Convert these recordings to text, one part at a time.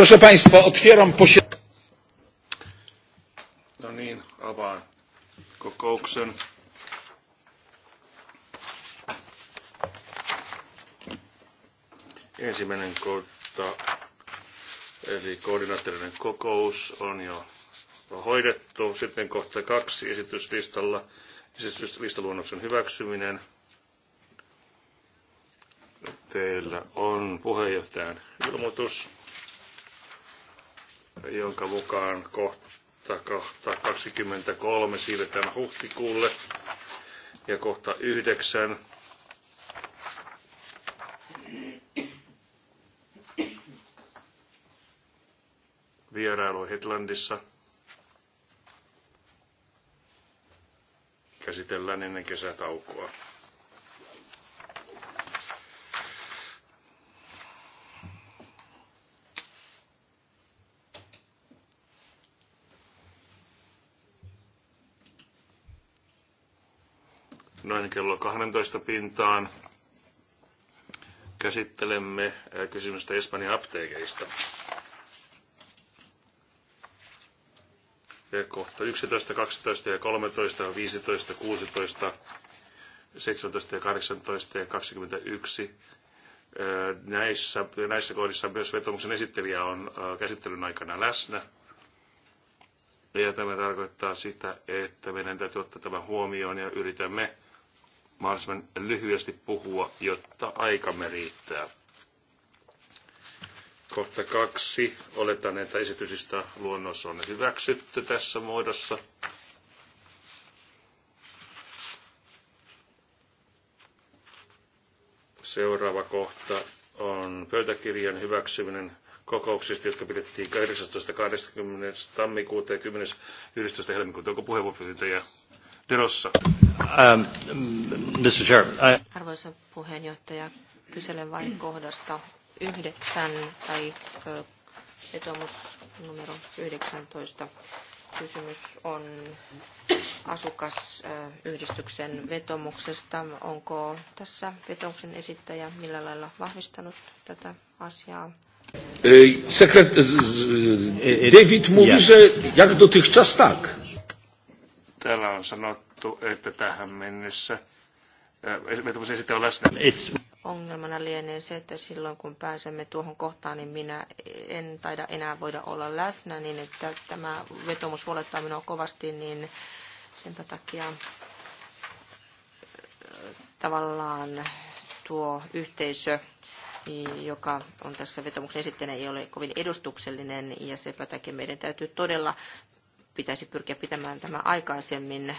Proszę Państwa, otwieram posiedzenie. No niin, Ensimmäinen kohta, eli koordinaattorinen kokous on jo hoidettu. Sitten kohta kaksi esityslistalla, esityslistaluonnoksen hyväksyminen. Teillä on puheenjohtajan ilmoitus jonka mukaan kohta, 23 siirretään huhtikuulle ja kohta 9 vierailu Hetlandissa käsitellään ennen kesätaukoa. kello 12 pintaan. Käsittelemme äh, kysymystä Espanjan apteekeista. Ja kohta 11, 12 ja 13, 15, 16, 17 ja 18 ja 21. Äh, näissä, näissä kohdissa myös vetomuksen esittelijä on äh, käsittelyn aikana läsnä. Ja tämä tarkoittaa sitä, että meidän täytyy ottaa tämä huomioon ja yritämme mahdollisimman lyhyesti puhua, jotta aikamme riittää. Kohta kaksi. Oletan, että esityksistä luonnos on hyväksytty tässä muodossa. Seuraava kohta on pöytäkirjan hyväksyminen kokouksista, jotka pidettiin 18.20. tammikuuta ja 10.11. helmikuuta. Onko puheenvuoropyyntöjä? Derossa. Um, ähm, Mr. Chair, I... Arvoisa puheenjohtaja, kyselen vain kohdasta yhdeksän tai vetomus numero 19. Kysymys on asukasyhdistyksen vetomuksesta. Onko tässä vetomuksen esittäjä millä lailla vahvistanut tätä asiaa? Sekret... E, e, David mówi, że jak dotychczas tak. Täällä on sanottu, että tähän mennessä on läsnä. Ongelmana lienee se, että silloin kun pääsemme tuohon kohtaan, niin minä en taida enää voida olla läsnä, niin että tämä vetomus huolettaa minua kovasti, niin senpä takia tavallaan tuo yhteisö, joka on tässä vetomuksen esittäjänä, ei ole kovin edustuksellinen ja sepä takia meidän täytyy todella pitäisi pyrkiä pitämään tämä aikaisemmin äh,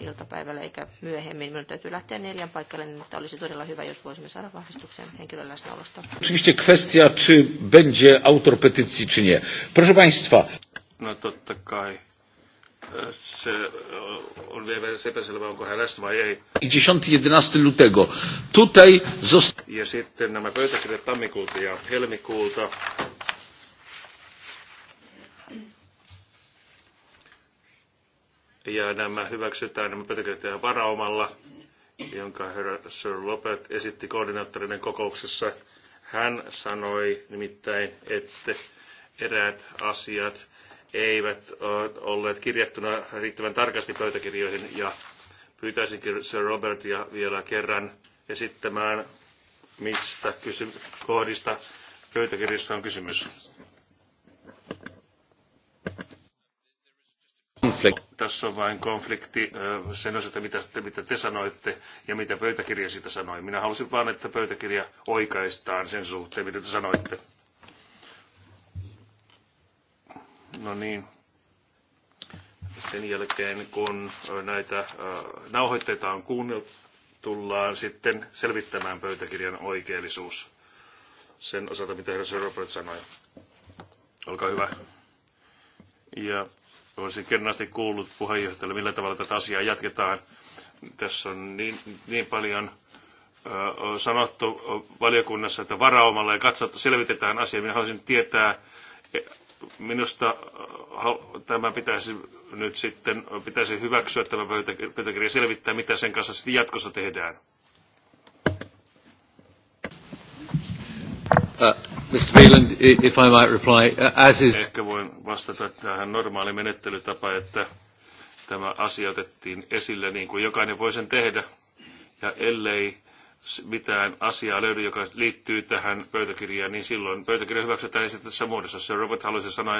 iltapäivällä eikä myöhemmin. Minun täytyy lähteä neljän paikalle, niin mutta olisi todella hyvä, jos voisimme saada vahvistuksen henkilön läsnäolosta. Oczywiście kwestia, czy będzie autor petycji, czy nie. Proszę Państwa. No totta kai. Se on vielä epäselvä, onko hän läsnä vai ei. 10.11. lutego. Tutaj zost... Ja sitten nämä pöytäkirjat tammikuulta ja helmikuulta ja nämä hyväksytään nämä pöytäkirjat varaumalla, jonka herra Sir Lopet esitti koordinaattorinen kokouksessa. Hän sanoi nimittäin, että eräät asiat eivät olleet kirjattuna riittävän tarkasti pöytäkirjoihin ja pyytäisinkin Sir Robertia vielä kerran esittämään, mistä kysy- kohdista pöytäkirjassa on kysymys. konflikti. Tässä on vain konflikti sen osalta, mitä, mitä te sanoitte ja mitä pöytäkirja siitä sanoi. Minä halusin vain, että pöytäkirja oikaistaan sen suhteen, mitä te sanoitte. No niin. Sen jälkeen, kun näitä nauhoitteita on kuunneltu, tullaan sitten selvittämään pöytäkirjan oikeellisuus sen osalta, mitä herra Sir Robert sanoi. Olkaa hyvä. Ja Olisin asti kuullut puheenjohtajalle, millä tavalla tätä asiaa jatketaan. Tässä on niin, niin paljon sanottu valiokunnassa, että varaumalla ja katsottu, selvitetään asia. Minä haluaisin tietää, e, minusta tämä pitäisi nyt sitten, pitäisi hyväksyä tämä pöytäkirja selvittää, mitä sen kanssa sitten jatkossa tehdään. Mr. Wieland, if I might reply, uh, as is... Ehkä voin vastata tähän normaali menettelytapa, että tämä asia otettiin esille niin kuin jokainen voi sen tehdä. Ja ellei mitään asiaa löydy, joka liittyy tähän pöytäkirjaan, niin silloin pöytäkirja hyväksytään esitetyssä muodossa. Se Robert halusi sanoa,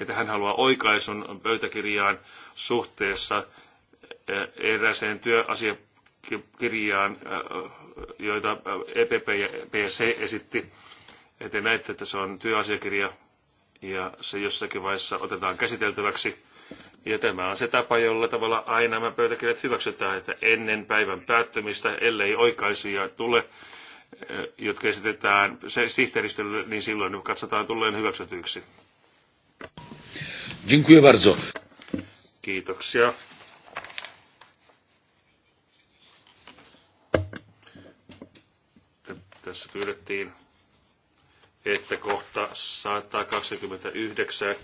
että hän haluaa oikaisun pöytäkirjaan suhteessa eh, erääseen työasiakirjaan, eh, joita EPP eh, e ja PC esitti te näette, että se on työasiakirja ja se jossakin vaiheessa otetaan käsiteltäväksi. Ja tämä on se tapa, jolla tavalla aina nämä pöytäkirjat hyväksytään, että ennen päivän päättymistä, ellei oikaisuja tule, eh, jotka esitetään sihteeristölle, niin silloin katsotaan tulleen hyväksytyiksi. Dziękuję bardzo. Kiitoksia. Tässä pyydettiin että kohta 129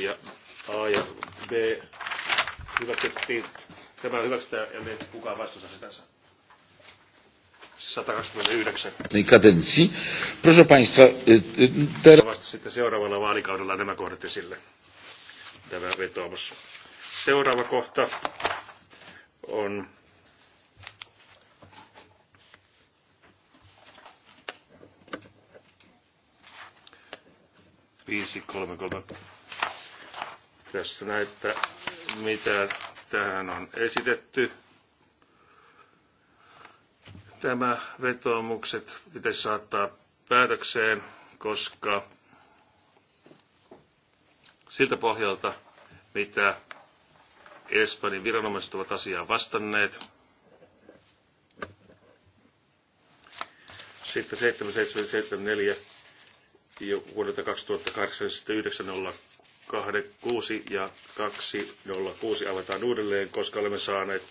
ja A ja B hyväksyttiin. Tämä hyväksytään ja me kukaan vastusta sitä. 129. kadensi, Proszę Państwa, teraz... Vasta sitten seuraavalla vaalikaudella nämä kohdat esille. Tämä vetoomus. Seuraava kohta on 533. Tässä näyttää, mitä tähän on esitetty. Tämä vetoomukset pitäisi saattaa päätökseen, koska siltä pohjalta, mitä Espanjan viranomaiset ovat asiaa vastanneet. Sitten 7774 jo vuodelta 2008 sitten 906 ja 206 avataan uudelleen, koska olemme saaneet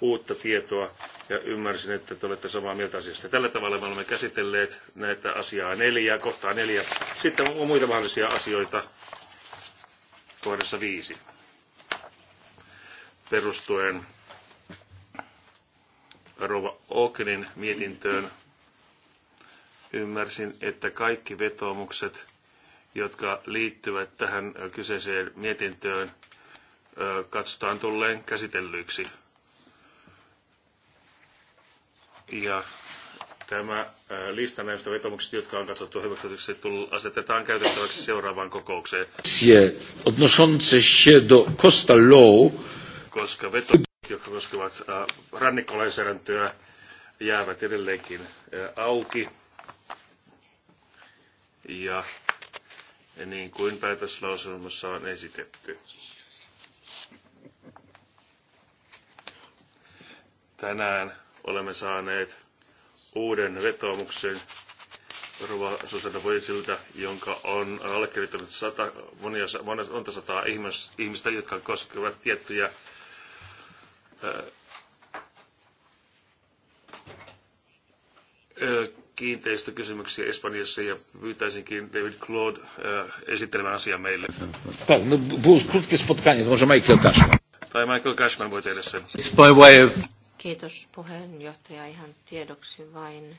uutta tietoa ja ymmärsin, että te olette samaa mieltä asiasta. Tällä tavalla me olemme käsitelleet näitä asiaa neljä, kohtaa neljä. Sitten on muita mahdollisia asioita kohdassa viisi perustuen Rova Okenin mietintöön Ymmärsin, että kaikki vetoomukset, jotka liittyvät tähän kyseiseen mietintöön, katsotaan tulleen käsitellyiksi. Ja tämä lista näistä vetomuksista, jotka on katsottu hyväksytyksi, asetetaan käytettäväksi seuraavaan kokoukseen. odnoszące się do Costa Law, koska vetomukset, jotka koskevat rannikkolainsäädäntöä, jäävät edelleenkin auki ja niin kuin päätöslauselmassa on esitetty. Tänään olemme saaneet uuden vetoomuksen Rova Susanna Voisilta, jonka on allekirjoittanut sata, monia, monta sataa ihmistä, jotka koskevat tiettyjä ää, kiinteistökysymyksiä Espanjassa ja pyytäisinkin David Claude äh, esittelemään asiaa meille. No, Michael Cashman. Tai Michael Cashman voi tehdä sen. Kiitos puheenjohtaja ihan tiedoksi vain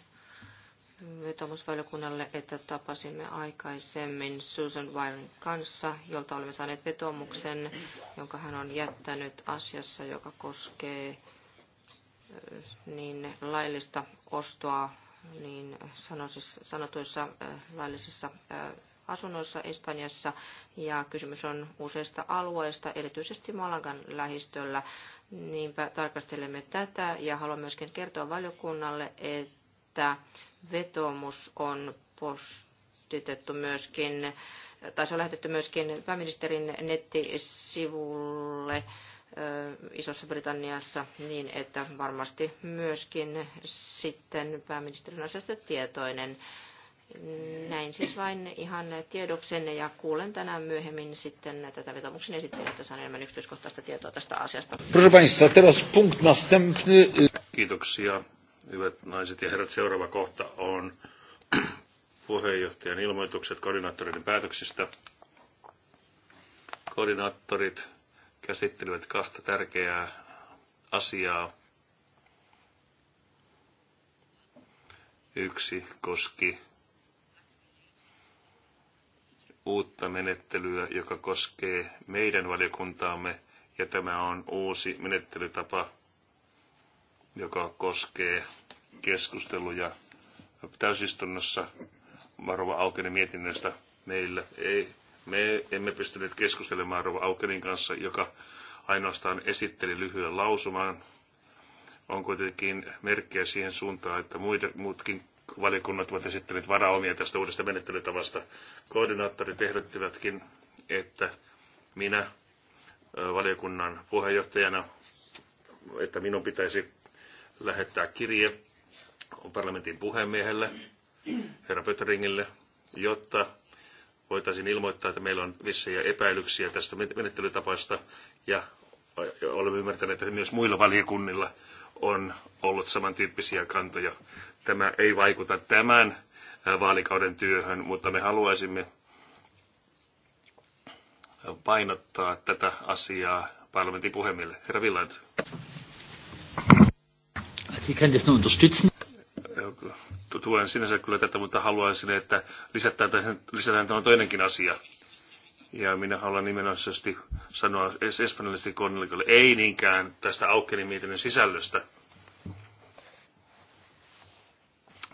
vetomusvaliokunnalle, että tapasimme aikaisemmin Susan Wiren kanssa, jolta olemme saaneet vetomuksen, jonka hän on jättänyt asiassa, joka koskee äh, niin laillista ostoa niin sanotuissa laillisissa asunnoissa Espanjassa ja kysymys on useista alueista, erityisesti Malagan lähistöllä. Niinpä tarkastelemme tätä ja haluan myöskin kertoa valiokunnalle, että vetomus on postitettu myöskin, tai se on lähetetty myöskin pääministerin nettisivulle Isossa Britanniassa niin, että varmasti myöskin sitten pääministerin asiasta tietoinen. Näin siis vain ihan tiedoksenne ja kuulen tänään myöhemmin sitten tätä vetomuksen esittelyä, että saan enemmän yksityiskohtaista tietoa tästä asiasta. Kiitoksia, hyvät naiset ja herrat. Seuraava kohta on puheenjohtajan ilmoitukset koordinaattoreiden päätöksistä. Koordinaattorit käsittelivät kahta tärkeää asiaa. Yksi koski uutta menettelyä, joka koskee meidän valiokuntaamme, ja tämä on uusi menettelytapa, joka koskee keskusteluja täysistunnossa Varova aukeni mietinnöstä meillä ei me emme pystyneet keskustelemaan Rova Aukenin kanssa, joka ainoastaan esitteli lyhyen lausuman. On kuitenkin merkkejä siihen suuntaan, että muutkin valiokunnat ovat esittäneet varaomia tästä uudesta menettelytavasta. Koordinaattorit ehdottivatkin, että minä valiokunnan puheenjohtajana, että minun pitäisi lähettää kirje parlamentin puhemiehelle, herra Pötteringille, jotta voitaisiin ilmoittaa, että meillä on vissejä epäilyksiä tästä menettelytapaista ja olemme ymmärtäneet, että myös muilla valiokunnilla on ollut samantyyppisiä kantoja. Tämä ei vaikuta tämän vaalikauden työhön, mutta me haluaisimme painottaa tätä asiaa parlamentin puhemiehelle. Herra Villand. Sie das nur unterstützen tuen sinänsä kyllä tätä, mutta haluaisin, että lisätään, lisätään tämä toinenkin asia. Ja minä haluan nimenomaisesti sanoa espanjallisesti Cornelikolle, ei niinkään tästä Aukkenin sisällöstä,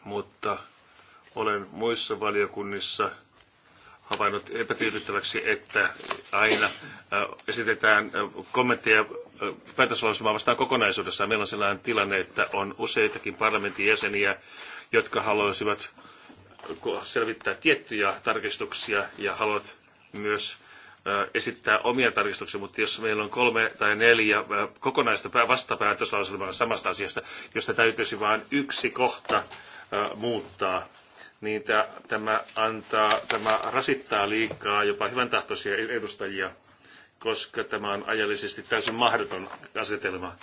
mutta olen muissa valiokunnissa – havainnut epätyydyttäväksi, että aina esitetään kommentteja päätöslauselmaa vastaan kokonaisuudessaan. Meillä on sellainen tilanne, että on useitakin parlamentin jäseniä, jotka haluaisivat selvittää tiettyjä tarkistuksia ja haluat myös esittää omia tarkistuksia, mutta jos meillä on kolme tai neljä kokonaista vastapäätöslauselmaa samasta asiasta, josta täytyisi vain yksi kohta muuttaa, niin tämä, antaa, tämä rasittaa liikaa jopa hyvän tahtoisia edustajia, koska tämä on ajallisesti täysin mahdoton asetelma.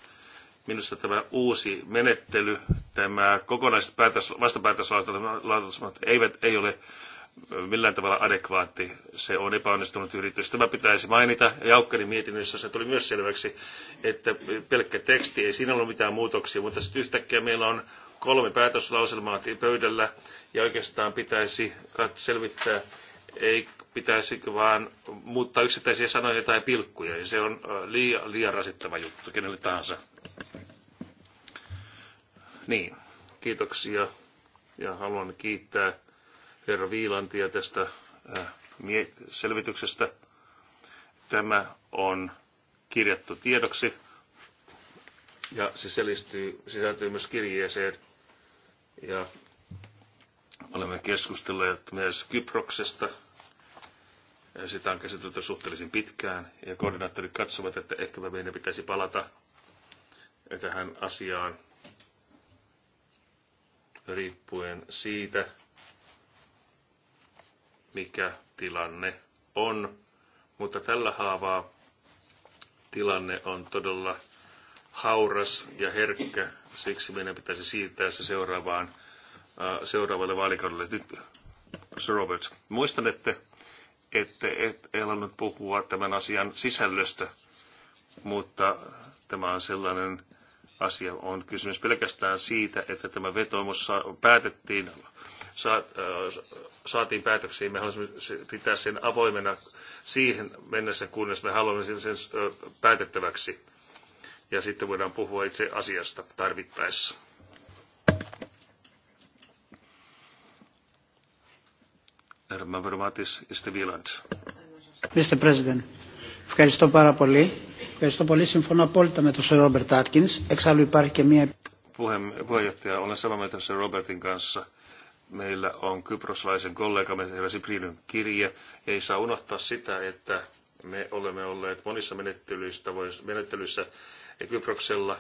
Minusta tämä uusi menettely, tämä kokonaiset päätös, vastapäätöslauselmat eivät, ei ole millään tavalla adekvaatti. Se on epäonnistunut yritys. Tämä pitäisi mainita. Jaukkani mietinnössä se tuli myös selväksi, että pelkkä teksti ei siinä ole mitään muutoksia, mutta sitten yhtäkkiä meillä on kolme päätöslauselmaa pöydällä ja oikeastaan pitäisi selvittää, ei pitäisikö vaan muuttaa yksittäisiä sanoja tai pilkkuja. Ja se on liian, liian rasittava juttu kenelle tahansa. Niin, kiitoksia ja haluan kiittää herra Viilantia tästä selvityksestä. Tämä on kirjattu tiedoksi ja se selistyy, sisältyy myös kirjeeseen ja olemme keskustelleet myös Kyproksesta. Sitä on käsitelty suhteellisen pitkään ja koordinaattorit katsovat, että ehkä meidän pitäisi palata tähän asiaan riippuen siitä, mikä tilanne on. Mutta tällä haavaa tilanne on todella hauras ja herkkä Siksi meidän pitäisi siirtää se seuraavaan, äh, seuraavalle vaalikaudelle. Nyt, Sir Robert, muistan, että ette et, et alannut puhua tämän asian sisällöstä, mutta tämä on sellainen asia. On kysymys pelkästään siitä, että tämä vetoomus päätettiin, äh, saatiin päätöksiin. Me haluaisimme pitää sen avoimena siihen mennessä, kunnes me haluamme sen päätettäväksi ja sitten voidaan puhua itse asiasta tarvittaessa. Herman Vermatis ja Mr. President, ευχαριστώ πάρα πολύ. Ευχαριστώ πολύ. Συμφωνώ απόλυτα με τον Σερ Robert Atkins. Εξάλλου υπάρχει και μια... Puheenjohtaja, olen samaa mieltä Σερ Robertin kanssa. Meillä on kyproslaisen kollegamme herra Siprinyn kirje. Ei saa unohtaa sitä, että me olemme olleet monissa menettelyissä, menettelyissä ja Kyproksella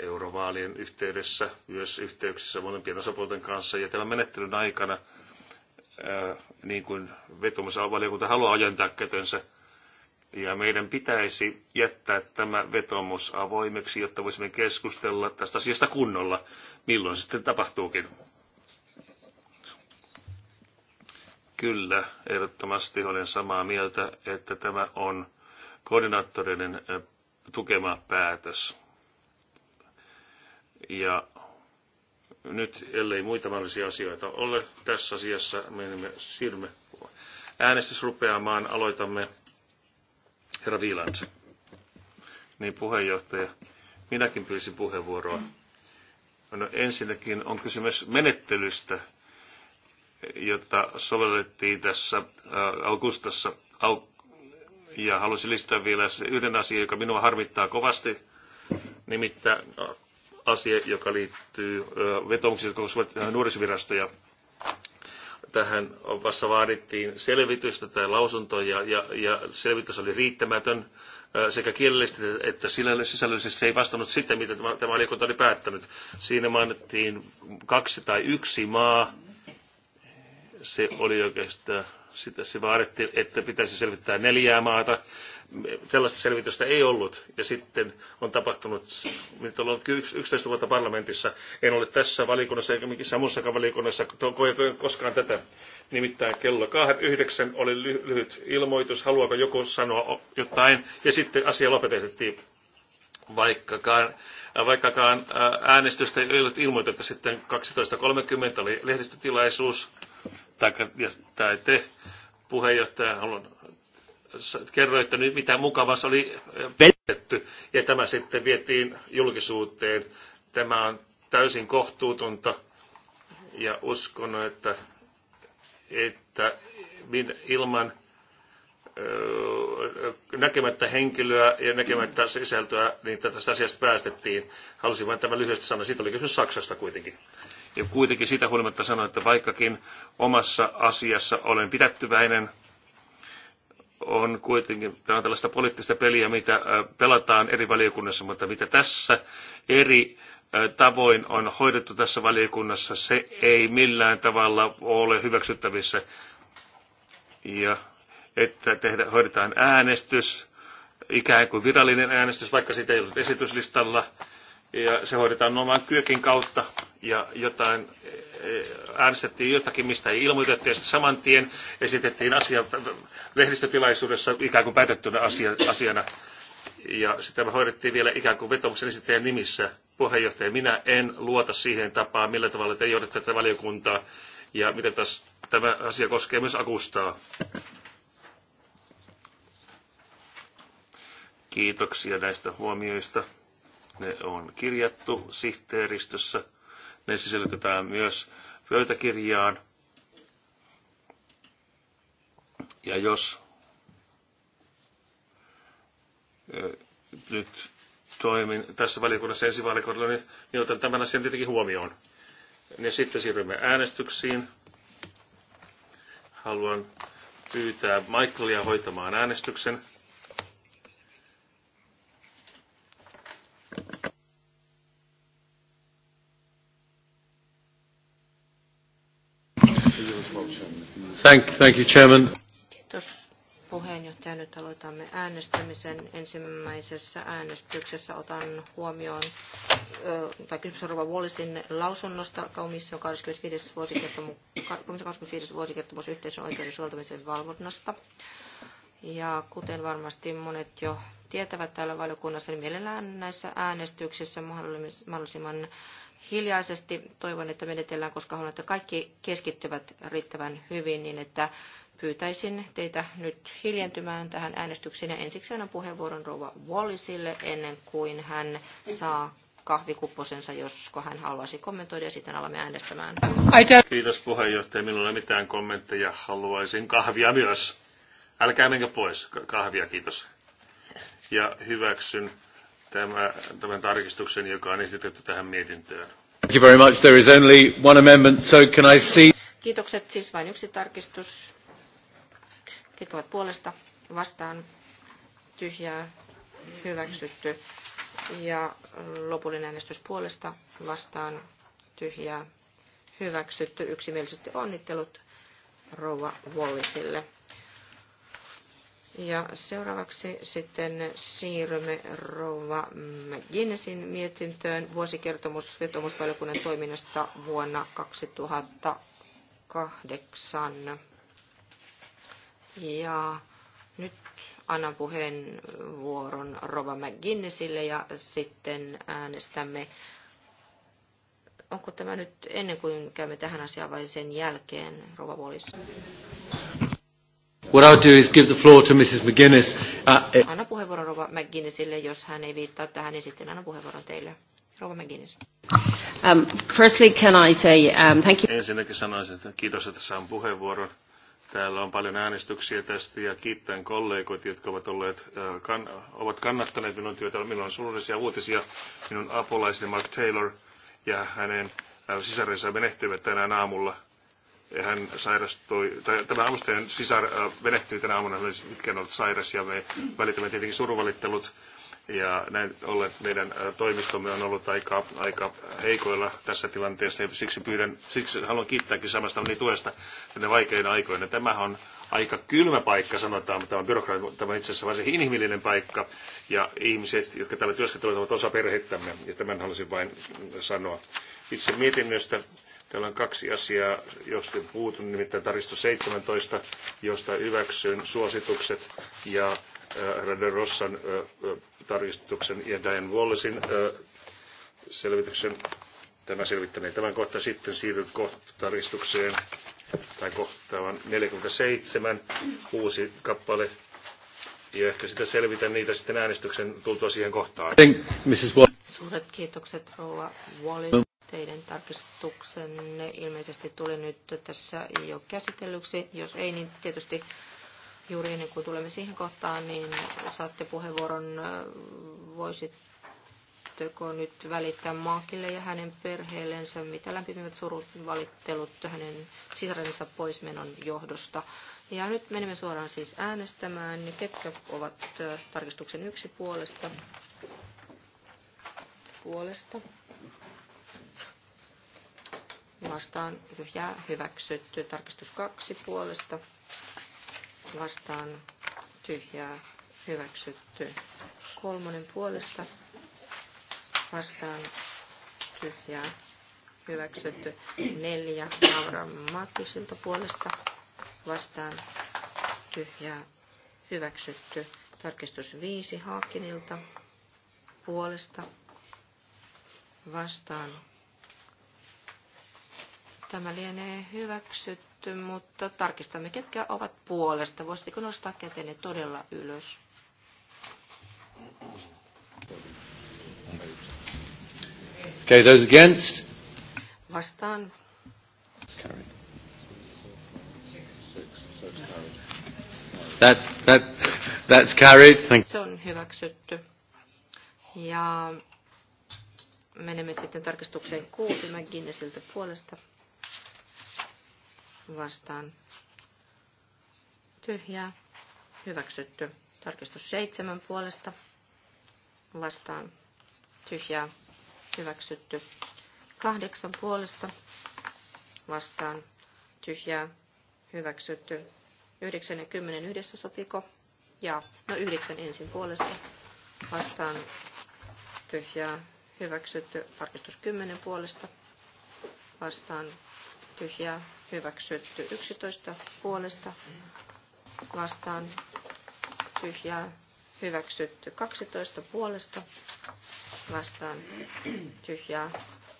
eurovaalien yhteydessä, myös yhteyksissä molempien osapuolten kanssa. Ja tämän menettelyn aikana, ää, äh, niin kuin vetomusvaliokunta haluaa ajentaa kätensä, ja meidän pitäisi jättää tämä vetomus avoimeksi, jotta voisimme keskustella tästä asiasta kunnolla, milloin sitten tapahtuukin. Kyllä, ehdottomasti olen samaa mieltä, että tämä on koordinaattorinen äh, tukema päätös. Ja nyt, ellei muita mahdollisia asioita ole tässä asiassa, menemme, siirrymme äänestys rupeamaan. Aloitamme herra Wieland. Niin puheenjohtaja, minäkin pyysin puheenvuoroa. No ensinnäkin on kysymys menettelystä, jota sovellettiin tässä äh, Augustassa ja halusin lisätä vielä yhden asian, joka minua harmittaa kovasti, nimittäin asia, joka liittyy vetomuksiin, jotka koskevat nuorisovirastoja. Tähän vasta vaadittiin selvitystä tai lausuntoja, ja, ja selvitys oli riittämätön sekä kielellisesti että sisällöllisesti se ei vastannut sitä, mitä tämä, tämä valiokunta oli päättänyt. Siinä mainittiin kaksi tai yksi maa. Se oli oikeastaan sitten se vaadittiin, että pitäisi selvittää neljää maata. Sellaista selvitystä ei ollut. Ja sitten on tapahtunut, nyt on ollut 11 vuotta parlamentissa, en ole tässä valiokunnassa eikä missään muussakaan valiokunnassa koskaan tätä. Nimittäin kello yhdeksän oli lyhyt ilmoitus, haluaako joku sanoa jotain, ja sitten asia lopetettiin vaikkakaan, vaikkakaan äänestystä ei ollut ilmoitettu. Sitten 12.30 oli lehdistötilaisuus, tai, tai te puheenjohtaja, haluan, kerroitte nyt, mitä mukavassa oli eh, vedetty, ja tämä sitten vietiin julkisuuteen. Tämä on täysin kohtuutonta, ja uskon, että, että ilman eh, näkemättä henkilöä ja näkemättä sisältöä, niin tästä asiasta päästettiin. Halusin vain tämän lyhyesti sanoa. Siitä oli kysymys Saksasta kuitenkin. Ja kuitenkin sitä huolimatta sanoin, että vaikkakin omassa asiassa olen pidättyväinen, on kuitenkin, tämä on tällaista poliittista peliä, mitä pelataan eri valiokunnassa, mutta mitä tässä eri tavoin on hoidettu tässä valiokunnassa, se ei millään tavalla ole hyväksyttävissä. Ja että tehdä, hoidetaan äänestys, ikään kuin virallinen äänestys, vaikka sitä ei ollut esityslistalla, ja se hoidetaan oman kyökin kautta ja jotain, eh, äänestettiin jotakin, mistä ei ilmoitettu, ja sitten saman tien esitettiin asia lehdistötilaisuudessa ikään kuin päätettynä asia, asiana. Ja sitä me hoidettiin vielä ikään kuin vetomuksen esittäjän nimissä. Puheenjohtaja, minä en luota siihen tapaan, millä tavalla te johdatte tätä valiokuntaa, ja miten tässä tämä asia koskee myös akustaa. Kiitoksia näistä huomioista. Ne on kirjattu sihteeristössä ne sisällytetään myös pöytäkirjaan. Ja jos nyt toimin tässä valiokunnassa ensi valiokunnalla, niin, niin otan tämän asian tietenkin huomioon. Ja sitten siirrymme äänestyksiin. Haluan pyytää Michaelia hoitamaan äänestyksen. Thank, thank you, Chairman. Kiitos puheenjohtaja. Nyt aloitamme äänestämisen. Ensimmäisessä äänestyksessä otan huomioon, tai kysymys on Rova Wallisin lausunnosta komission 25. vuosikertomus, 25. vuosikertomus yhteisön oikeuden suoltamisen valvonnasta. Ja kuten varmasti monet jo tietävät täällä valiokunnassa, niin mielellään näissä äänestyksissä mahdollisimman hiljaisesti. Toivon, että menetellään, koska haluan, että kaikki keskittyvät riittävän hyvin, niin että pyytäisin teitä nyt hiljentymään tähän äänestykseen. Ja ensiksi annan puheenvuoron rouva Wallisille ennen kuin hän saa kahvikupposensa, josko hän haluaisi kommentoida ja sitten alamme äänestämään. Kiitos puheenjohtaja. Minulla ei ole mitään kommentteja. Haluaisin kahvia myös. Älkää menkö pois. Kahvia, kiitos. Ja hyväksyn tämä, tämän tarkistuksen, joka on esitetty tähän mietintöön. Thank you very much. There is only one amendment, so can I see... Kiitokset, siis vain yksi tarkistus. Ketkä ovat puolesta, vastaan, tyhjää, hyväksytty. Ja lopullinen äänestys puolesta, vastaan, tyhjää, hyväksytty. Yksimielisesti onnittelut rouva Wallisille. Ja seuraavaksi sitten siirrymme Rouva Guinnessin mietintöön vuosikertomus vetomusvaliokunnan toiminnasta vuonna 2008. Ja nyt annan puheenvuoron Rova McGinnisille ja sitten äänestämme. Onko tämä nyt ennen kuin käymme tähän asiaan vai sen jälkeen, Rova Wallis? What I'll do is give the floor to Mrs. McGuinness. Uh, eh. anna puheenvuoron Rova McGuinnessille, jos hän ei viittaa tähän, niin sitten anna puheenvuoron teille. Rova McGuinness. Um, firstly, can I say um, thank you. Ensinnäkin sanoisin, että kiitos, että saan puheenvuoron. Täällä on paljon äänestyksiä tästä ja kiittäen kollegoit, jotka ovat, olleet, kan, ovat kannattaneet minun työtä. Minulla on surullisia uutisia. Minun apulaiseni Mark Taylor ja hänen sisarensa menehtyivät tänään aamulla hän sairastui, tai tämä avustajan sisar äh, venehtyi tänä aamuna hän siis pitkään ollut sairas ja me välitämme tietenkin suruvalittelut ja näin ollen meidän äh, toimistomme on ollut aika, aika heikoilla tässä tilanteessa ja siksi, pyydän, siksi haluan kiittääkin samasta niin tuesta tänne vaikeina aikoina. Tämä on aika kylmä paikka, sanotaan, mutta tämä on, byrokra- tämä on itse asiassa varsin inhimillinen paikka ja ihmiset, jotka täällä työskentelevät, ovat osa perhettämme ja tämän halusin vain sanoa. Itse mietinnöstä Täällä on kaksi asiaa, joista puutun, nimittäin tarkistus 17, josta hyväksyn suositukset ja Rade Rossan tarkistuksen ja Diane Wallisin selvityksen. Tämä selvittänee tämän kohta. Sitten siirryn kohta tarkistukseen tai kohtaan 47, uusi kappale. Ja ehkä sitä selvitän niitä sitten äänestyksen tultua siihen kohtaan. Suuret kiitokset, rouva Wallis. Teidän tarkistuksenne ilmeisesti tuli nyt tässä jo käsitellyksi. Jos ei, niin tietysti juuri ennen kuin tulemme siihen kohtaan, niin saatte puheenvuoron. Voisitteko nyt välittää Maakille ja hänen perheellensä mitä lämpimimmät surut valittelut hänen sisarensa poismenon johdosta? Ja nyt menemme suoraan siis äänestämään. Ketkä ovat tarkistuksen yksi puolesta? Puolesta vastaan tyhjää hyväksytty. Tarkistus kaksi puolesta vastaan tyhjää hyväksytty. Kolmonen puolesta vastaan tyhjää hyväksytty. Neljä Laura Matisilta puolesta vastaan tyhjää hyväksytty. Tarkistus viisi Haakinilta puolesta vastaan Tämä lienee hyväksytty, mutta tarkistamme, ketkä ovat puolesta. Voisitteko nostaa kätenne todella ylös? Okay, those against? Vastaan. That, that, that's carried. Thank Se on hyväksytty. Ja menemme sitten tarkistukseen kuusi McGinnisiltä puolesta vastaan tyhjää, hyväksytty. Tarkistus seitsemän puolesta vastaan tyhjää, hyväksytty. Kahdeksan puolesta vastaan tyhjää, hyväksytty. Yhdeksän ja kymmenen yhdessä sopiko? Ja no yhdeksän ensin puolesta vastaan tyhjää, hyväksytty. Tarkistus kymmenen puolesta vastaan tyhjää hyväksytty. 11 puolesta vastaan tyhjää hyväksytty. 12 puolesta vastaan tyhjää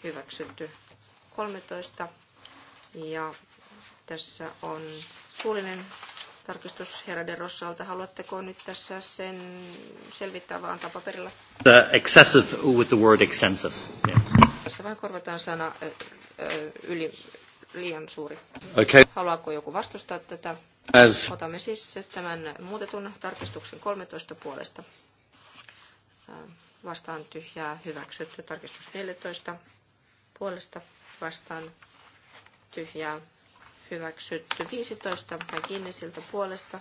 hyväksytty. 13 ja tässä on suullinen tarkistus herra de Rossalta. Haluatteko nyt tässä sen selvittää vaan paperilla? The excessive with the word extensive. Yeah. Tässä vain korvataan sana yli, liian suuri. Okay. Haluaako joku vastustaa tätä? As. Otamme siis tämän muutetun tarkistuksen 13 äh, puolesta. Vastaan tyhjää hyväksytty. Tarkistus 14 puolesta vastaan tyhjää hyväksytty. 15 McKinneysiltä puolesta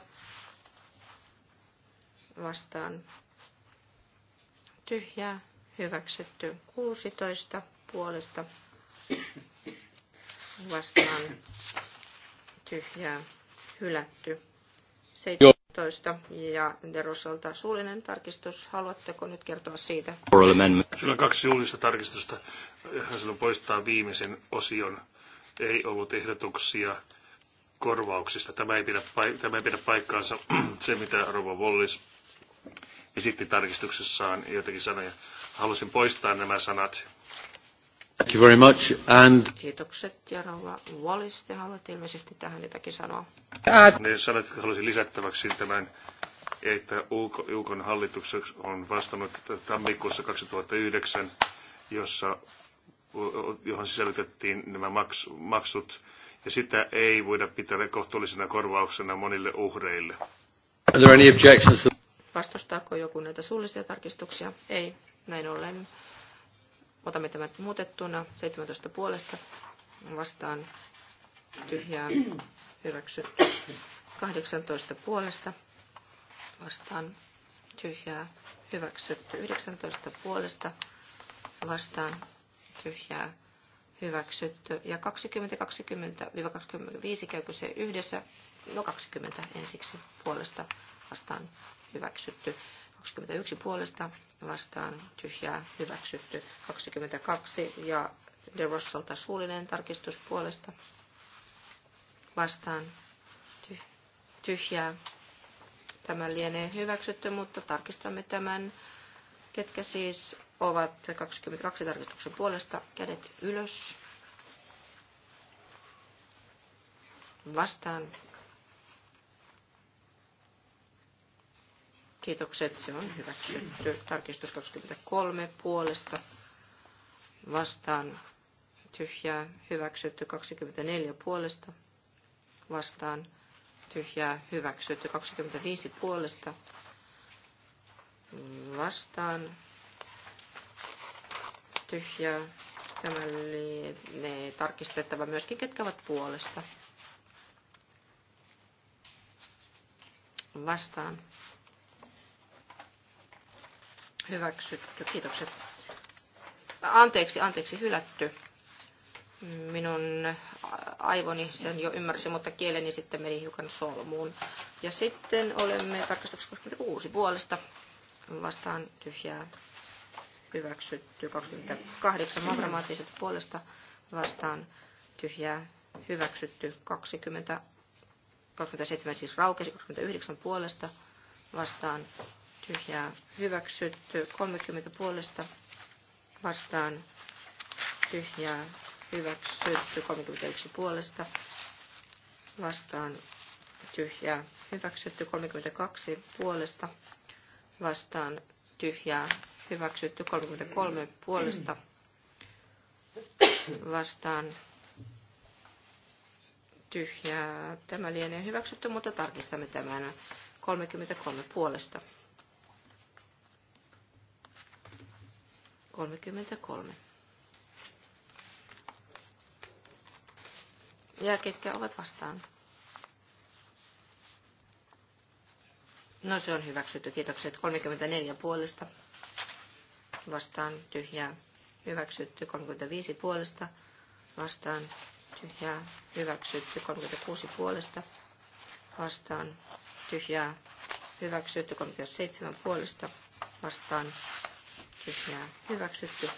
vastaan tyhjää hyväksytty. 16 puolesta vastaan tyhjää hylätty. 17 ja Derosalta suullinen tarkistus. Haluatteko nyt kertoa siitä? Sillä on kaksi suullista tarkistusta. Silloin poistaa viimeisen osion. Ei ollut ehdotuksia korvauksista. Tämä ei pidä, tämä ei pidä paikkaansa se, mitä Rova Wollis esitti tarkistuksessaan joitakin sanoja. Halusin poistaa nämä sanat Thank you very much. And... Kiitokset. Ja Rauha Wallis, te haluatte ilmeisesti tähän jotakin sanoa. Äh. Niin, sanoit, että haluaisin lisättäväksi tämän, että UK, UKon hallituksen on vastannut tammikuussa 2009, jossa, johon sisällytettiin nämä maks, maksut, ja sitä ei voida pitää kohtuullisena korvauksena monille uhreille. Are there any objections? Vastustaako joku näitä suullisia tarkistuksia? Ei, näin ollen Otamme tämän muutettuna 17 puolesta vastaan tyhjää hyväksytty. 18 puolesta vastaan tyhjää hyväksytty. 19 puolesta vastaan tyhjää hyväksytty. Ja 20, 20-25 käykö se yhdessä? No 20 ensiksi puolesta vastaan hyväksytty. 21 puolesta vastaan tyhjää hyväksytty 22 ja De Rossolta suullinen tarkistus puolesta vastaan tyhjää. Tämä lienee hyväksytty, mutta tarkistamme tämän, ketkä siis ovat 22 tarkistuksen puolesta kädet ylös. Vastaan Kiitokset, se on hyväksytty. Tarkistus 23 puolesta vastaan tyhjää hyväksytty 24 puolesta vastaan tyhjää hyväksytty 25 puolesta vastaan tyhjää tämä lienee tarkistettava myöskin ketkä ovat puolesta vastaan Hyväksytty. Kiitokset. Anteeksi, anteeksi, hylätty. Minun aivoni sen jo ymmärsi, mutta kieleni sitten meni hiukan solmuun. Ja sitten olemme tarkastuksessa 26 puolesta vastaan tyhjää hyväksytty. 28 mavramaattiset puolesta vastaan tyhjää hyväksytty. 20, 27 siis raukesi, 29 puolesta vastaan tyhjää hyväksytty. 30 puolesta vastaan tyhjää hyväksytty. 31 puolesta vastaan tyhjää hyväksytty. 32 puolesta vastaan tyhjää hyväksytty. 33 puolesta vastaan tyhjää. Tämä lienee hyväksytty, mutta tarkistamme tämän 33 puolesta. 33. Ja ketkä ovat vastaan? No se on hyväksytty. Kiitokset 34 puolesta. Vastaan tyhjää. Hyväksytty 35 puolesta. Vastaan tyhjää. Hyväksytty 36 puolesta. Vastaan tyhjää. Hyväksytty 37 puolesta. Vastaan tyhjää hyväksytty.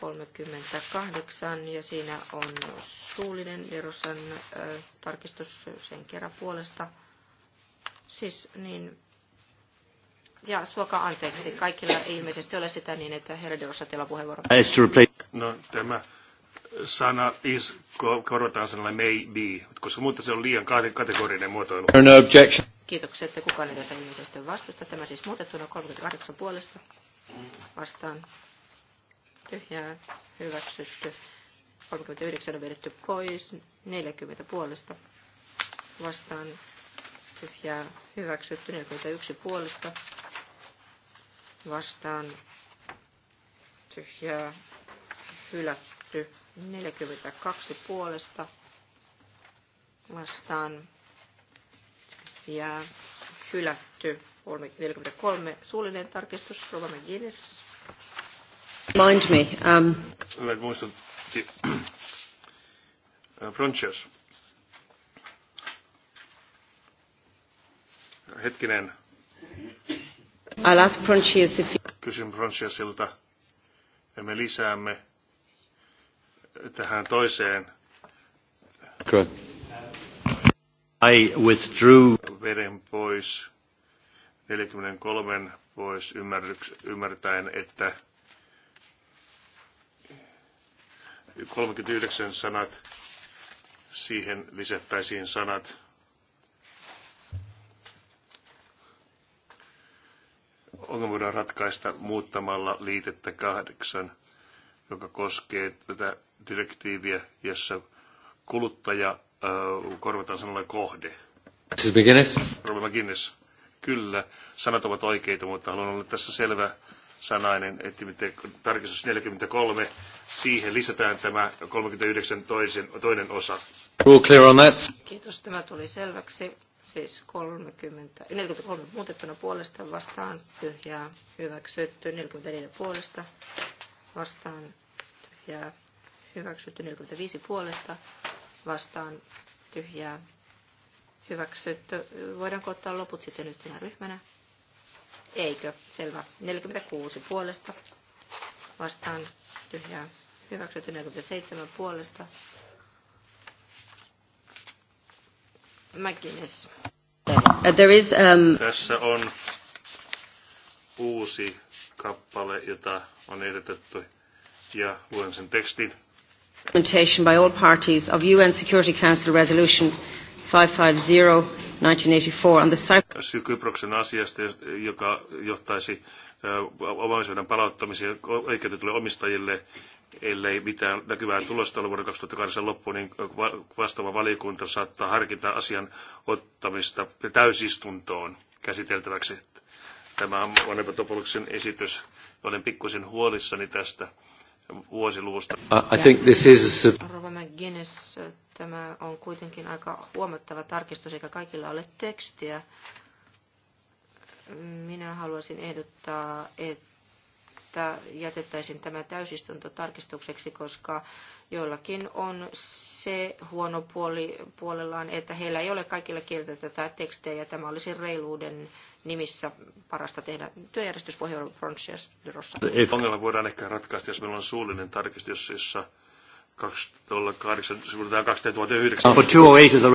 38 ja siinä on suullinen Jerussan tarkistus sen kerran puolesta. Siis niin, ja suoka anteeksi, kaikilla ei ilmeisesti ole sitä niin, että herra Derossa teillä puheenvuoro. No tämä sana is korvataan sanalla may be, koska muuta se on liian kategorinen muotoilu. No objection. Kiitoksia, että kukaan ei tätä ilmeisesti vastusta. Tämä siis muutettuna 38 puolesta vastaan tyhjää hyväksytty. 39 on vedetty pois, 40 puolesta vastaan tyhjää hyväksytty, 41 puolesta vastaan tyhjää hylätty, 42 puolesta vastaan tyhjää hylätty. 43 suullinen tarkistus, Rova McGuinness. Mind me. Um... Hyvät muistutti. Bronchios. Äh, Hetkinen. I'll ask Bronchios if... Kysyn Bronchiosilta. Me lisäämme tähän toiseen. Good. I withdrew. Veren pois 43 pois ymmärtäen, että 39 sanat, siihen lisättäisiin sanat ongelma voidaan ratkaista muuttamalla liitettä kahdeksan, joka koskee tätä direktiiviä, jossa kuluttaja äh, korvataan sanalla kohde. Siis McGuinness. Robert McGuinness kyllä, sanat ovat oikeita, mutta haluan olla tässä selvä sanainen, että tarkistus 43, siihen lisätään tämä 39 toisen, toinen osa. Clear on that. Kiitos, tämä tuli selväksi. Siis 30, 43 muutettuna puolesta vastaan tyhjää hyväksytty, 44 puolesta vastaan tyhjää hyväksytty, 45 puolesta vastaan tyhjää Hyväksytty. Voidaanko ottaa loput sitten yhtenä ryhmänä? Eikö? Selvä. 46 puolesta. Vastaan tyhjää. Hyväksytty 47 puolesta. Mäkines. Uh, there is, um... Tässä on uusi kappale, jota on ehdotettu, ja luen sen tekstin. Implementation by all parties of UN Security Council Resolution 1984 on the Kyproksen asiasta, joka johtaisi omaisuuden palauttamiseen oikeutetulle omistajille, ellei mitään näkyvää tulosta ole vuoden 2008 loppuun, niin vastaava valiokunta saattaa harkita asian ottamista täysistuntoon käsiteltäväksi. Tämä on Vanhempatopoluksen esitys. Olen pikkuisen huolissani tästä vuosiluvusta. I think this is... Rova McGuinness, tämä on kuitenkin aika huomattava tarkistus, eikä kaikilla ole tekstiä. Minä haluaisin ehdottaa, että että jätettäisiin tämä täysistunto tarkistukseksi, koska joillakin on se huono puoli puolellaan, että heillä ei ole kaikilla kieltä tätä tekstiä ja tämä olisi reiluuden nimissä parasta tehdä työjärjestyspohjelma Frontierossa. Ongelma voidaan ehkä ratkaista, jos meillä on suullinen tarkistus, jossa 2008, 2009.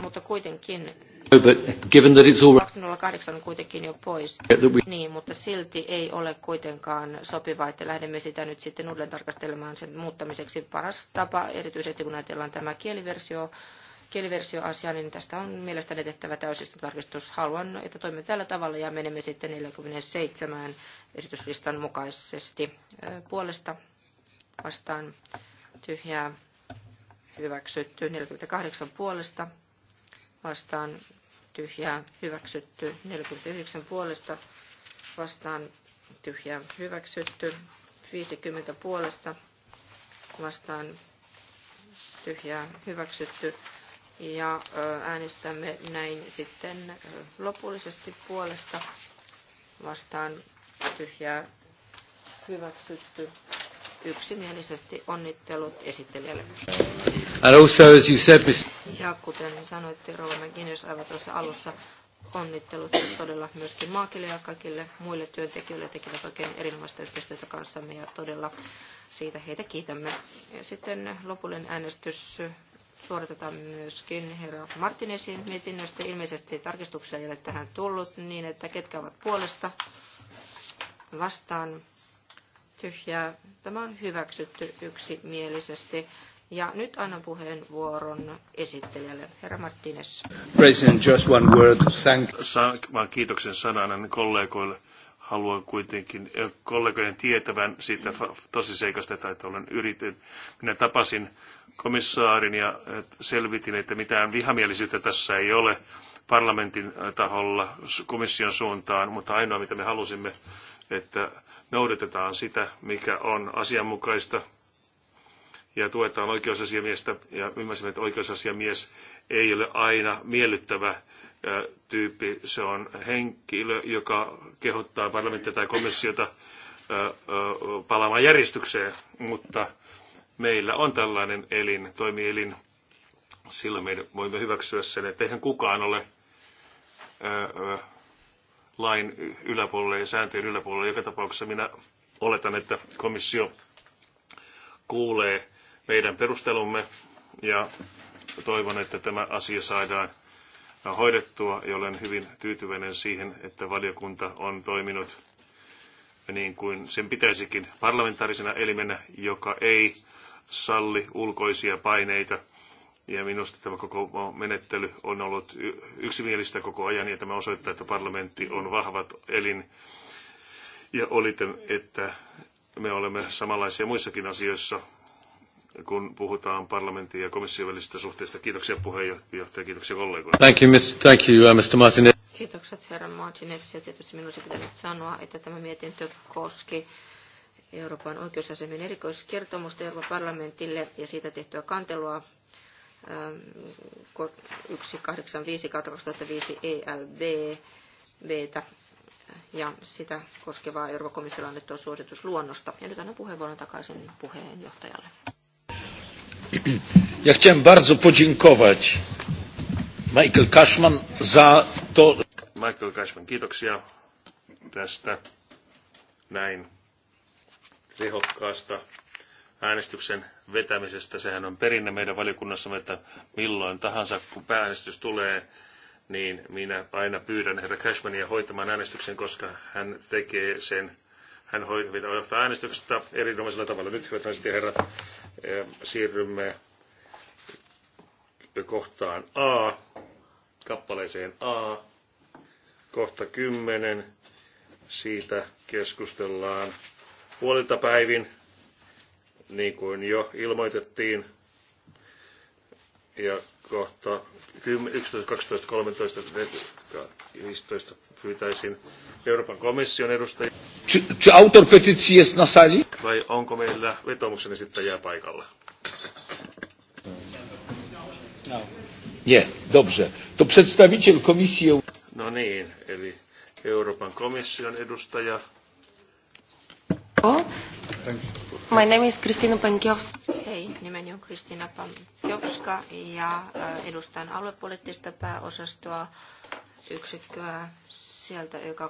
Mutta kuitenkin. But given that it's all... 208 on kuitenkin jo pois. We... Niin, mutta silti ei ole kuitenkaan sopiva, että lähdemme sitä nyt sitten uudelleen tarkastelemaan sen muuttamiseksi. Paras tapa, erityisesti kun ajatellaan tämä kieliversio, kieliversioasiaa, niin tästä on mielestäni tehtävä täysistuntarkistus. Haluan, että toimimme tällä tavalla ja menemme sitten 47 esityslistan mukaisesti puolesta vastaan tyhjää hyväksytty 48 puolesta vastaan tyhjää hyväksytty 49 puolesta vastaan tyhjää hyväksytty 50 puolesta vastaan tyhjää hyväksytty ja äänestämme näin sitten lopullisesti puolesta vastaan tyhjää hyväksytty yksimielisesti onnittelut esittelijälle. And also, as you said, ja kuten sanoitte Rova McGinnis aivan tuossa alussa, onnittelut todella myöskin Maakille ja kaikille muille työntekijöille tekevät oikein erinomaista yhteistyötä kanssamme ja todella siitä heitä kiitämme. Ja sitten lopullinen äänestys suoritetaan myöskin herra Martinesin mietinnöstä. Ilmeisesti tarkistuksia ei ole tähän tullut niin, että ketkä ovat puolesta vastaan tyhjää. Tämä on hyväksytty yksimielisesti. Ja nyt annan puheenvuoron esittelijälle, herra Martínez. President, just one word. Thank... Saan kiitoksen sanan kollegoille haluan kuitenkin eh, kollegojen tietävän siitä tosiseikasta, että olen yritin. Minä tapasin komissaarin ja selvitin, että mitään vihamielisyyttä tässä ei ole parlamentin eh, taholla komission suuntaan, mutta ainoa mitä me halusimme, että noudatetaan sitä, mikä on asianmukaista ja tuetaan oikeusasiamiestä ja ymmärsimme, että oikeusasiamies ei ole aina miellyttävä tyyppi, se on henkilö, joka kehottaa parlamenttia tai komissiota palaamaan järjestykseen, mutta meillä on tällainen elin, toimielin, silloin me voimme hyväksyä sen, että eihän kukaan ole lain yläpuolelle ja sääntöjen yläpuolelle. Joka tapauksessa minä oletan, että komissio kuulee meidän perustelumme ja toivon, että tämä asia saadaan hoidettua ja olen hyvin tyytyväinen siihen, että valiokunta on toiminut niin kuin sen pitäisikin parlamentaarisena elimenä, joka ei salli ulkoisia paineita. Ja minusta tämä koko menettely on ollut yksimielistä koko ajan ja tämä osoittaa, että parlamentti on vahvat elin. Ja oli, että me olemme samanlaisia muissakin asioissa kun puhutaan parlamentin ja komission välisistä suhteista. Kiitoksia puheenjohtaja, kiitoksia kollegoille. Thank you, Thank you, uh, Mr. Martinez. Kiitokset herra Martinez. Ja tietysti minun olisi pitänyt sanoa, että tämä mietintö koski Euroopan oikeusasemien erikoiskertomusta Euroopan parlamentille ja siitä tehtyä kantelua 185-2005 ELB -tä ja sitä koskevaa Euroopan komissiolla annettua suositusluonnosta. Ja nyt annan puheenvuoron takaisin puheenjohtajalle. Ja chciałem bardzo podziękować Michael Cashman za to. Michael Cashman, kiitoksia tästä näin tehokkaasta äänestyksen vetämisestä. Sehän on perinne meidän valiokunnassamme, että milloin tahansa kun pääänestys tulee, niin minä aina pyydän herra Cashmania hoitamaan äänestyksen, koska hän tekee sen. Hän hoitaa äänestyksestä erinomaisella tavalla. Nyt hyvät naiset ja herrat, siirrymme kohtaan A, kappaleeseen A, kohta 10. Siitä keskustellaan puolilta päivin, niin kuin jo ilmoitettiin. Ja kohta 10, 11, 12, 13, 15 pyytäisin Euroopan komission edustajia. Czy, autor petycji jest na sali? Vai onko meillä vetomuksen esittäjää paikalla? Nie, dobrze. To przedstawiciel komisji... E no niin, eli Euroopan komission edustaja. My name is Kristina Pankiowska. Kristina Pamjovska ja edustan aluepoliittista pääosastoa yksikköä sieltä, joka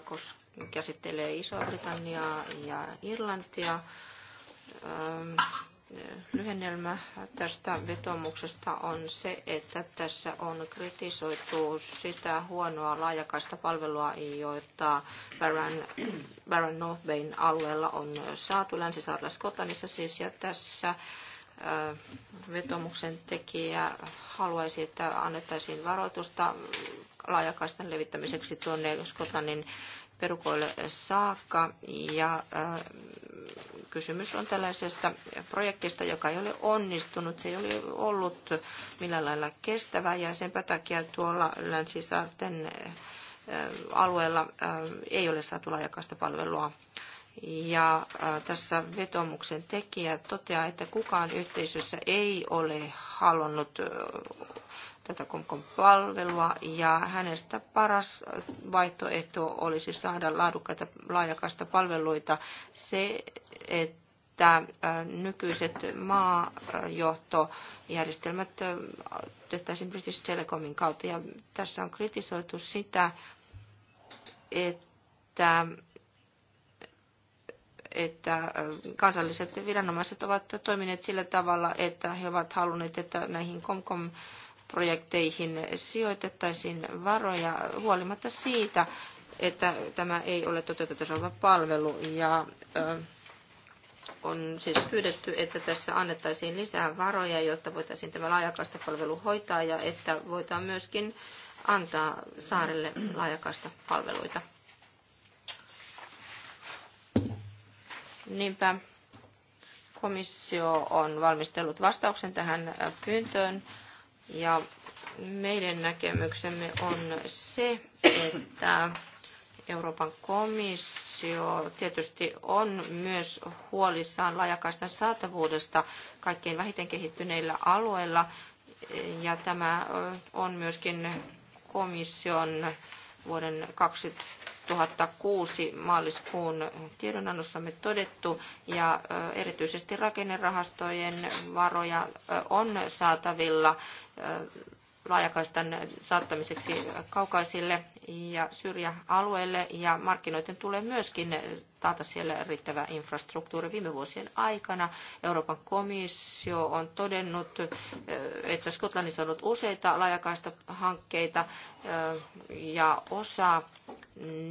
käsittelee Iso-Britanniaa ja Irlantia. Lyhennelmä tästä vetomuksesta on se, että tässä on kritisoitu sitä huonoa laajakaista palvelua, jota Baron, Baron Bayn alueella on saatu länsi siis, ja tässä vetomuksen tekijä haluaisi, että annettaisiin varoitusta laajakaistan levittämiseksi tuonne Skotlannin perukoille saakka. Ja kysymys on tällaisesta projektista, joka ei ole onnistunut. Se ei ole ollut millään lailla kestävä ja sen takia tuolla länsisaarten alueella ei ole saatu laajakaista palvelua ja tässä vetomuksen tekijä toteaa, että kukaan yhteisössä ei ole halunnut tätä Komkon palvelua ja hänestä paras vaihtoehto olisi saada laadukkaita laajakasta palveluita se, että nykyiset maajohtojärjestelmät tehtäisiin British Telecomin kautta. Ja tässä on kritisoitu sitä, että että äh, kansalliset viranomaiset ovat toimineet sillä tavalla, että he ovat halunneet, että näihin komkom projekteihin sijoitettaisiin varoja huolimatta siitä, että tämä ei ole toteutettava palvelu. Ja, äh, on siis pyydetty, että tässä annettaisiin lisää varoja, jotta voitaisiin tämä palvelu hoitaa ja että voitaan myöskin antaa saarelle palveluita. Niinpä komissio on valmistellut vastauksen tähän pyyntöön ja meidän näkemyksemme on se, että Euroopan komissio tietysti on myös huolissaan laajakaistan saatavuudesta kaikkein vähiten kehittyneillä alueilla. Ja tämä on myöskin komission vuoden 2006 maaliskuun tiedonannossamme todettu ja erityisesti rakennerahastojen varoja on saatavilla laajakaistan saattamiseksi kaukaisille ja syrjäalueille ja markkinoiden tulee myöskin taata siellä riittävä infrastruktuuri. Viime vuosien aikana Euroopan komissio on todennut, että Skotlannissa on ollut useita laajakaistahankkeita ja osa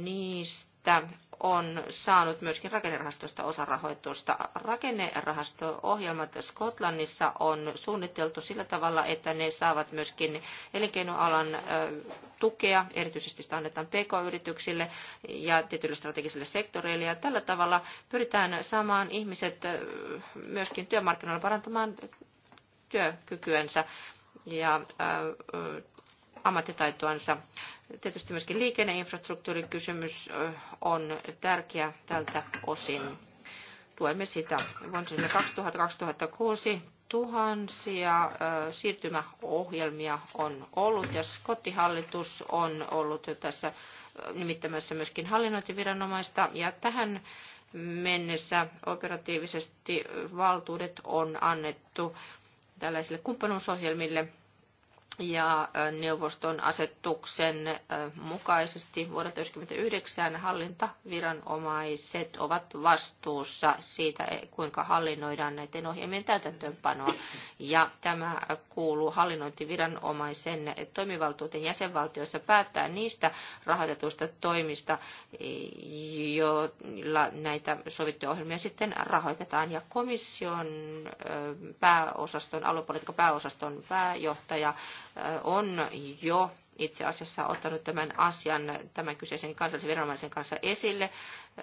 niistä on saanut myöskin rakennerahastosta osarahoitusta. Rakennerahasto-ohjelmat Skotlannissa on suunniteltu sillä tavalla, että ne saavat myöskin elinkeinoalan tukea, erityisesti sitä annetaan pk-yrityksille ja tietyille strategisille sektoreille. Ja tällä tavalla pyritään saamaan ihmiset myöskin työmarkkinoilla parantamaan työkykyänsä ja ammattitaitoansa. Tietysti myöskin liikenneinfrastruktuurikysymys on tärkeä tältä osin. Tuemme sitä. Vuonna 2000-2006 tuhansia siirtymäohjelmia on ollut ja kotihallitus on ollut tässä nimittämässä myöskin hallinnointiviranomaista ja tähän mennessä operatiivisesti valtuudet on annettu tällaisille kumppanuusohjelmille ja neuvoston asetuksen mukaisesti vuodelta 1999 hallintaviranomaiset ovat vastuussa siitä, e, kuinka hallinnoidaan näiden ohjelmien täytäntöönpanoa. Ja tämä kuuluu hallinnointiviranomaisen toimivaltuuteen jäsenvaltioissa päättää niistä rahoitetuista toimista, e, joilla näitä sovittuja ohjelmia sitten rahoitetaan. Ja komission pääosaston, aluepolitiikan pääosaston pääjohtaja on jo itse asiassa ottanut tämän asian tämän kyseisen kansallisen viranomaisen kanssa esille,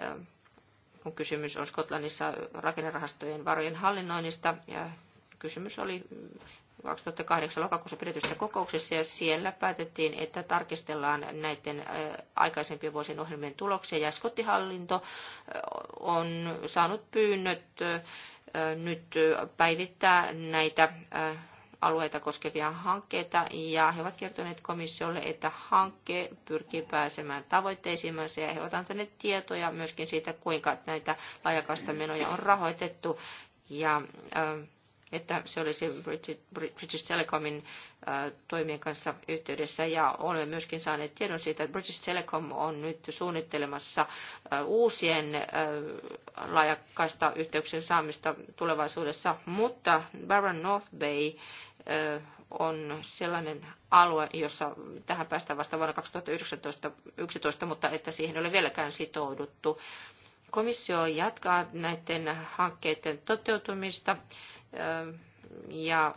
äh, kun kysymys on Skotlannissa rakennerahastojen varojen hallinnoinnista. Ja kysymys oli 2008 lokakuussa pidetyssä kokouksessa ja siellä päätettiin, että tarkistellaan näiden äh, aikaisempien vuosien ohjelmien tuloksia ja skottihallinto äh, on saanut pyynnöt nyt päivittää näitä alueita koskevia hankkeita ja he ovat kertoneet komissiolle, että hankke pyrkii pääsemään tavoitteisiinsa ja he ovat antaneet tietoja myöskin siitä, kuinka näitä laajakaistamenoja on rahoitettu ja äh, että se olisi British Telecomin toimien kanssa yhteydessä. Ja olemme myöskin saaneet tiedon siitä, että British Telecom on nyt suunnittelemassa uusien laajakaista yhteyksien saamista tulevaisuudessa, mutta Barron North Bay on sellainen alue, jossa tähän päästään vasta vuonna 2019, 2011, mutta että siihen ei ole vieläkään sitouduttu. Komissio jatkaa näiden hankkeiden toteutumista ja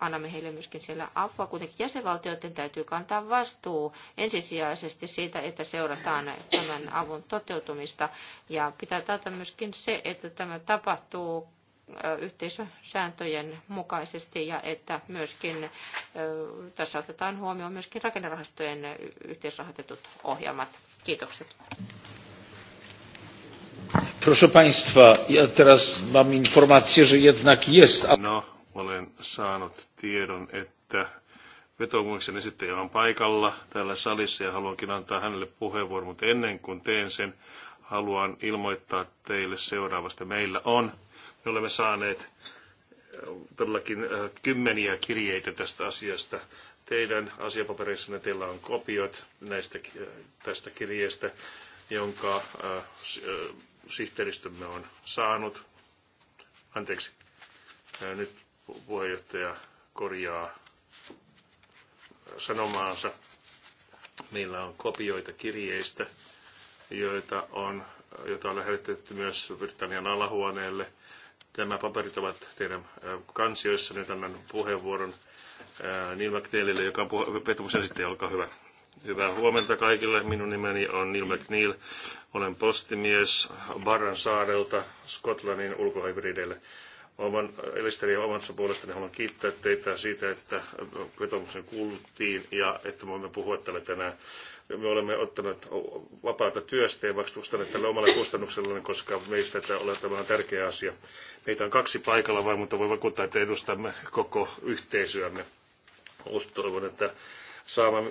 annamme heille myöskin siellä apua. Kuitenkin jäsenvaltioiden täytyy kantaa vastuu ensisijaisesti siitä, että seurataan tämän avun toteutumista. Ja pitää taata myöskin se, että tämä tapahtuu yhteisösääntöjen mukaisesti ja että myöskin tässä otetaan huomioon myöskin rakennerahastojen yhteisrahoitetut ohjelmat. Kiitokset. Proszę Państwa, ja teraz mam informację, że jednak jest... No, olen saanut tiedon, että vetomuksen esittäjä on paikalla täällä salissa ja haluankin antaa hänelle puheenvuoron, mutta ennen kuin teen sen, haluan ilmoittaa teille seuraavasta. Meillä on, me olemme saaneet äh, todellakin äh, kymmeniä kirjeitä tästä asiasta. Teidän asiapapereissanne teillä on kopiot näistä, äh, tästä kirjeestä, jonka sihteeristömme on saanut. Anteeksi, nyt puheenjohtaja korjaa sanomaansa. Meillä on kopioita kirjeistä, joita on, joita on lähetetty myös Britannian alahuoneelle. Nämä paperit ovat teidän kansioissa. Nyt annan puheenvuoron Neil McNeilille, joka on puhe- sitten, olkaa hyvä. Hyvää huomenta kaikille. Minun nimeni on Neil McNeil. Olen postimies Barran saarelta Skotlannin ulkohybrideille. Oman elisteri ja omassa puolestani haluan kiittää teitä siitä, että vetomuksen kuultiin ja että voimme puhua tälle tänään. Me olemme ottaneet vapaata työstä ja vastustaneet tälle omalle kustannuksellaan, koska meistä tämä tämä on tärkeä asia. Meitä on kaksi paikalla vain, mutta voi vakuuttaa, että edustamme koko yhteisöämme. Toivon, että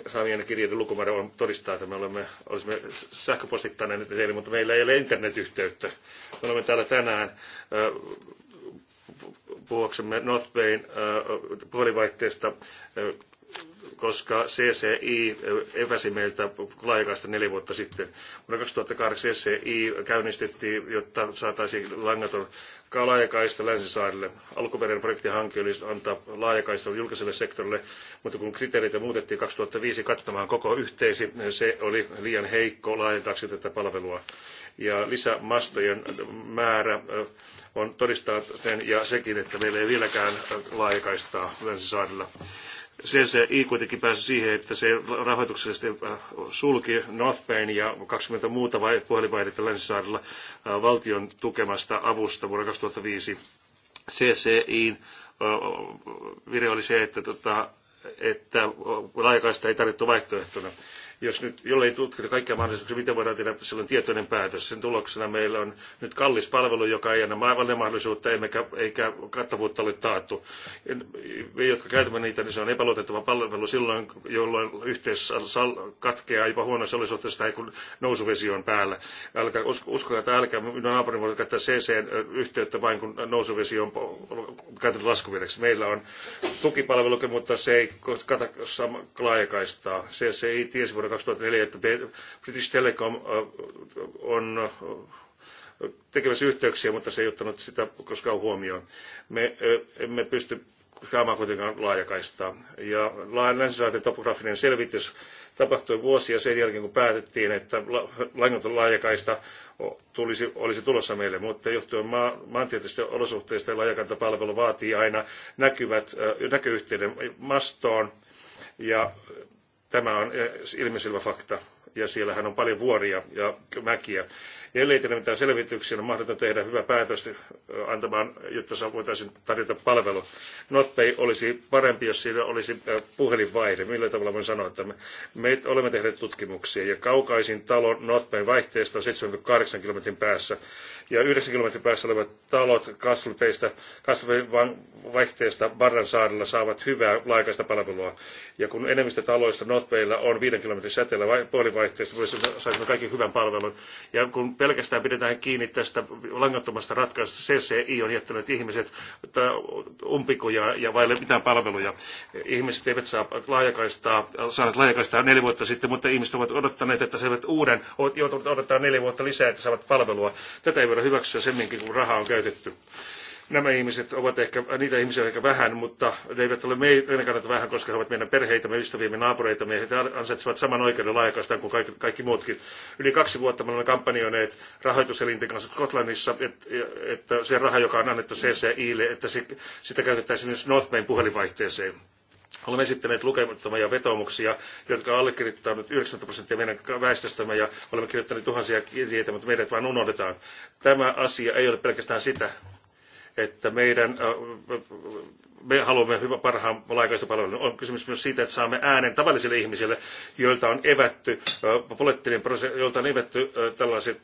saamien kirjeiden lukumäärä on, todistaa, että me olemme, olisimme sähköpostittaneet teille, mutta meillä ei ole internetyhteyttä. Me olemme täällä tänään puhuaksemme North Bayn puolivaihteesta koska CCI eväsi meiltä laajakaista neljä vuotta sitten. Vuonna 2008 CCI käynnistettiin, jotta saataisiin langaton laajakaista länsisaarille. Alkuperäinen projektihanke oli antaa laajakaista julkiselle sektorille, mutta kun kriteereitä muutettiin 2005 kattamaan koko yhteisi, se oli liian heikko laajentaaksi tätä palvelua. Ja lisämastojen määrä äh, on todistaa sen ja sekin, että meillä ei vieläkään laajakaistaa länsisaarilla. CCI kuitenkin pääsi siihen, että se rahoituksellisesti äh, sulki Northbayn ja 20 muuta puhelinvaihdetta Länsisaarilla äh, valtion tukemasta avusta vuonna 2005. CCIin äh, vire oli se, että, tota, että laajakaista ei tarvittu vaihtoehtona jos nyt, jollei tutkita kaikkia mahdollisuuksia, miten voidaan tehdä silloin tietoinen päätös. Sen tuloksena meillä on nyt kallis palvelu, joka ei anna valinnanmahdollisuutta eikä, eikä kattavuutta ole taattu. Me, jotka käytämme niitä, niin se on epäluotettava palvelu silloin, jolloin yhteys katkeaa jopa huonoissa olosuhteissa tai kun nousuvesi on päällä. Älkää uskoa, että älkää minun naapurini voi käyttää CC-yhteyttä vain kun nousuvesi on käytetty laskuvirreksi. Meillä on tukipalvelu, mutta se ei kata laajakaistaa. CC ei tiesi vuonna 2004, että British Telecom on tekemässä yhteyksiä, mutta se ei ottanut sitä koskaan huomioon. Me emme pysty saamaan kuitenkaan laajakaistaa. Ja länsisaarten topografinen selvitys tapahtui vuosia sen jälkeen, kun päätettiin, että langaton laajakaista tulisi, olisi tulossa meille, mutta johtuen maa, maantieteellisistä olosuhteista laajakantapalvelu vaatii aina näkyvät, näköyhteyden mastoon ja Tämä on ilmiselvä fakta ja siellähän on paljon vuoria ja mäkiä. Ellei tehdä mitään selvityksiä, niin on mahdotonta tehdä hyvä päätös eh, antamaan, jotta voitaisiin tarjota palvelu. Notpei olisi parempi, jos siinä olisi eh, puhelinvaihde. Millä tavalla voin sanoa, että me, me olemme tehneet tutkimuksia ja kaukaisin talo Notpein vaihteesta on 78 kilometrin päässä ja 9 kilometrin päässä olevat talot Kastelpeista, Kastelpein vaihteesta Barran saarella saavat hyvää laikaista palvelua. Ja kun enemmistö taloista Notpeilla on 5 kilometrin säteellä puhelinvaihde, yhteistyössä saisimme kaikki hyvän palvelun. Ja kun pelkästään pidetään kiinni tästä langattomasta ratkaisusta, CCI on jättänyt ihmiset umpikuja ja vaille mitään palveluja. Ihmiset eivät saa laajakaistaa, saaneet laajakaistaa neljä vuotta sitten, mutta ihmiset ovat odottaneet, että saavat uuden, joutuvat odottaa neljä vuotta lisää, että saavat palvelua. Tätä ei voida hyväksyä semminkin, kun rahaa on käytetty. Nämä ihmiset ovat ehkä, niitä ihmisiä on ehkä vähän, mutta ne eivät ole meidän kannalta vähän, koska he ovat meidän perheitämme, ystäviämme, naapureitamme. He ansaitsevat saman oikeuden laajakaistaan kuin kaikki, kaikki muutkin. Yli kaksi vuotta me olemme kampanjoineet rahoituselinten kanssa Skotlannissa, että, että se raha, joka on annettu CCIlle, että se, sitä käytettäisiin myös Northmain puhelinvaihteeseen. Olemme esittäneet lukemattomia vetoomuksia, jotka on allekirjoittanut 90 prosenttia meidän väestöstämme ja olemme kirjoittaneet tuhansia kirjeitä, mutta meidät vain unohdetaan. Tämä asia ei ole pelkästään sitä, että meidän, me haluamme hyvä parhaan laikaisen palvelua. On kysymys myös siitä, että saamme äänen tavallisille ihmisille, joilta on evätty, poliittinen prosessi, joilta on evätty tällaiset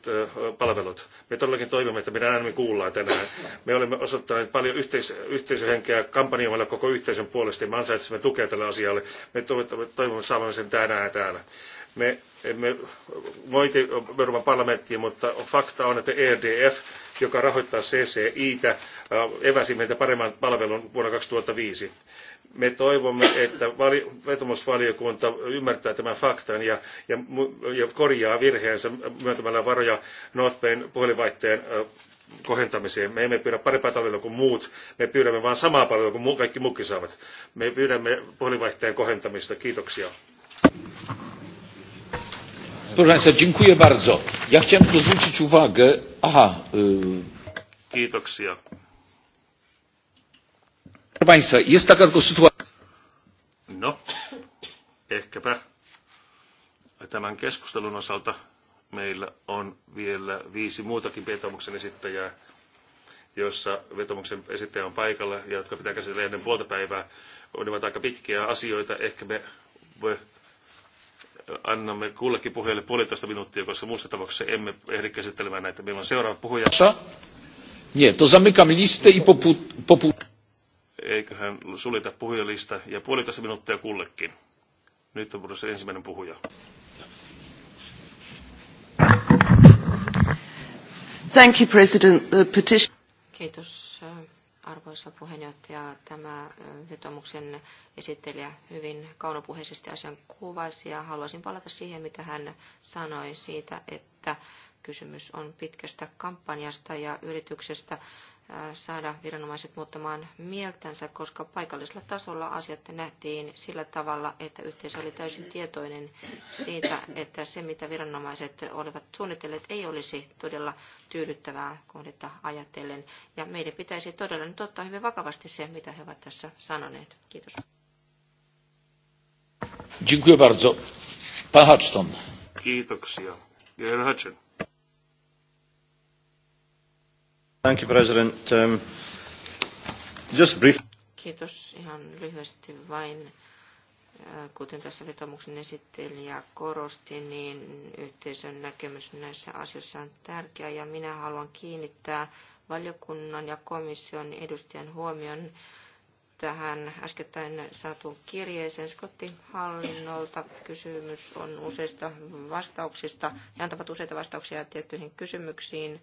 palvelut. Me todellakin toivomme, että meidän äänemme kuullaan tänään. Me olemme osoittaneet paljon yhteis- yhteisöhenkeä kampanjoimalla koko yhteisön puolesta ja me ansaitsemme tukea tälle asialle. Me toivomme, toivomme saamme sen tänään täällä. Me emme moiti Euroopan parlamenttiin, mutta fakta on, että EDF, joka rahoittaa CCI-tä, äh, eväsi meitä paremman palvelun vuonna 2005. Me toivomme, että vali, vetomusvaliokunta ymmärtää tämän faktan ja, ja, ja korjaa virheensä myöntämällä varoja North Bayn puhelinvaihteen äh, kohentamiseen. Me emme pyydä parempaa palvelua kuin muut, me pyydämme vain samaa palvelua kuin kaikki muutkin saavat. Me pyydämme puhelinvaihteen kohentamista. Kiitoksia. Proszę Państwa, dziękuję bardzo. Ja chciałem zwrócić uwagę... Aha. Kiitoksia. Proszę Państwa, jest taka tylko sytuacja... No, ehkäpä tämän keskustelun osalta meillä on vielä viisi muutakin vetomuksen esittäjää, joissa vetomuksen esittäjä on paikalla ja jotka pitää käsitellä ennen puolta päivää. Ne ovat aika pitkiä asioita. Ehkä me annamme kullekin puhujalle puolitoista minuuttia, koska muussa tapauksessa emme ehdi käsittelemään näitä. Meillä on seuraava puhuja. Nie, to zamykam listę i popu, popu... Eiköhän sulita puhujalista ja puolitoista minuuttia kullekin. Nyt on vuorossa ensimmäinen puhuja. Thank you, President. The petition... Kiitos äh, Arvoisa puheenjohtaja, tämä vetomuksen esittelijä hyvin kaunopuheisesti asian kuvasi ja haluaisin palata siihen, mitä hän sanoi siitä, että kysymys on pitkästä kampanjasta ja yrityksestä, saada viranomaiset muuttamaan mieltänsä, koska paikallisella tasolla asiat nähtiin sillä tavalla, että yhteisö oli täysin tietoinen siitä, että se mitä viranomaiset olivat suunnitelleet ei olisi todella tyydyttävää kohdetta ajatellen. Ja meidän pitäisi todella nyt ottaa hyvin vakavasti se, mitä he ovat tässä sanoneet. Kiitos. Dziękuję bardzo. Pan Kiitoksia. Jörn arvoisa puhemies Kiitos ihan lyhyesti vain. Kuten tässä vetomuksen esittelijä korosti, niin yhteisön näkemys näissä asioissa on tärkeä ja minä haluan kiinnittää valiokunnan ja komission edustajan huomion tähän äskettäin saatuun kirjeeseen Skottin hallinnolta. Kysymys on useista vastauksista ja antavat useita vastauksia tiettyihin kysymyksiin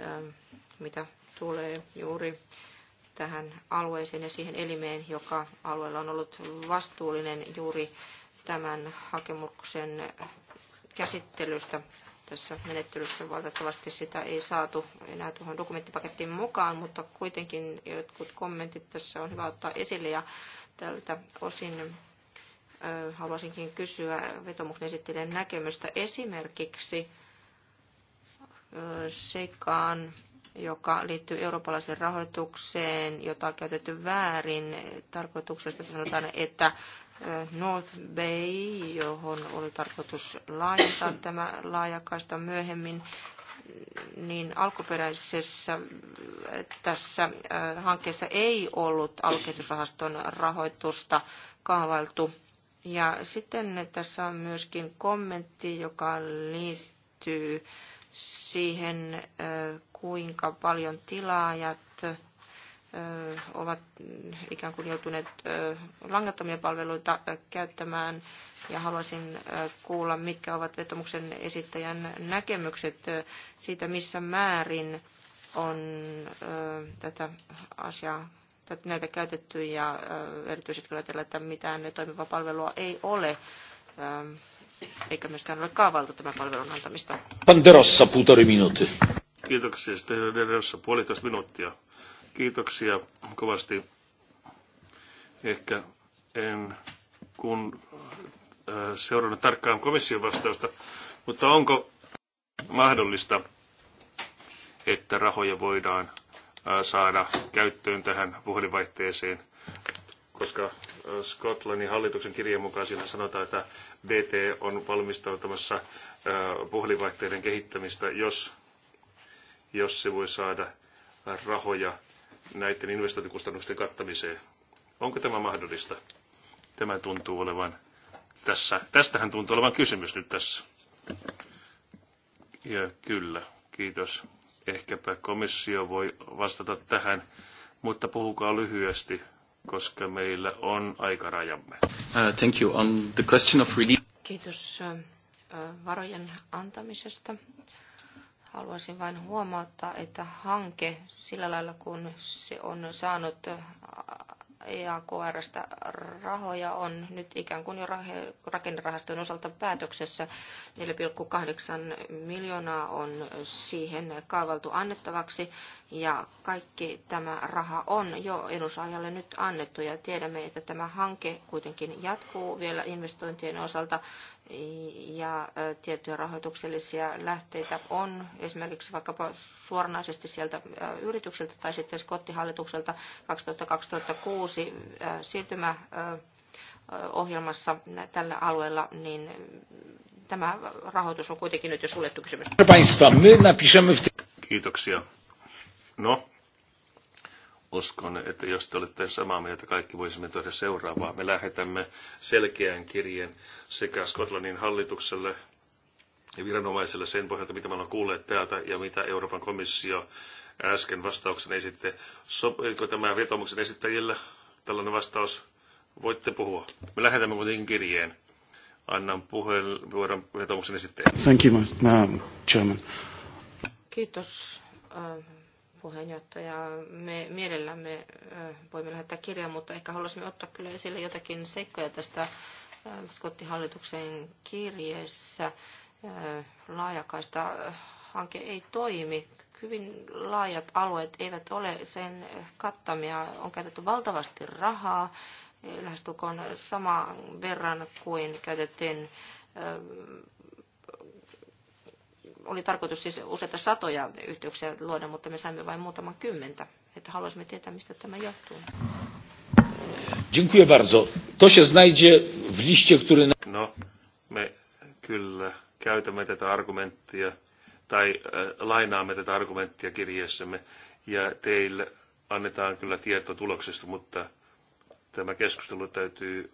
Ähm, mitä tulee juuri tähän alueeseen ja siihen elimeen, joka alueella on ollut vastuullinen juuri tämän hakemuksen käsittelystä tässä menettelyssä. Valitettavasti sitä ei saatu enää tuohon dokumenttipakettiin mukaan, mutta kuitenkin jotkut kommentit tässä on hyvä ottaa esille ja tältä osin haluaisinkin kysyä vetomuksen esittelijän näkemystä esimerkiksi seikkaan, joka liittyy eurooppalaiseen rahoitukseen, jota on käytetty väärin. Tarkoituksesta sanotaan, että North Bay, johon oli tarkoitus laajentaa tämä laajakaista myöhemmin, niin alkuperäisessä tässä hankkeessa ei ollut alkehitysrahaston rahoitusta kaavailtu. Ja sitten tässä on myöskin kommentti, joka liittyy siihen, kuinka paljon tilaajat ovat ikään kuin joutuneet langattomia palveluita käyttämään ja haluaisin kuulla, mitkä ovat vetomuksen esittäjän näkemykset siitä, missä määrin on tätä asiaa näitä käytetty ja erityisesti kyllä että mitään toimivaa palvelua ei ole eikä myöskään ole kaavailtu tämän palvelun antamista. Panderossa puutori minuutti. Kiitoksia. Sitten Panderossa puolitoista minuuttia. Kiitoksia kovasti. Ehkä en kun äh, seurannut tarkkaan komission vastausta, mutta onko mahdollista, että rahoja voidaan äh, saada käyttöön tähän puhelinvaihteeseen, koska Skotlannin hallituksen kirjeen mukaan siinä sanotaan, että BT on valmistautumassa äh, puhelinvaihteiden kehittämistä, jos, jos se voi saada rahoja näiden investointikustannusten kattamiseen. Onko tämä mahdollista? Tämä tuntuu olevan tässä. Tästähän tuntuu olevan kysymys nyt tässä. Ja kyllä, kiitos. Ehkäpä komissio voi vastata tähän, mutta puhukaa lyhyesti koska meillä on aikarajamme. Uh, thank you. On the question of relief. Kiitos varojen antamisesta. Haluaisin vain huomauttaa, että hanke sillä lailla kun se on saanut EAKRstä rahoja on nyt ikään kuin jo rakennerahastojen osalta päätöksessä. 4,8 miljoonaa on siihen kaavaltu annettavaksi ja kaikki tämä raha on jo edusajalle nyt annettu ja tiedämme, että tämä hanke kuitenkin jatkuu vielä investointien osalta ja tiettyjä rahoituksellisia lähteitä on esimerkiksi vaikkapa suoranaisesti sieltä yritykseltä tai sitten skottihallitukselta 2000-2006 siirtymä ohjelmassa tällä alueella, niin tämä rahoitus on kuitenkin nyt jo suljettu kysymys. Kiitoksia. No, uskon, että jos te olette samaa mieltä, kaikki voisimme tehdä seuraavaa. Me lähetämme selkeän kirjeen sekä Skotlannin hallitukselle ja viranomaiselle sen pohjalta, mitä me ollaan kuulleet täältä ja mitä Euroopan komissio äsken vastauksen esitti. Sopiiko tämä vetomuksen esittäjille tällainen vastaus? Voitte puhua. Me lähetämme kuitenkin kirjeen. Annan puheenvuoron vetomuksen esittäjille. Thank you, Chairman. Kiitos äh, puheenjohtaja. Me mielellämme voimme lähettää kirjan, mutta ehkä haluaisimme ottaa kyllä esille jotakin seikkoja tästä Skottihallituksen kirjeessä. Laajakaista hanke ei toimi. Hyvin laajat alueet eivät ole sen kattamia. On käytetty valtavasti rahaa, lähestulkoon saman verran kuin käytettiin oli tarkoitus siis useita satoja yhteyksiä luoda, mutta me saimme vain muutaman kymmentä. Että haluaisimme tietää, mistä tämä johtuu. Dziękuję bardzo. To się znajdzie w liście, który... No, me kyllä käytämme tätä argumenttia tai äh, lainaamme tätä argumenttia kirjeessämme ja teille annetaan kyllä tieto tuloksesta, mutta tämä keskustelu täytyy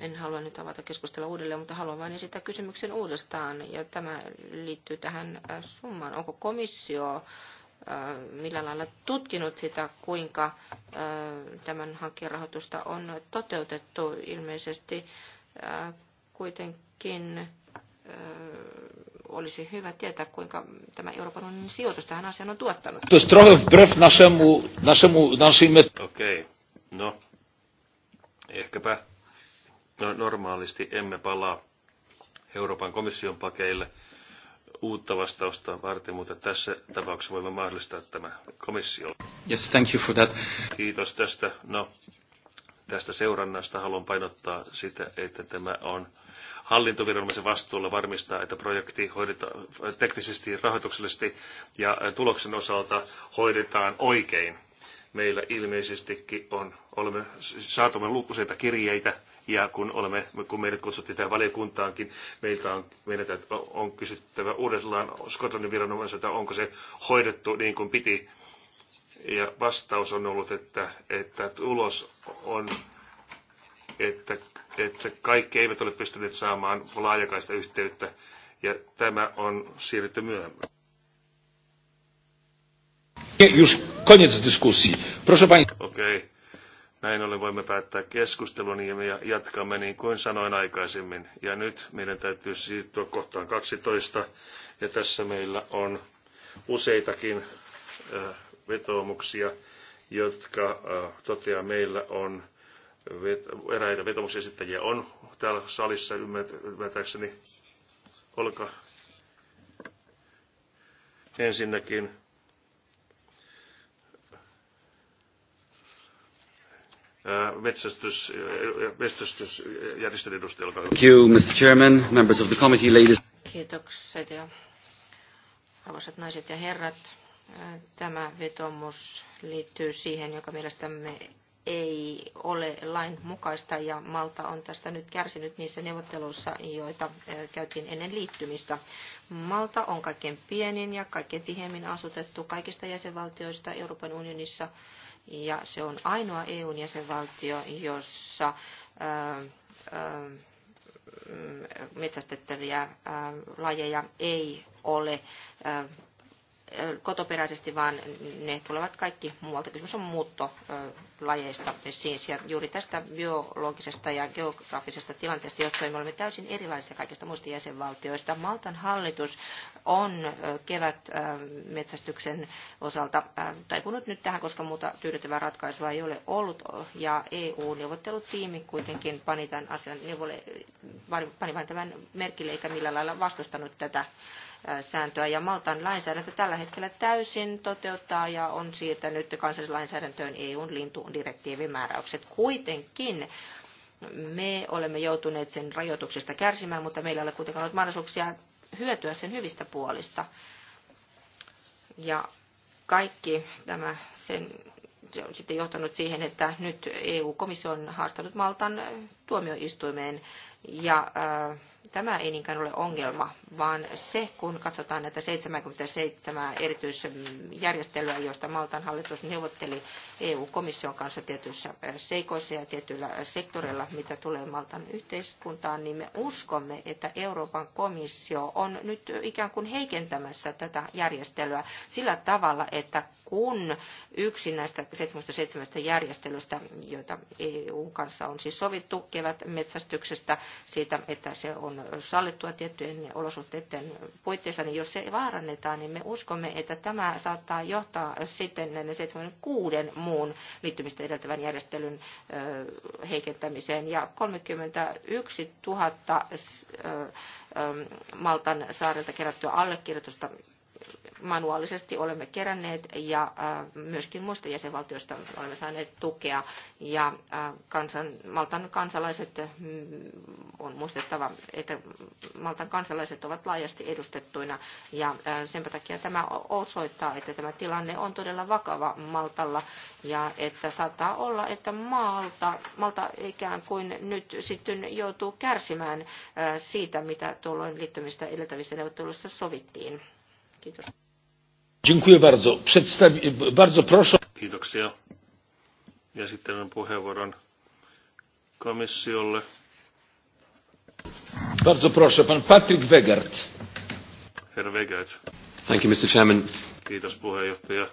en halua nyt avata keskustelua uudelleen, mutta haluan vain esittää kysymyksen uudestaan. Ja tämä liittyy tähän äh, summaan. Onko komissio äh, millä lailla tutkinut sitä, kuinka äh, tämän hankkeen rahoitusta on toteutettu. Ilmeisesti kuitenkin olisi hyvä tietää, kuinka tämä Euroopan unionin sijoitus tähän asiaan on tuottanut. Okei, okay. No, ehkäpä no, normaalisti emme palaa Euroopan komission pakeille uutta vastausta varten, mutta tässä tapauksessa voimme mahdollistaa tämä komissiolle. Yes, thank you for that. Kiitos tästä. No, tästä seurannasta haluan painottaa sitä, että tämä on hallintoviranomaisen vastuulla varmistaa, että projekti hoidetaan teknisesti, rahoituksellisesti ja tuloksen osalta hoidetaan oikein meillä ilmeisestikin on, olemme, saatamme lukuisia kirjeitä, ja kun, olemme, kun meidät kutsuttiin tähän valiokuntaankin, meiltä on, meidän on kysyttävä uudestaan Skotlannin viranomaiselta, onko se hoidettu niin kuin piti. Ja vastaus on ollut, että, että tulos on, että, että kaikki eivät ole pystyneet saamaan laajakaista yhteyttä, ja tämä on siirretty myöhemmin. Już koniec dyskusji. Proszę pani. Okei. Näin ollen voimme päättää keskustelun ja me jatkamme niin kuin sanoin aikaisemmin. Ja nyt meidän täytyy siirtyä kohtaan 12. Ja tässä meillä on useitakin äh, vetoomuksia, jotka äh, toteaa meillä on eräitä vetomusesittäjiä on täällä salissa ymmärtääkseni. Olkaa ensinnäkin metsästys, metsästysjärjestön edustaja, olkaa hyvä. Thank you, Mr. Chairman, members of the committee, ladies. Kiitokset ja arvoisat naiset ja herrat. Tämä vetomus liittyy siihen, joka mielestämme ei ole lain mukaista ja Malta on tästä nyt kärsinyt niissä neuvotteluissa, joita käytiin ennen liittymistä. Malta on kaikkein pienin ja kaikkein tiheimmin asutettu kaikista jäsenvaltioista Euroopan unionissa ja se on ainoa EUn jäsenvaltio, jossa metsästettäviä lajeja ei ole kotoperäisesti, vaan ne tulevat kaikki muualta. Kysymys on muuttolajeista siis, ja juuri tästä biologisesta ja geografisesta tilanteesta jotta me olemme täysin erilaisia kaikista muista jäsenvaltioista. Maltan hallitus on kevät metsästyksen osalta taipunut nyt tähän, koska muuta tyydyttävää ratkaisua ei ole ollut, ja EU-neuvottelutiimi kuitenkin pani tämän asian, pani vain tämän merkille, eikä millään lailla vastustanut tätä sääntöä. Ja Maltan lainsäädäntö tällä hetkellä täysin toteuttaa ja on siirtänyt kansallislainsäädäntöön EUn lintudirektiivin määräykset. Kuitenkin me olemme joutuneet sen rajoituksista kärsimään, mutta meillä ei ole kuitenkaan ollut mahdollisuuksia hyötyä sen hyvistä puolista. Ja kaikki tämä sen, se on sitten johtanut siihen, että nyt EU-komissio on haastanut Maltan tuomioistuimeen ja äh, tämä ei niinkään ole ongelma, vaan se, kun katsotaan näitä 77 erityisjärjestelyä, joista Maltan hallitus neuvotteli EU-komission kanssa tietyissä äh, seikoissa ja tietyillä sektoreilla, mitä tulee Maltan yhteiskuntaan, niin me uskomme, että Euroopan komissio on nyt ikään kuin heikentämässä tätä järjestelyä sillä tavalla, että kun yksi näistä 77 järjestelystä, joita EU kanssa on siis sovittu kevätmetsästyksestä, siitä, että se on sallittua tiettyjen olosuhteiden puitteissa, niin jos se vaarannetaan, niin me uskomme, että tämä saattaa johtaa sitten näiden 76 muun liittymistä edeltävän järjestelyn heikentämiseen. Ja 31 000 Maltan saarelta kerättyä allekirjoitusta manuaalisesti olemme keränneet ja äh, myöskin muista jäsenvaltioista olemme saaneet tukea. Ja äh, kansan, Maltan kansalaiset, mm, on muistettava, että Maltan kansalaiset ovat laajasti edustettuina ja äh, sen takia tämä osoittaa, että tämä tilanne on todella vakava Maltalla ja että saattaa olla, että Malta, Malta ikään kuin nyt sitten joutuu kärsimään siitä, mitä tuolloin liittymistä edeltävissä neuvotteluissa sovittiin. Kiitos. Dziękuję bardzo. Przedstawi- bardzo proszę. Kiitoksia. Ja sitten on puheenvuoron komissiolle. Bardzo proszę, pan Patrick Wegert. Herr Wegert. Thank you, Mr. Chairman. Kiitos puheenjohtaja.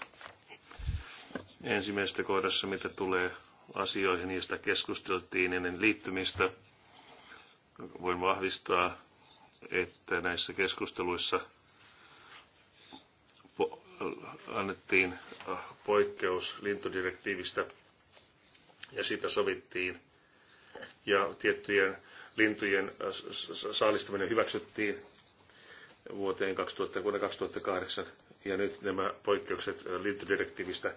Ensimmäisessä kohdassa, mitä tulee asioihin, niistä keskusteltiin ennen liittymistä, voin vahvistaa, että näissä keskusteluissa – annettiin äh, poikkeus lintudirektiivistä ja siitä sovittiin. Ja tiettyjen lintujen äh, saalistaminen hyväksyttiin vuoteen 2000, vuonna 2008. Ja nyt nämä poikkeukset äh, lintudirektiivistä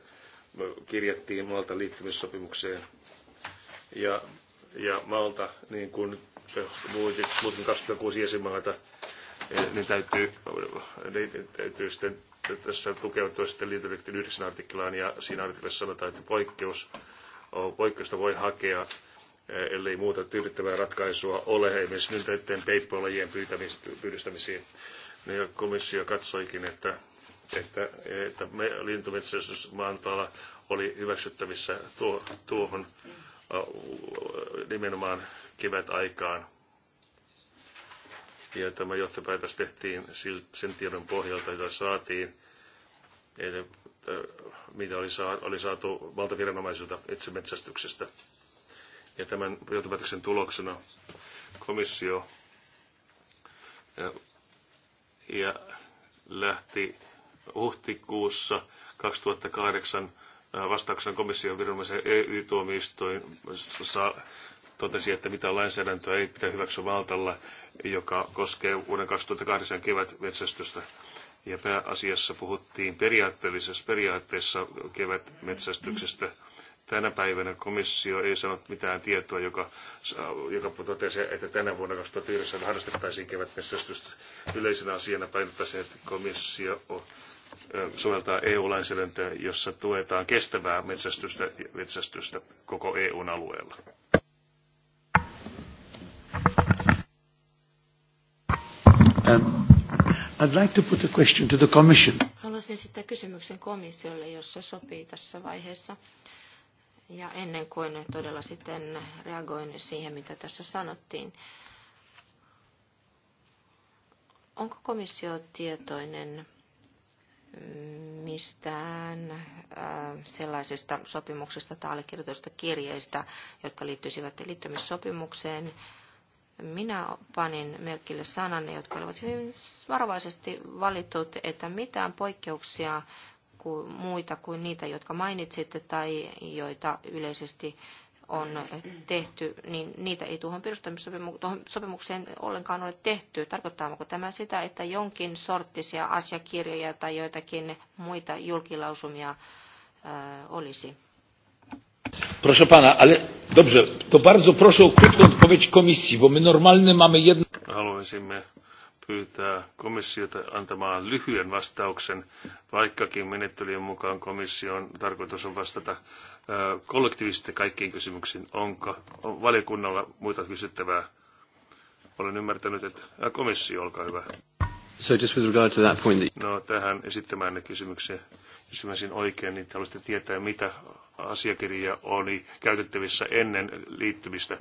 kirjattiin Malta liittymissopimukseen. Ja, ja Malta, niin kuin muutkin 26 jäsenmaata, eh, niin täytyy, niin täytyy sitten tässä tukeutua sitten liitodirektiivin 9 artiklaan ja siinä artiklassa sanotaan, että poikkeus, poikkeusta voi hakea ellei muuta tyydyttävää ratkaisua ole esimerkiksi nyt näiden peippuolajien pyydystämisiin. Niin komissio katsoikin, että, että, että me oli hyväksyttävissä tuo, tuohon nimenomaan kevät aikaan ja tämä johtopäätös tehtiin sen tiedon pohjalta, jota saatiin, eli, äh, mitä oli, saatu valtaviranomaisilta itsemetsästyksestä. Ja tämän johtopäätöksen tuloksena komissio ja, äh, ja lähti huhtikuussa 2008 äh, vastauksena komission viranomaisen EU-tuomioistuin totesi, että mitä lainsäädäntöä ei pidä hyväksyä valtalla, joka koskee vuoden 2008 kevätmetsästystä. Ja pääasiassa puhuttiin periaatteellisessa periaatteessa kevätmetsästyksestä. Tänä päivänä komissio ei sanonut mitään tietoa, joka, joka totesi, että tänä vuonna 2009 harrastettaisiin kevätmetsästystä. Yleisenä asiana painottaisiin, että komissio on soveltaa EU-lainsäädäntöä, jossa tuetaan kestävää metsästystä, metsästystä koko EUn alueella. Um, I'd like to put a question to the commission. Haluaisin esittää kysymyksen komissiolle, jos se sopii tässä vaiheessa. Ja ennen kuin todella sitten reagoin siihen, mitä tässä sanottiin. Onko komissio tietoinen mm, mistään äh, sellaisesta sopimuksesta tai allekirjoitusta kirjeistä, jotka liittyisivät liittymissopimukseen, minä panin merkille sananne, jotka olivat hyvin varovaisesti valitut, että mitään poikkeuksia kuin muita kuin niitä, jotka mainitsitte tai joita yleisesti on tehty, niin niitä ei tuohon perustamissopimukseen ollenkaan ole tehty. Tarkoittaako tämä sitä, että jonkin sorttisia asiakirjoja tai joitakin muita julkilausumia olisi? Proszę pana, ale dobrze, to bardzo proszę o krótką odpowiedź komisji, bo my normalny mamy jedno... Haluaisimme pyytää komissiota antamaan lyhyen vastauksen, vaikkakin menettelyjen mukaan komission tarkoitus on vastata kollektiivisesti kaikkiin kysymyksiin. Onko on valiokunnalla muita kysyttävää? Olen ymmärtänyt, että komissio, olkaa hyvä. So just with regard to that point that... No, tähän esittämään kysymyksiä jos ymmärsin oikein, niin haluaisitte tietää, mitä asiakirjoja oli käytettävissä ennen liittymistä.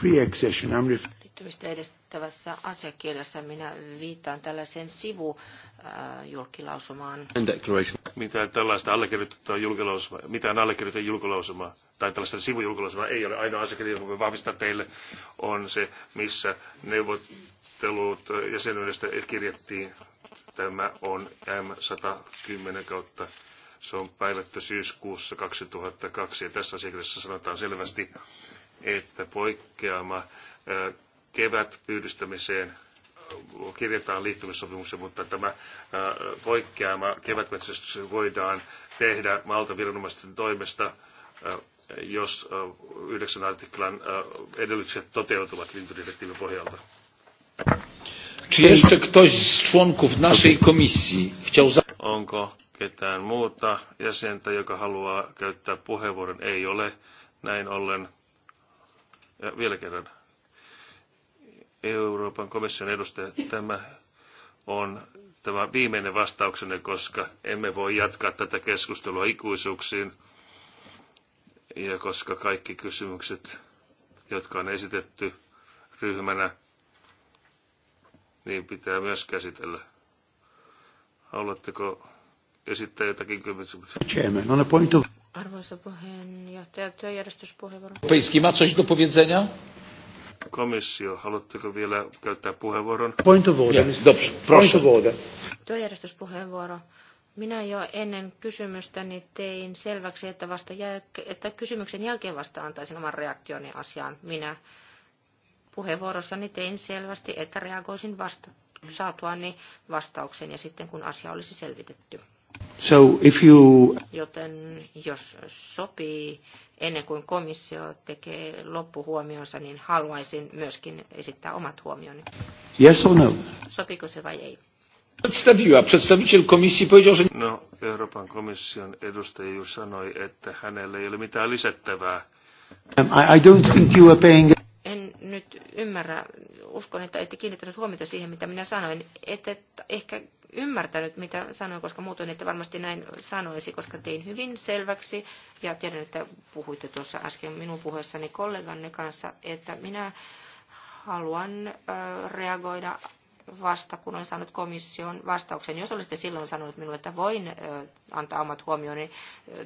pre-accession. liittymistä edistävässä asiakirjassa minä viittaan tällaiseen sivujulkilausumaan. Mitä tällaista allekirjoitettua julkilausumaa, mitään allekirjoitettua julkilausumaa tai tällaista sivujulkilausumaa ei ole. Ainoa asiakirja, jonka voin vahvistaa teille, on se, missä neuvottelut jäsenyydestä kirjattiin Tämä on M110 kautta. Se on päivätty syyskuussa 2002 ja tässä asiakirjassa sanotaan selvästi, että poikkeama kevät pyydystämiseen kirjataan liittymissopimuksen, mutta tämä poikkeama kevätmetsästys voidaan tehdä valtaviranomaisten toimesta, jos yhdeksän artiklan edellytykset toteutuvat lintudirektiivin pohjalta. Czy jeszcze ktoś z członków naszej komisji chciał... Onko ketään muuta jäsentä, joka haluaa käyttää puheenvuoron? Ei ole. Näin ollen, ja vielä kerran, Euroopan komission edustaja, tämä on tämä viimeinen vastauksenne, koska emme voi jatkaa tätä keskustelua ikuisuuksiin. Ja koska kaikki kysymykset, jotka on esitetty ryhmänä, niin pitää myös käsitellä. Haluatteko esittää jotakin kysymyksiä? Arvoisa puheenjohtaja, työjärjestyspuheenvuoro. Peiski, ma coś do powiedzenia? Komissio, haluatteko vielä käyttää puheenvuoron? Point of order. Yeah, dobrze, proszę. Point of order. Työjärjestyspuheenvuoro. Minä jo ennen kysymystäni tein selväksi, että, vasta jäl- että kysymyksen jälkeen vasta antaisin oman reaktioni asiaan. Minä puheenvuorossani tein selvästi, että reagoisin vasta, saatuani vastauksen ja sitten kun asia olisi selvitetty. So if you... Joten jos sopii, ennen kuin komissio tekee loppuhuomionsa, niin haluaisin myöskin esittää omat huomioni. Yes or no? Sopiko se vai ei? No, Euroopan komission edustaja ju sanoi, että hänellä ei ole mitään lisättävää. Um, I, I don't think you are paying nyt ymmärrä, uskon, että ette kiinnittänyt huomiota siihen, mitä minä sanoin. Ette ehkä ymmärtänyt, mitä sanoin, koska muutoin ette varmasti näin sanoisi, koska tein hyvin selväksi. Ja tiedän, että puhuitte tuossa äsken minun puheessani kolleganne kanssa, että minä haluan reagoida vasta, kun olen saanut komission vastauksen. Jos olisitte silloin sanonut minulle, että voin antaa omat huomioni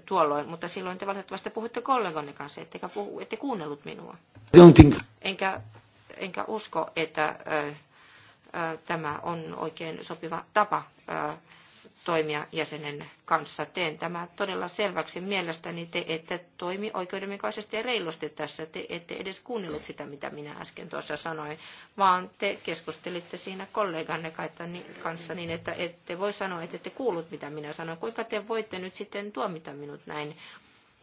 tuolloin, mutta silloin te valitettavasti puhutte kolleganne kanssa, ettekä puhu, ette kuunnellut minua. Enkä, enkä usko, että tämä on oikein sopiva tapa toimia jäsenen kanssa. Teen tämä todella selväksi. Mielestäni te ette toimi oikeudenmukaisesti ja reilusti tässä. Te ette edes kuunnellut sitä, mitä minä äsken tuossa sanoin, vaan te keskustelitte siinä kolleganne kanssa niin, että ette voi sanoa, että ette kuullut, mitä minä sanoin. Kuinka te voitte nyt sitten tuomita minut näin?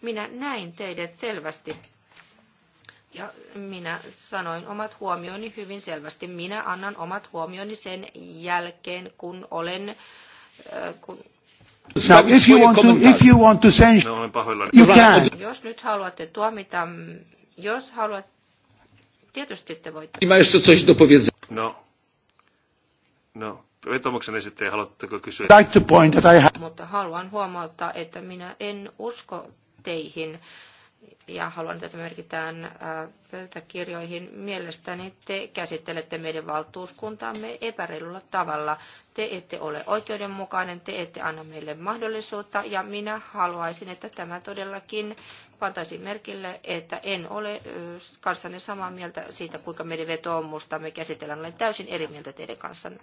Minä näin teidät selvästi. Ja minä sanoin omat huomioni hyvin selvästi. Minä annan omat huomioni sen jälkeen, kun olen Äh, kun if you want to, if you want to send, no, you can. Jos nyt haluatte tuomita, jos haluat, tietysti te voitte. Mä jeszcze coś do powiedzenia. No. No. Vetomuksen esittäjä, haluatteko kysyä? Like to point that I have. Mutta haluan huomauttaa, että minä en usko teihin, ja haluan, että merkitään äh, pöytäkirjoihin. Mielestäni te käsittelette meidän valtuuskuntaamme epäreilulla tavalla. Te ette ole oikeudenmukainen, te ette anna meille mahdollisuutta ja minä haluaisin, että tämä todellakin pantaisi merkille, että en ole äh, kanssanne samaa mieltä siitä, kuinka meidän me käsitellään. Olen täysin eri mieltä teidän kanssanne.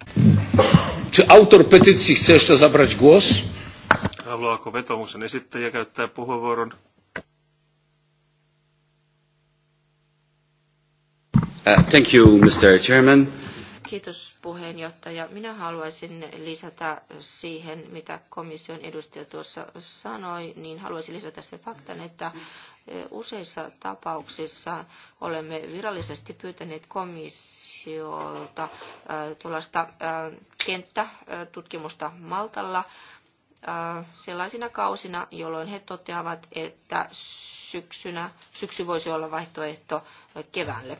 autor petitsi chce jeszcze zabrać głos? Haluaako vetomuksen esittäjä käyttää puheenvuoron? Uh, thank you, Mr. Chairman. Kiitos puheenjohtaja. Minä haluaisin lisätä siihen, mitä komission edustaja tuossa sanoi, niin haluaisin lisätä sen faktan, että uh, useissa tapauksissa olemme virallisesti pyytäneet komissiolta uh, tuollaista kenttätutkimusta Maltalla sellaisina kausina, jolloin he toteavat, että syksynä, syksy voisi olla vaihtoehto keväälle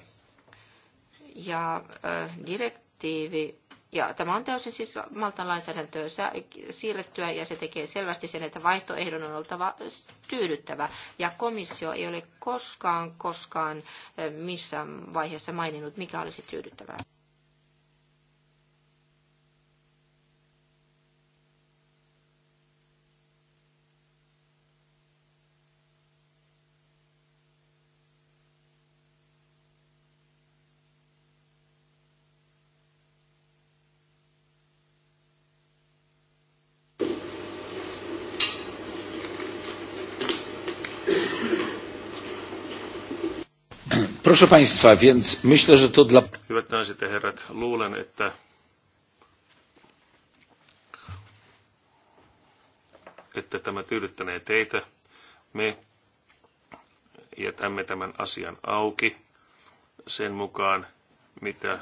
ja direktiivi ja tämä on täysin siis Maltan lainsäädäntöön siirrettyä ja se tekee selvästi sen, että vaihtoehdon on oltava tyydyttävä. Ja komissio ei ole koskaan, koskaan missään vaiheessa maininnut, mikä olisi tyydyttävää. Proszę Państwa, więc myślę, że to dla... Hyvät naiset ja herrat, luulen, että että tämä tyydyttänee teitä. Me jätämme tämän asian auki sen mukaan, mitä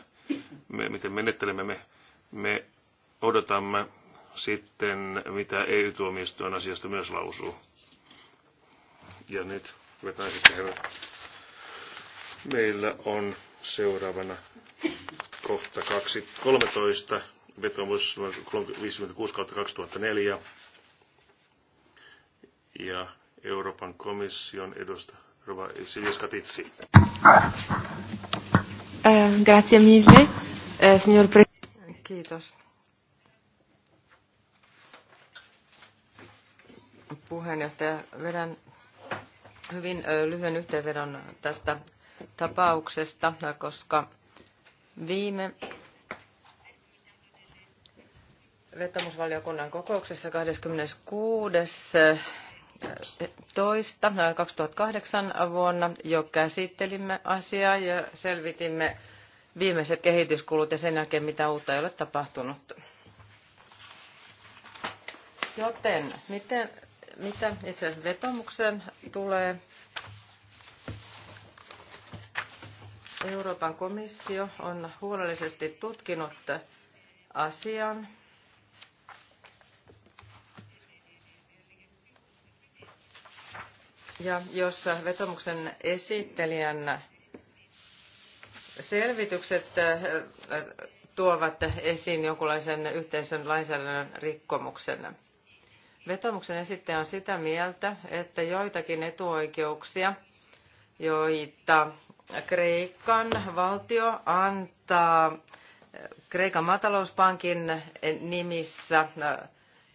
me, miten menettelemme. Me, me odotamme sitten, mitä EU-tuomioistuin asiasta myös lausuu. Ja nyt, hyvät naiset ja herrat, Meillä on seuraavana kohta 2, 13, vetomus 56 kautta 2004 ja Euroopan komission edusta Rova Siljaskatitsi. Eh, grazie mille, eh, signor Pre- Kiitos. Puheenjohtaja, vedän hyvin eh, lyhyen yhteenvedon tästä tapauksesta, koska viime vetomusvaliokunnan kokouksessa 26 toista 2008 vuonna jo käsittelimme asiaa ja selvitimme viimeiset kehityskulut ja sen jälkeen mitä uutta ei ole tapahtunut. Joten miten, mitä itse vetomuksen tulee, Euroopan komissio on huolellisesti tutkinut asian. Ja jos vetomuksen esittelijän selvitykset äh, tuovat esiin jonkinlaisen yhteisen lainsäädännön rikkomuksen. Vetomuksen esittäjä on sitä mieltä, että joitakin etuoikeuksia, joita Kreikan valtio antaa eh, Kreikan maatalouspankin eh, nimissä eh,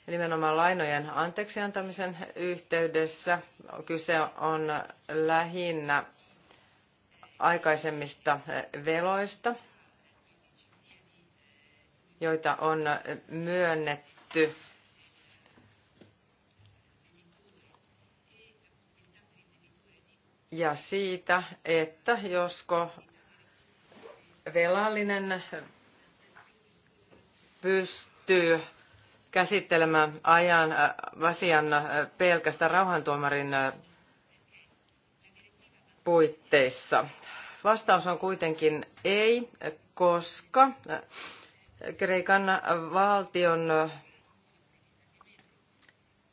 nimenomaan lainojen anteeksiantamisen yhteydessä. Kyse on lähinnä aikaisemmista veloista, joita on myönnetty ja siitä, että josko velallinen pystyy käsittelemään ajan äh, asian äh, pelkästään rauhantuomarin äh, puitteissa. Vastaus on kuitenkin ei, koska Kreikan valtion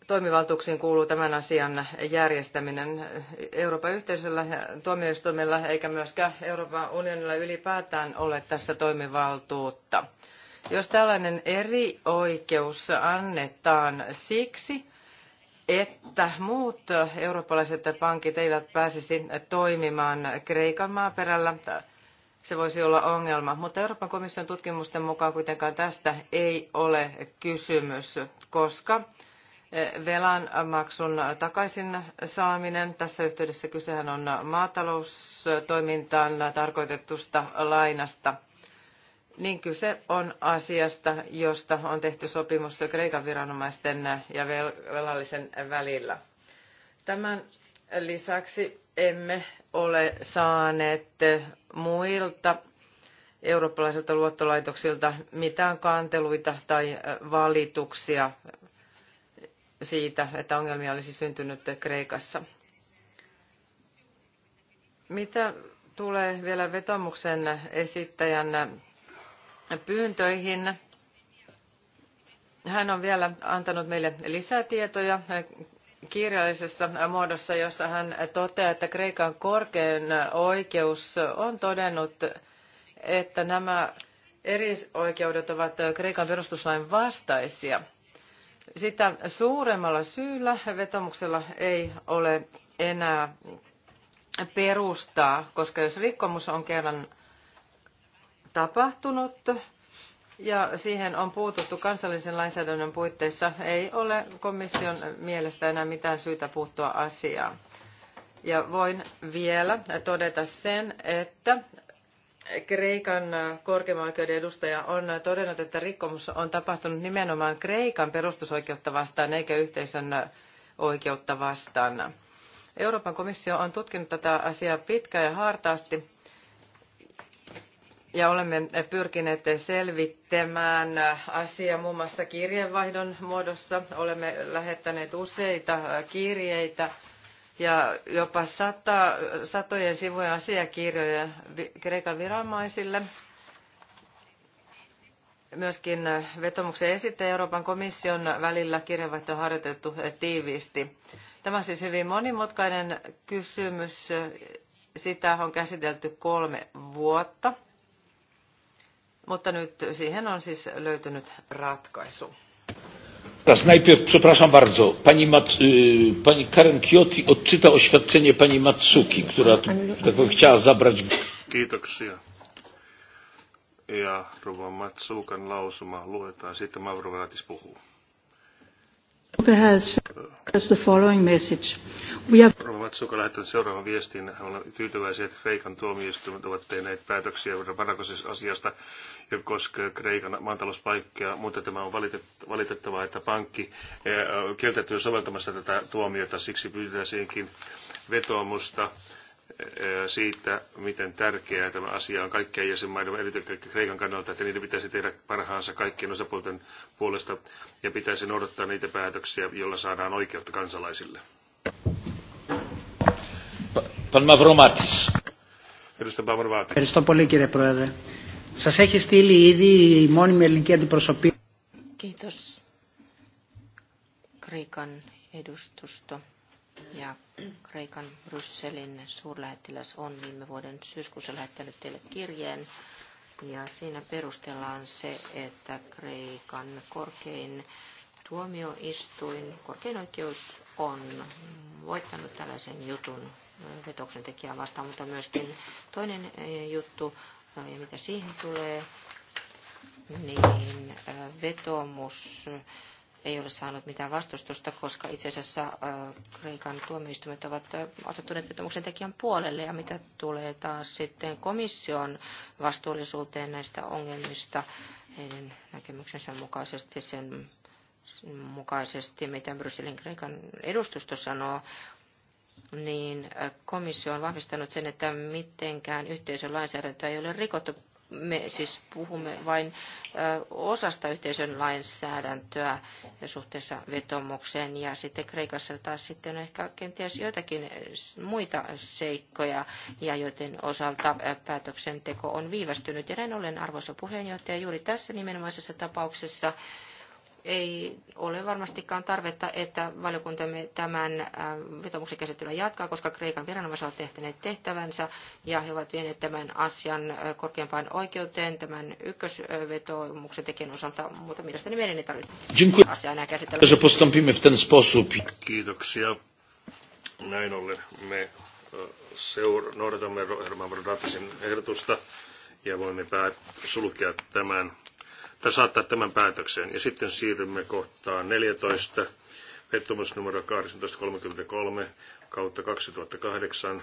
toimivaltuuksiin kuuluu tämän asian järjestäminen Euroopan yhteisöllä ja tuomioistuimella eikä myöskään Euroopan unionilla ylipäätään ole tässä toimivaltuutta. Jos tällainen eri oikeus annetaan siksi, että muut eurooppalaiset pankit eivät pääsisi toimimaan Kreikan maaperällä, se voisi olla ongelma. Mutta Euroopan komission tutkimusten mukaan kuitenkaan tästä ei ole kysymys, koska velan maksun takaisin saaminen. Tässä yhteydessä kysehän on maataloustoimintaan tarkoitetusta lainasta. Niin kyse on asiasta, josta on tehty sopimus Kreikan viranomaisten ja velallisen välillä. Tämän lisäksi emme ole saaneet muilta eurooppalaisilta luottolaitoksilta mitään kanteluita tai valituksia siitä, että ongelmia olisi syntynyt Kreikassa. Mitä tulee vielä vetomuksen esittäjän pyyntöihin, hän on vielä antanut meille lisätietoja kirjallisessa muodossa, jossa hän toteaa, että Kreikan korkein oikeus on todennut, että nämä eri oikeudet ovat Kreikan perustuslain vastaisia – sitä suuremmalla syyllä vetomuksella ei ole enää perustaa, koska jos rikkomus on kerran tapahtunut ja siihen on puututtu kansallisen lainsäädännön puitteissa, ei ole komission mielestä enää mitään syytä puuttua asiaan. Ja voin vielä todeta sen, että Kreikan korkeimman oikeuden edustaja on todennut, että rikkomus on tapahtunut nimenomaan Kreikan perustusoikeutta vastaan eikä yhteisön oikeutta vastaan. Euroopan komissio on tutkinut tätä asiaa pitkään ja hartaasti ja olemme pyrkineet selvittämään asiaa muun muassa kirjeenvaihdon muodossa. Olemme lähettäneet useita kirjeitä ja jopa sata, satojen sivujen asiakirjoja Kreikan viranomaisille. Myöskin vetomuksen esite Euroopan komission välillä kirjanvaihto on harjoitettu tiiviisti. Tämä on siis hyvin monimutkainen kysymys. Sitä on käsitelty kolme vuotta, mutta nyt siihen on siis löytynyt ratkaisu. Teraz najpierw, przepraszam bardzo, pani, Mat, y, pani Karen Kioti odczyta oświadczenie pani Matsuki, która tu, tak powiem, chciała zabrać... Kiitoksia. Ja Rova Matsukan lausuma luetaan, sitten Mavrovaatis puhuu. Has Matsuka lähettänyt seuraavan viestin. Hän on tyytyväisiä, että Kreikan tuomioistuimet ovat tehneet päätöksiä varakoisessa asiasta, joka koskee Kreikan maantalouspaikkaa, mutta tämä on valitettavaa, että pankki eh, kieltäytyy soveltamassa tätä tuomiota. Siksi pyytäisiinkin vetoomusta siitä, miten tärkeää tämä asia on kaikkien jäsenmaiden, erityisesti Kreikan kannalta, että niiden pitäisi tehdä parhaansa kaikkien osapuolten puolesta ja pitäisi noudattaa niitä päätöksiä, joilla saadaan oikeutta kansalaisille. Pan Mavromatis. Edustaja Mavromatis. Ευχαριστώ πολύ κύριε Πρόεδρε. Σας έχει στείλει ήδη η μόνιμη ελληνική αντιπροσωπή. Kiitos. Kreikan edustusto ja Kreikan Brysselin suurlähettiläs on viime vuoden syyskuussa lähettänyt teille kirjeen. Ja siinä perustellaan se, että Kreikan korkein tuomioistuin, korkein oikeus on voittanut tällaisen jutun äh, vetoksen tekijää vastaan, mutta myöskin toinen äh, juttu, äh, ja mitä siihen tulee, niin vetomus ei ole saanut mitään vastustusta, koska itse asiassa äh, Kreikan tuomioistuimet ovat äh, asettuneet vetomuksen tekijän puolelle. Ja mitä tulee taas sitten komission vastuullisuuteen näistä ongelmista, heidän näkemyksensä mukaisesti sen mukaisesti, mitä Brysselin Kreikan edustusto sanoo, niin äh, komissio on vahvistanut sen, että mitenkään yhteisön lainsäädäntöä ei ole rikottu me siis puhumme vain osasta yhteisön lainsäädäntöä suhteessa vetomukseen ja sitten Kreikassa taas sitten ehkä kenties joitakin muita seikkoja ja joiden osalta päätöksenteko on viivästynyt. Ja näin ollen, arvoisa puheenjohtaja, juuri tässä nimenomaisessa tapauksessa ei ole varmastikaan tarvetta, että valiokuntamme tämän äh, vetomuksen käsittelyä jatkaa, koska Kreikan viranomaiset ovat tehneet tehtävänsä ja he ovat vieneet tämän asian äh, korkeampaan oikeuteen tämän ykkösvetomuksen tekijän osalta, mutta mielestäni meidän ei tarvitse asiaa enää käsitellä. Kiitoksia. Näin ollen me seura- noudatamme Herman ehdotusta ja voimme päät- sulkea tämän tai saattaa tämän päätökseen. Ja sitten siirrymme kohtaan 14, vettumus numero 1833 kautta 2008.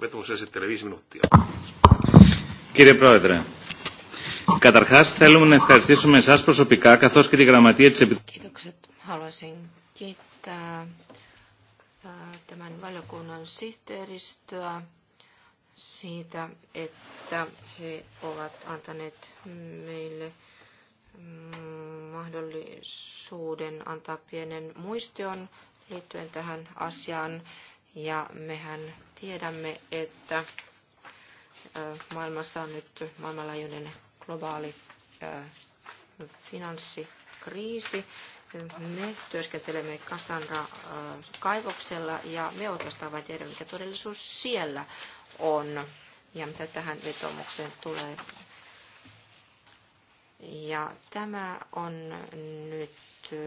Vettumus esittelee viisi minuuttia. Κύριε Πρόεδρε, καταρχάς θέλουμε να ευχαριστήσουμε εσάς προσωπικά καθώς και τη γραμματεία της Επιτροπής. Haluaisin kiittää tämän valiokunnan sihteeristöä siitä, että he ovat antaneet meille mahdollisuuden antaa pienen muistion liittyen tähän asiaan. Ja mehän tiedämme, että maailmassa on nyt maailmanlaajuinen globaali finanssikriisi me työskentelemme Kassandra-kaivoksella äh, ja me oikeastaan vain tiedämme, mikä todellisuus siellä on ja mitä tähän vetomukseen tulee. Ja tämä on nyt äh,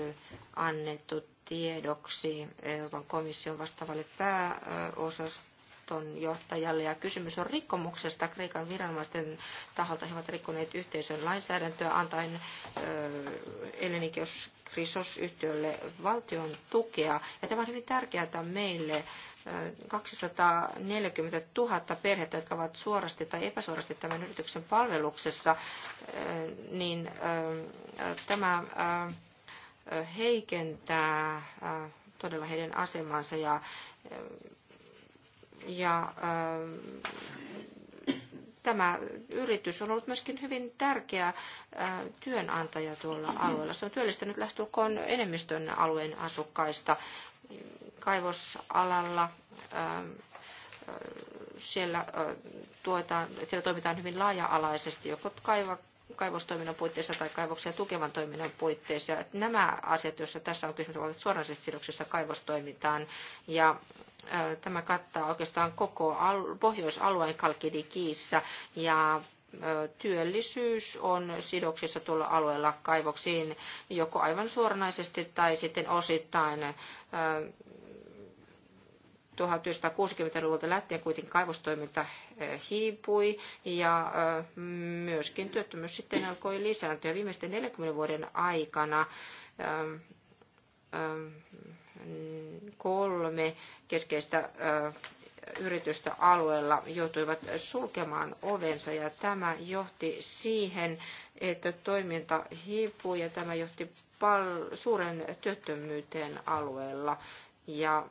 annettu tiedoksi Euroopan komission vastaavalle pääosaston johtajalle. Ja kysymys on rikkomuksesta. Kreikan viranomaisten taholta he ovat rikkoneet yhteisön lainsäädäntöä antaen ö, äh, elinikeus Risos-yhtiölle valtion tukea. Ja tämä on hyvin tärkeää meille. 240 000 perhettä, jotka ovat suorasti tai epäsuorasti tämän yrityksen palveluksessa, niin tämä heikentää todella heidän asemansa ja, ja tämä yritys on ollut myöskin hyvin tärkeä äh, työnantaja tuolla alueella. Se on työllistänyt lähestulkoon enemmistön alueen asukkaista kaivosalalla. Ähm, äh, siellä, äh, tuetaan, siellä toimitaan hyvin laaja-alaisesti, joko kaivostoiminnan puitteissa tai kaivoksia tukevan toiminnan puitteissa. Nämä asiat, joissa tässä on kysymys, ovat suoranaisesti sidoksissa kaivostoimintaan. Ja tämä kattaa oikeastaan koko pohjoisalueen Kalkidikiissä ja työllisyys on sidoksissa tuolla alueella kaivoksiin joko aivan suoranaisesti tai sitten osittain 1960-luvulta lähtien kuitenkin kaivostoiminta eh, hiipui ja eh, myöskin työttömyys sitten alkoi lisääntyä. Viimeisten 40 vuoden aikana eh, kolme keskeistä yritystä alueella joutuivat sulkemaan ovensa ja tämä johti siihen, että toiminta hiipui ja tämä johti pal- suuren työttömyyteen alueella. Ja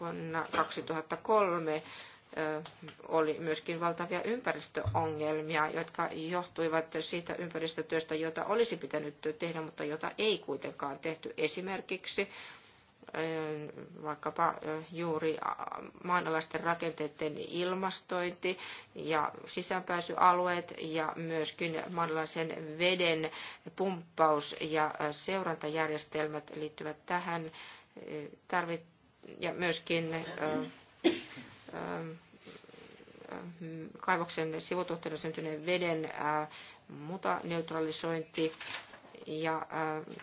vuonna 2003 oli myöskin valtavia ympäristöongelmia, jotka johtuivat siitä ympäristötyöstä, jota olisi pitänyt tehdä, mutta jota ei kuitenkaan tehty. Esimerkiksi vaikkapa juuri maanalaisten rakenteiden ilmastointi ja sisäänpääsyalueet ja myöskin maanalaisen veden pumppaus ja seurantajärjestelmät liittyvät tähän tarvit, ja myöskin kaivoksen sivutuotteena syntyneen veden mutaneutralisointi ja äh,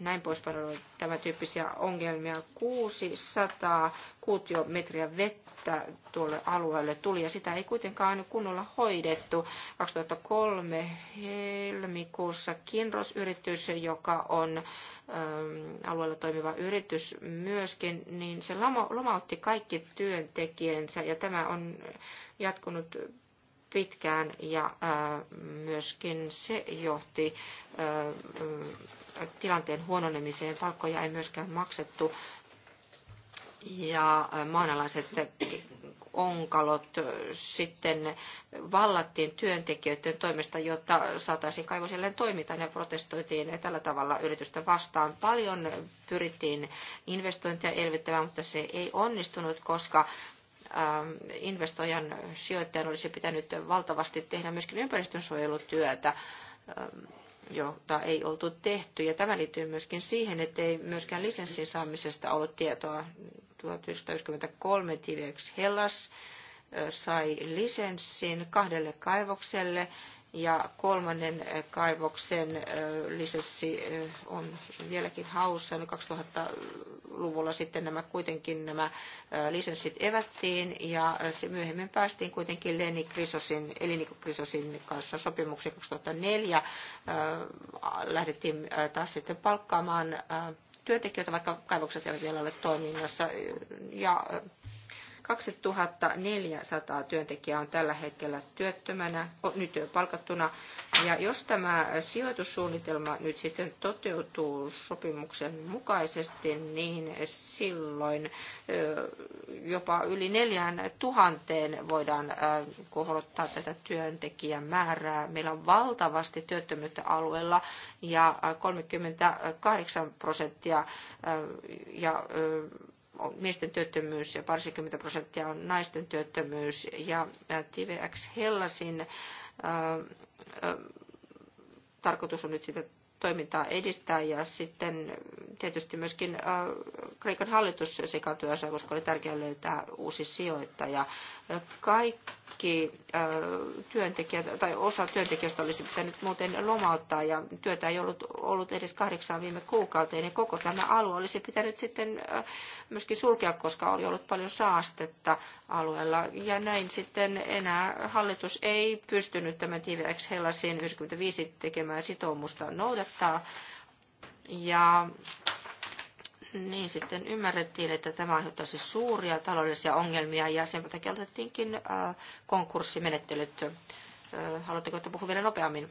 näin poispäin oli tämän tyyppisiä ongelmia. 600 kuutiometriä vettä tuolle alueelle tuli ja sitä ei kuitenkaan kunnolla hoidettu. 2003 helmikuussa Kinros-yritys, joka on ähm, alueella toimiva yritys myöskin, niin se lomautti kaikki työntekijänsä ja tämä on jatkunut pitkään ja myöskin se johti tilanteen huononemiseen. Palkkoja ei myöskään maksettu ja maanalaiset onkalot sitten vallattiin työntekijöiden toimesta, jotta saataisiin kaivos jälleen toimintaan ja protestoitiin tällä tavalla yritystä vastaan. Paljon pyrittiin investointia elvyttämään, mutta se ei onnistunut, koska Ähm, investoijan sijoittajan olisi pitänyt valtavasti tehdä myöskin ympäristönsuojelutyötä ähm, jota ei oltu tehty. Ja tämä liittyy myöskin siihen, että ei myöskään lisenssin saamisesta ollut tietoa. 1993 TVX Hellas äh, sai lisenssin kahdelle kaivokselle ja kolmannen eh, kaivoksen eh, lisenssi eh, on vieläkin haussa. No 2000-luvulla sitten nämä kuitenkin nämä lisenssit evättiin ja se myöhemmin päästiin kuitenkin Leni Krisosin, Eliniko Krisosin kanssa sopimukseen 2004. Lähdettiin taas sitten palkkaamaan työntekijöitä, vaikka kaivokset eivät vielä ole toiminnassa. Ja 2400 työntekijää on tällä hetkellä työttömänä, nyt palkattuna. Ja jos tämä sijoitussuunnitelma nyt sitten toteutuu sopimuksen mukaisesti, niin silloin jopa yli neljään tuhanteen voidaan korottaa tätä työntekijän määrää. Meillä on valtavasti työttömyyttä alueella ja 38 prosenttia ja miesten työttömyys ja parikymmentä prosenttia on naisten työttömyys. Ja TVX Hellasin tarkoitus on nyt sitä toimintaa edistää ja sitten tietysti myöskin Kreikan hallitus sekaantui asiaan, koska oli tärkeää löytää uusi sijoittaja. Kaikki työntekijät tai osa työntekijöistä olisi pitänyt muuten lomauttaa ja työtä ei ollut, ollut edes kahdeksaan viime kuukauteen. Ja koko tämä alue olisi pitänyt sitten myöskin sulkea, koska oli ollut paljon saastetta alueella. Ja näin sitten enää hallitus ei pystynyt tämän TVX Hellasin 95 tekemään sitoumusta noudattaa. Ja niin sitten ymmärrettiin, että tämä aiheuttaisi suuria taloudellisia ongelmia ja sen takia otettiinkin äh, konkurssimenettelyt. Äh, haluatteko, että puhu vielä nopeammin?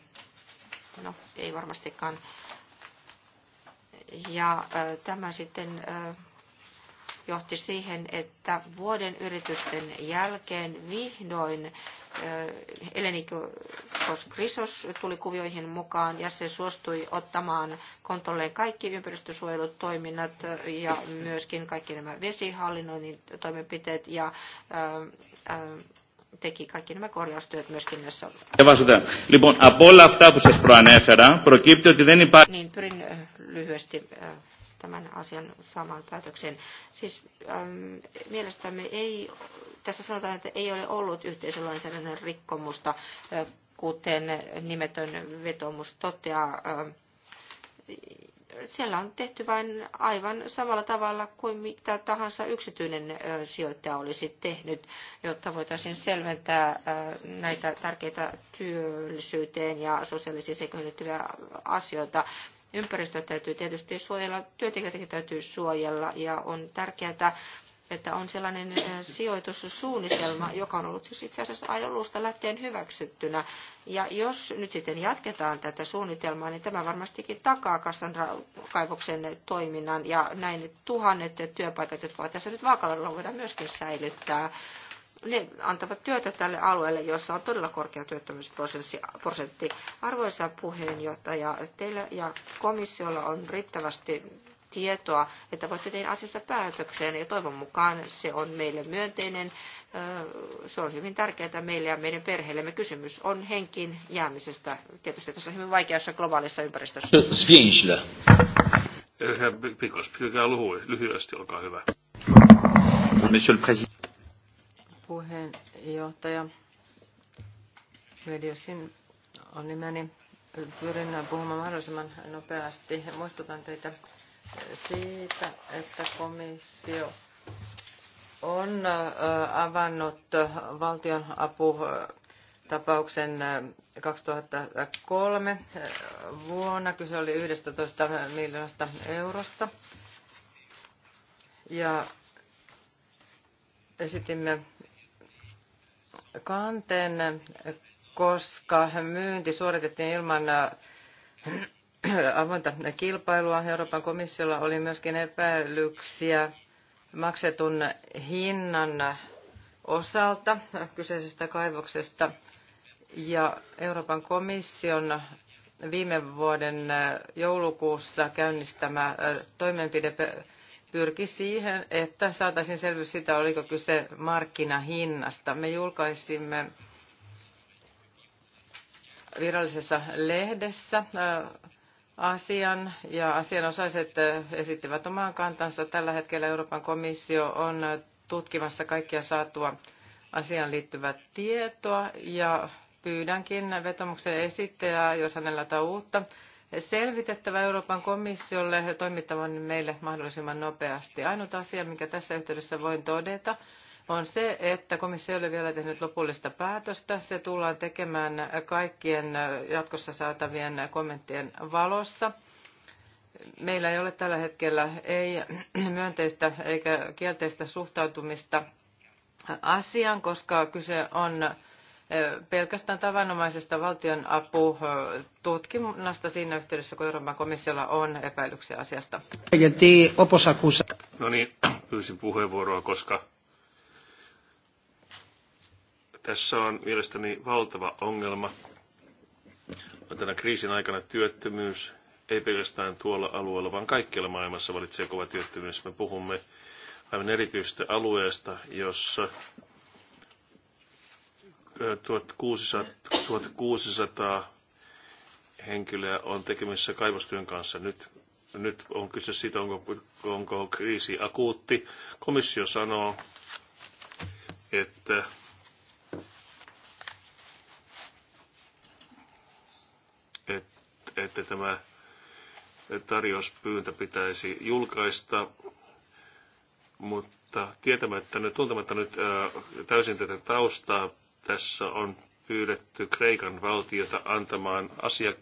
No, ei varmastikaan. Ja äh, tämä sitten johti siihen, että vuoden yritysten jälkeen vihdoin Elenikos Krisos tuli kuvioihin mukaan ja se suostui ottamaan kontolleen kaikki ympäristösuojelutoiminnat ja myöskin kaikki nämä vesihallinnoinnin toimenpiteet ja ää, ää, teki kaikki nämä korjaustyöt myöskin näissä. Niin, pyrin lyhyesti tämän asian saamaan päätöksen, Siis ähm, mielestämme ei, tässä sanotaan, että ei ole ollut yhteisölainsäädännön rikkomusta, äh, kuten nimetön vetomus toteaa. Ähm, siellä on tehty vain aivan samalla tavalla kuin mitä tahansa yksityinen äh, sijoittaja olisi tehnyt, jotta voitaisiin selventää äh, näitä tärkeitä työllisyyteen ja sosiaalisiin sekoihin liittyviä asioita ympäristöä täytyy tietysti suojella, työntekijöitäkin täytyy suojella ja on tärkeää, että on sellainen sijoitussuunnitelma, joka on ollut siis itse asiassa ajolusta lähtien hyväksyttynä. Ja jos nyt sitten jatketaan tätä suunnitelmaa, niin tämä varmastikin takaa Kassandra-kaivoksen toiminnan ja näin tuhannet työpaikat, jotka ovat tässä nyt vaakalla, voidaan myöskin säilyttää ne antavat työtä tälle alueelle, jossa on todella korkea työttömyysprosentti. Arvoisa puheenjohtaja, teillä ja komissiolla on riittävästi tietoa, että voitte tehdä asiassa päätökseen ja toivon mukaan se on meille myönteinen. Se on hyvin tärkeää meille ja meidän perheellemme. Kysymys on henkin jäämisestä tietysti tässä hyvin vaikeassa globaalissa ympäristössä. Svinsle. Pikos, pitäkää lyhyesti, olkaa hyvä. Monsieur le Président puheenjohtaja. Mediosin on nimeni. Pyrin puhumaan mahdollisimman nopeasti. Muistutan teitä siitä, että komissio on avannut valtion aputapauksen 2003 vuonna. Kyse oli 11 miljoonasta eurosta. Ja esitimme kanteen, koska myynti suoritettiin ilman äh, avointa kilpailua. Euroopan komissiolla oli myöskin epäilyksiä maksetun hinnan osalta kyseisestä kaivoksesta. Ja Euroopan komission viime vuoden äh, joulukuussa käynnistämä äh, toimenpide pyrki siihen, että saataisiin selvyys siitä, oliko kyse markkinahinnasta. Me julkaisimme virallisessa lehdessä äh, asian ja asianosaiset äh, esittivät oman kantansa. Tällä hetkellä Euroopan komissio on äh, tutkimassa kaikkia saatua asiaan liittyvää tietoa ja pyydänkin vetomuksen esittäjää, jos hänellä on uutta selvitettävä Euroopan komissiolle ja toimittavan meille mahdollisimman nopeasti. Ainut asia, mikä tässä yhteydessä voin todeta, on se, että komissio ei ole vielä tehnyt lopullista päätöstä. Se tullaan tekemään kaikkien jatkossa saatavien kommenttien valossa. Meillä ei ole tällä hetkellä ei myönteistä eikä kielteistä suhtautumista asiaan, koska kyse on pelkästään tavanomaisesta valtion apututkinnasta siinä yhteydessä, kun Euroopan komissiolla on epäilyksiä asiasta. No niin, pyysin puheenvuoroa, koska tässä on mielestäni valtava ongelma. Tänä kriisin aikana työttömyys, ei pelkästään tuolla alueella, vaan kaikkialla maailmassa valitsee kova työttömyys. Me puhumme aivan erityisestä alueesta, jossa 1600, henkilöä on tekemisissä kaivostyön kanssa nyt. Nyt on kyse siitä, onko, onko kriisi akuutti. Komissio sanoo, että että, että tämä tarjouspyyntö pitäisi julkaista, mutta tietämättä nyt, tuntematta nyt ää, täysin tätä taustaa, tässä on pyydetty Kreikan valtiota antamaan asia,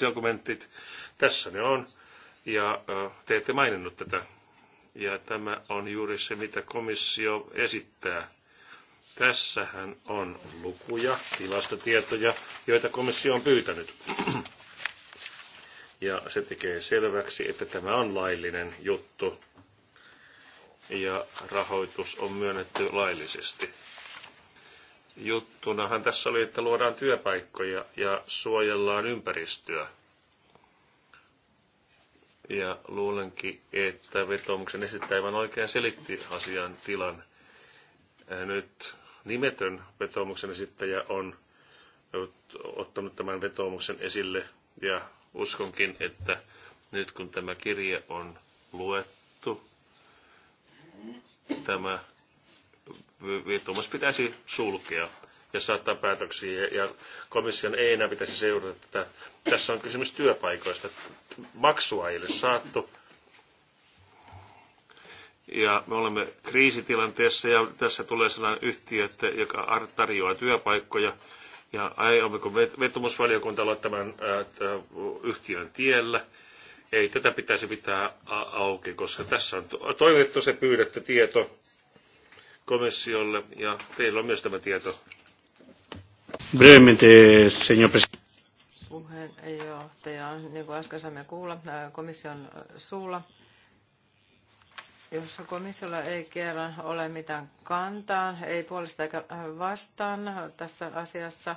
dokumentit. Tässä ne on. Ja te ette maininnut tätä. Ja tämä on juuri se, mitä komissio esittää. Tässähän on lukuja, tilastotietoja, joita komissio on pyytänyt. Ja se tekee selväksi, että tämä on laillinen juttu. Ja rahoitus on myönnetty laillisesti juttunahan tässä oli, että luodaan työpaikkoja ja suojellaan ympäristöä. Ja luulenkin, että vetoomuksen esittäjä vain oikein selitti asian tilan. Äh, nyt nimetön vetoomuksen esittäjä on ottanut tämän vetoomuksen esille ja uskonkin, että nyt kun tämä kirje on luettu, tämä virtuomus pitäisi sulkea ja saattaa päätöksiä, ja komission ei enää pitäisi seurata tätä. Tässä on kysymys työpaikoista. Maksua ei ole saattu, ja me olemme kriisitilanteessa, ja tässä tulee sellainen yhtiö, että, joka tarjoaa työpaikkoja, ja aiommeko vetomusvaliokunta olla tämän yhtiön tiellä, ei tätä pitäisi pitää auki, koska tässä on toivottu se pyydetty tieto, komissiolle ja teillä on myös tämä tieto. Brevemente, señor presidente. Puheenjohtaja, niin kuin äsken saimme kuulla komission suulla, jos komissiolla ei kerran ole mitään kantaa, ei puolesta eikä vastaan tässä asiassa,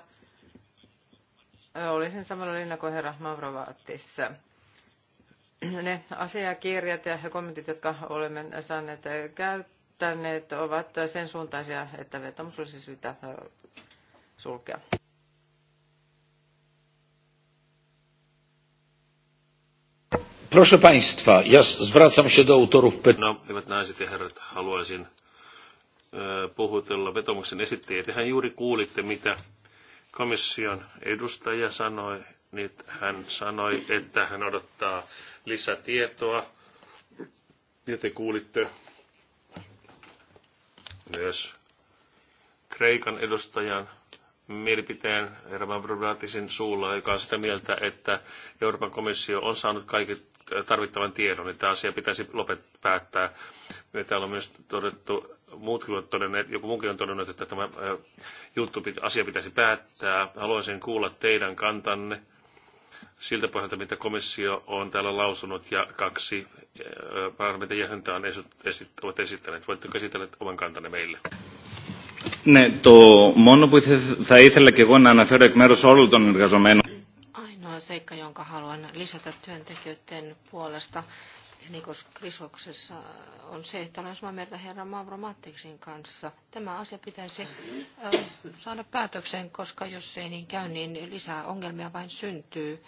olisin samalla linna kuin herra Mavrovaattis. Ne asiakirjat ja kommentit, jotka olemme saaneet käyttää, näyttäneet ovat sen suuntaisia, että vetomus olisi syytä sulkea. Proszę Państwa, ja zwracam się do autorów No, hyvät naiset ja herrat, haluaisin puhutella vetomuksen esittäjiä. Tehän juuri kuulitte, mitä komission edustaja sanoi. Nyt hän sanoi, että hän odottaa lisätietoa. Ja te kuulitte myös Kreikan edustajan mielipiteen Herman Brunatisin suulla, joka on sitä mieltä, että Euroopan komissio on saanut kaikki äh, tarvittavan tiedon, että asia pitäisi lopettaa päättää. Ja täällä on myös todettu, muutkin on todennut, joku muukin on todennut, että tämä äh, juttu, asia pitäisi päättää. Haluaisin kuulla teidän kantanne siltä pohjalta, mitä komissio on täällä lausunut ja kaksi eh, parlamentin jäsentä on esit, ovat esittäneet. Voitteko esitellä oman kantanne meille? Ne to. μόνο Ainoa seikka, jonka haluan lisätä työntekijöiden puolesta, Nikos Krisoksessa on se, että olen samaa mieltä herra Mavro Matteksin kanssa. Tämä asia pitäisi saada päätökseen, koska jos ei niin käy, niin lisää ongelmia vain syntyy.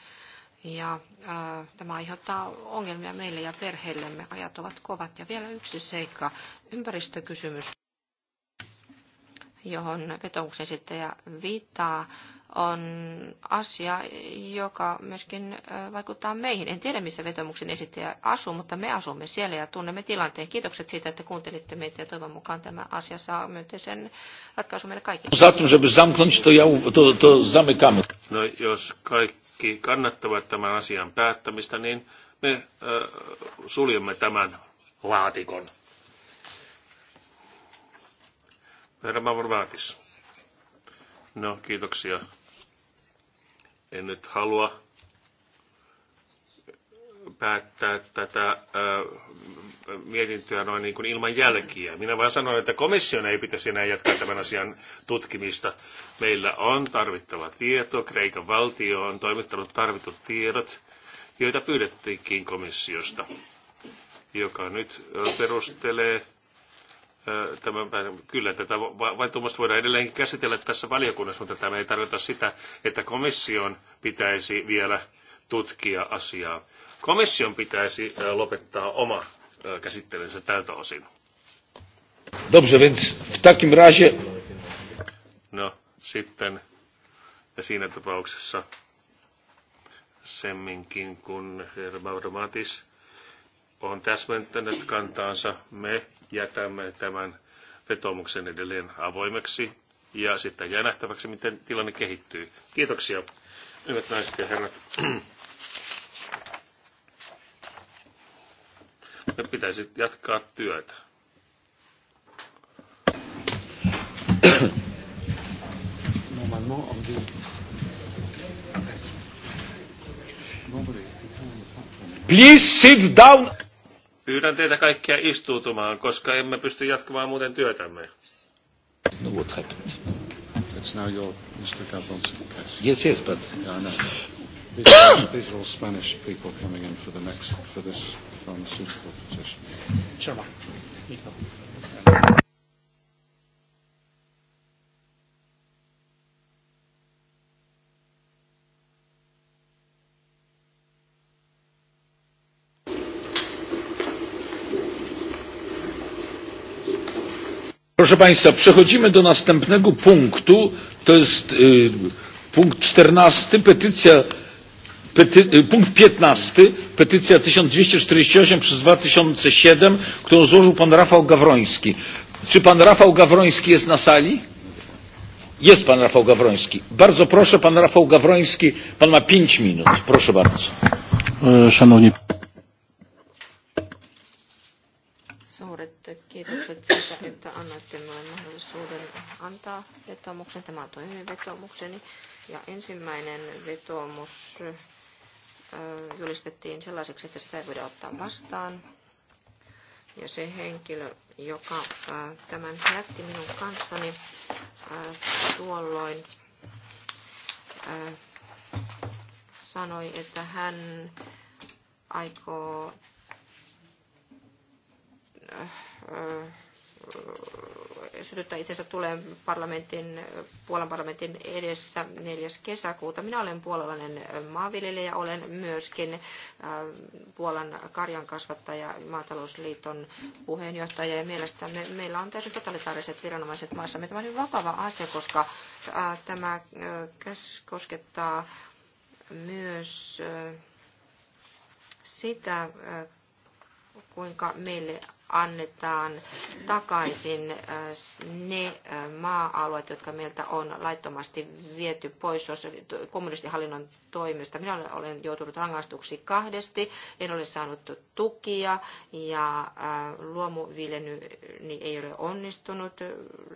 Ja äh, tämä aiheuttaa ongelmia meille ja perheillemme. Ajat ovat kovat. Ja vielä yksi seikka, ympäristökysymys, johon ja viittaa on asia, joka myöskin vaikuttaa meihin. En tiedä, missä vetomuksen esittäjä asuu, mutta me asumme siellä ja tunnemme tilanteen. Kiitokset siitä, että kuuntelitte meitä ja toivon mukaan tämä asia saa myönteisen ratkaisun meille kaikille. Zatem, żeby zamknąć, to, ja, to, to zamykamy. No, jos kaikki kannattavat tämän asian päättämistä, niin me äh, suljemme tämän laatikon. Herra Mavrovaatis. No, kiitoksia. En nyt halua päättää tätä ö, mietintöä noin niin kuin ilman jälkiä. Minä vain sanoin, että komission ei pitäisi enää jatkaa tämän asian tutkimista. Meillä on tarvittava tieto, Kreikan valtio on toimittanut tarvitut tiedot, joita pyydettiinkin komissiosta, joka nyt perustelee Tämä, kyllä tätä vaatimusta voidaan edelleenkin käsitellä tässä valiokunnassa, mutta tämä ei tarkoita sitä, että komission pitäisi vielä tutkia asiaa. Komission pitäisi lopettaa oma käsittelynsä tältä osin. Dobrze, więc w takim razie... No, sitten ja siinä tapauksessa semminkin, kun herra Mauromatis on täsmentänyt kantaansa. Me jätämme tämän vetomuksen edelleen avoimeksi ja sitten jää nähtäväksi, miten tilanne kehittyy. Kiitoksia, hyvät naiset ja herrat. Me pitäisi jatkaa työtä. Please sit down. Pyydän teitä kaikkia istuutumaan, koska emme pysty jatkamaan muuten työtämme. No what happened? It's now your Mr. Gabon's case. Yes, yes, but... Yeah, I know. These are, these are all Spanish people coming in for the next, for this pharmaceutical position. Sure, ma'am. Thank you. Proszę Państwa, przechodzimy do następnego punktu. To jest y, punkt 14, petycja, pety, y, punkt 15, petycja 1248 przez 2007, którą złożył Pan Rafał Gawroński. Czy Pan Rafał Gawroński jest na sali? Jest Pan Rafał Gawroński. Bardzo proszę, Pan Rafał Gawroński, Pan ma 5 minut. Proszę bardzo. E, szanowni Państwo. Kiitokset siitä, että annoitte minulle mahdollisuuden antaa vetomuksen. Tämä on toinen vetomukseni. Ja ensimmäinen vetomus julistettiin sellaiseksi, että sitä ei voida ottaa vastaan. Ja se henkilö, joka tämän jätti minun kanssani tuolloin, sanoi, että hän aikoo Äh, sytyttää itsensä tulee parlamentin, Puolan parlamentin edessä 4. kesäkuuta. Minä olen puolalainen maanviljelijä, olen myöskin äh, Puolan karjankasvattaja maatalousliiton puheenjohtaja ja mielestämme meillä on täysin totalitaariset viranomaiset maassa, Tämä on hyvin vakava asia, koska äh, tämä koskettaa myös sitä, kuinka meille annetaan takaisin äh, ne äh, maa-alueet, jotka meiltä on laittomasti viety pois kommunistihallinnon toimesta. Minä olen joutunut rangaistuksi kahdesti, en ole saanut tukia ja äh, luomuviljely niin ei ole onnistunut.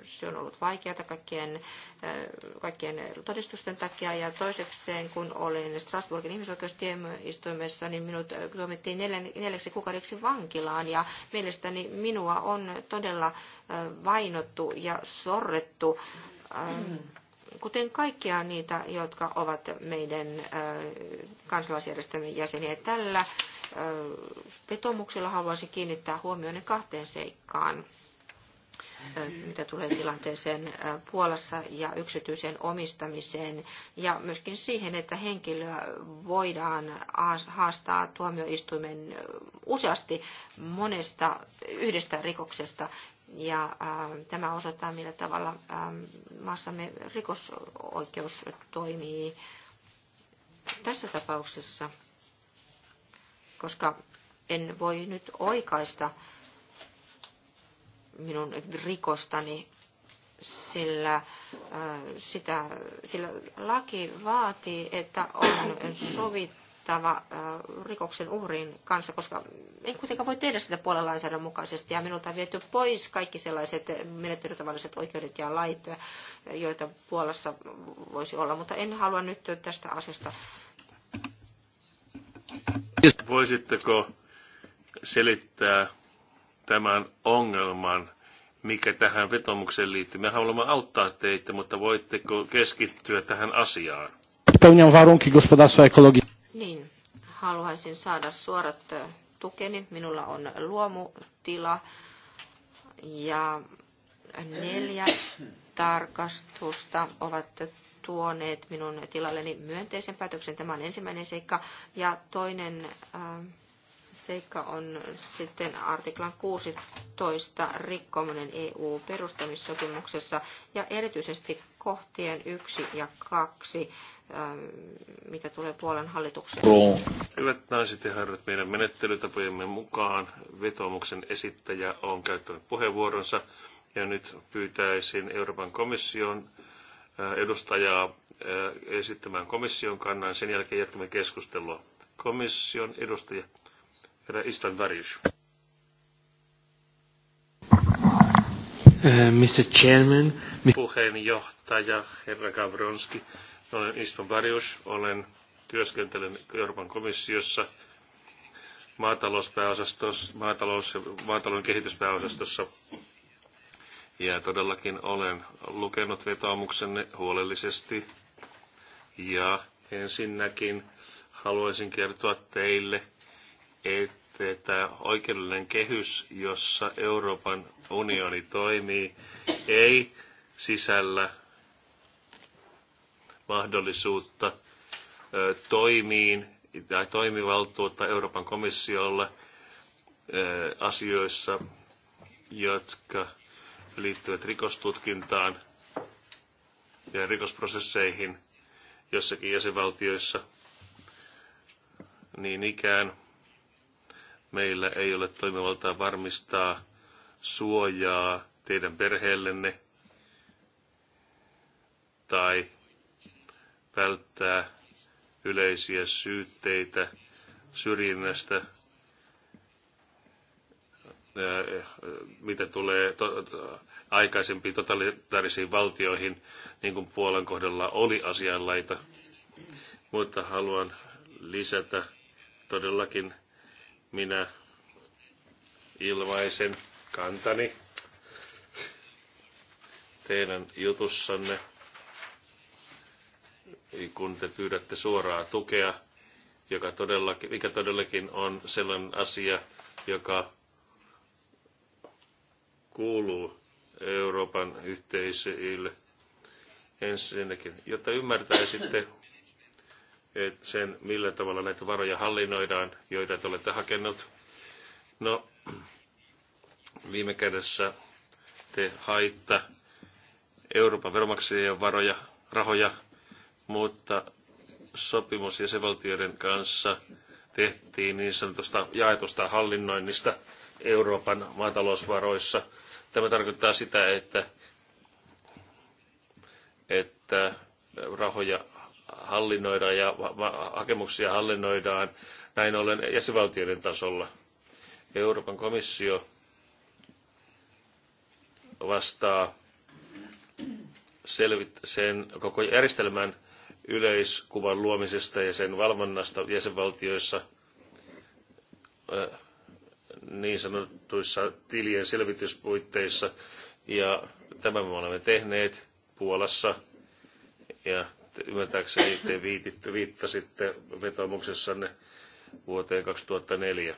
Se on ollut vaikeaa kaikkien, kaikkien todistusten takia ja toisekseen kun olin Strasbourgin ihmisoikeustiemistoimessa, niin minut tuomittiin neljäksi kuukaudeksi vankilaan ja mielestäni mielestäni minua on todella vainottu ja sorrettu, kuten kaikkia niitä, jotka ovat meidän kansalaisjärjestelmän jäseniä. Tällä vetomuksella haluaisin kiinnittää huomioon kahteen seikkaan mitä tulee tilanteeseen Puolassa ja yksityiseen omistamiseen ja myöskin siihen, että henkilöä voidaan haastaa tuomioistuimen useasti monesta yhdestä rikoksesta. Ja äh, tämä osoittaa, millä tavalla äh, maassamme rikosoikeus toimii tässä tapauksessa, koska en voi nyt oikaista äh, minun rikostani, sillä, äh, sitä, sillä laki vaatii, että on sovittava äh, rikoksen uhrin kanssa, koska en kuitenkaan voi tehdä sitä puolen lainsäädännön mukaisesti. Ja minulta on viety pois kaikki sellaiset menettelytavalliset oikeudet ja lait, joita Puolassa voisi olla, mutta en halua nyt tästä asiasta. Voisitteko selittää tämän ongelman, mikä tähän vetomukseen liittyy. Me haluamme auttaa teitä, mutta voitteko keskittyä tähän asiaan? Niin, haluaisin saada suorat e, tukeni. Minulla on luomutila ja neljä tarkastusta ovat tuoneet minun tilalleni myönteisen päätöksen. Tämä on ensimmäinen seikka. Ja toinen äh, seikka on sitten artiklan 16 rikkominen EU-perustamissopimuksessa ja erityisesti kohtien 1 ja 2, ähm, mitä tulee puolen hallitukseen. Hyvät naiset ja herrat, meidän menettelytapojemme mukaan vetomuksen esittäjä on käyttänyt puheenvuoronsa ja nyt pyytäisin Euroopan komission äh, edustajaa äh, esittämään komission kannan. Sen jälkeen jatkamme keskustelua. Komission edustaja Herra Istan Varish. Mr. Chairman. Puheenjohtaja, herra Gavronski. Olen Istan Varius. Olen työskentelen Euroopan komissiossa maatalouspääosastossa, maatalous, maatalouden kehityspääosastossa. Ja todellakin olen lukenut vetoomuksenne huolellisesti. Ja ensinnäkin haluaisin kertoa teille että oikeudellinen kehys, jossa Euroopan unioni toimii, ei sisällä mahdollisuutta toimiin tai toimivaltuutta Euroopan komissiolle asioissa, jotka liittyvät rikostutkintaan ja rikosprosesseihin jossakin jäsenvaltioissa. Niin ikään Meillä ei ole toimivaltaa varmistaa suojaa teidän perheellenne tai välttää yleisiä syytteitä syrjinnästä, äh, mitä tulee aikaisempiin totalitaarisiin valtioihin, niin kuin Puolan kohdalla oli asianlaita. Mutta haluan lisätä todellakin minä ilmaisen kantani teidän jutussanne, kun te pyydätte suoraa tukea, joka todellakin, mikä todellakin on sellainen asia, joka kuuluu Euroopan yhteisöille ensinnäkin, jotta ymmärtäisitte, sen, millä tavalla näitä varoja hallinnoidaan, joita te olette hakenut. No, viime kädessä te haitta Euroopan veromaksajien varoja, rahoja, mutta sopimus jäsenvaltioiden kanssa tehtiin niin sanotusta jaetusta hallinnoinnista Euroopan maatalousvaroissa. Tämä tarkoittaa sitä, että, että rahoja hallinnoida ja hakemuksia hallinnoidaan näin ollen jäsenvaltioiden tasolla. Euroopan komissio vastaa selvit sen koko järjestelmän yleiskuvan luomisesta ja sen valvonnasta jäsenvaltioissa niin sanotuissa tilien selvityspuitteissa. Ja tämän me olemme tehneet Puolassa ja ymmärtääkseni te viititte, viittasitte vetomuksessanne vuoteen 2004.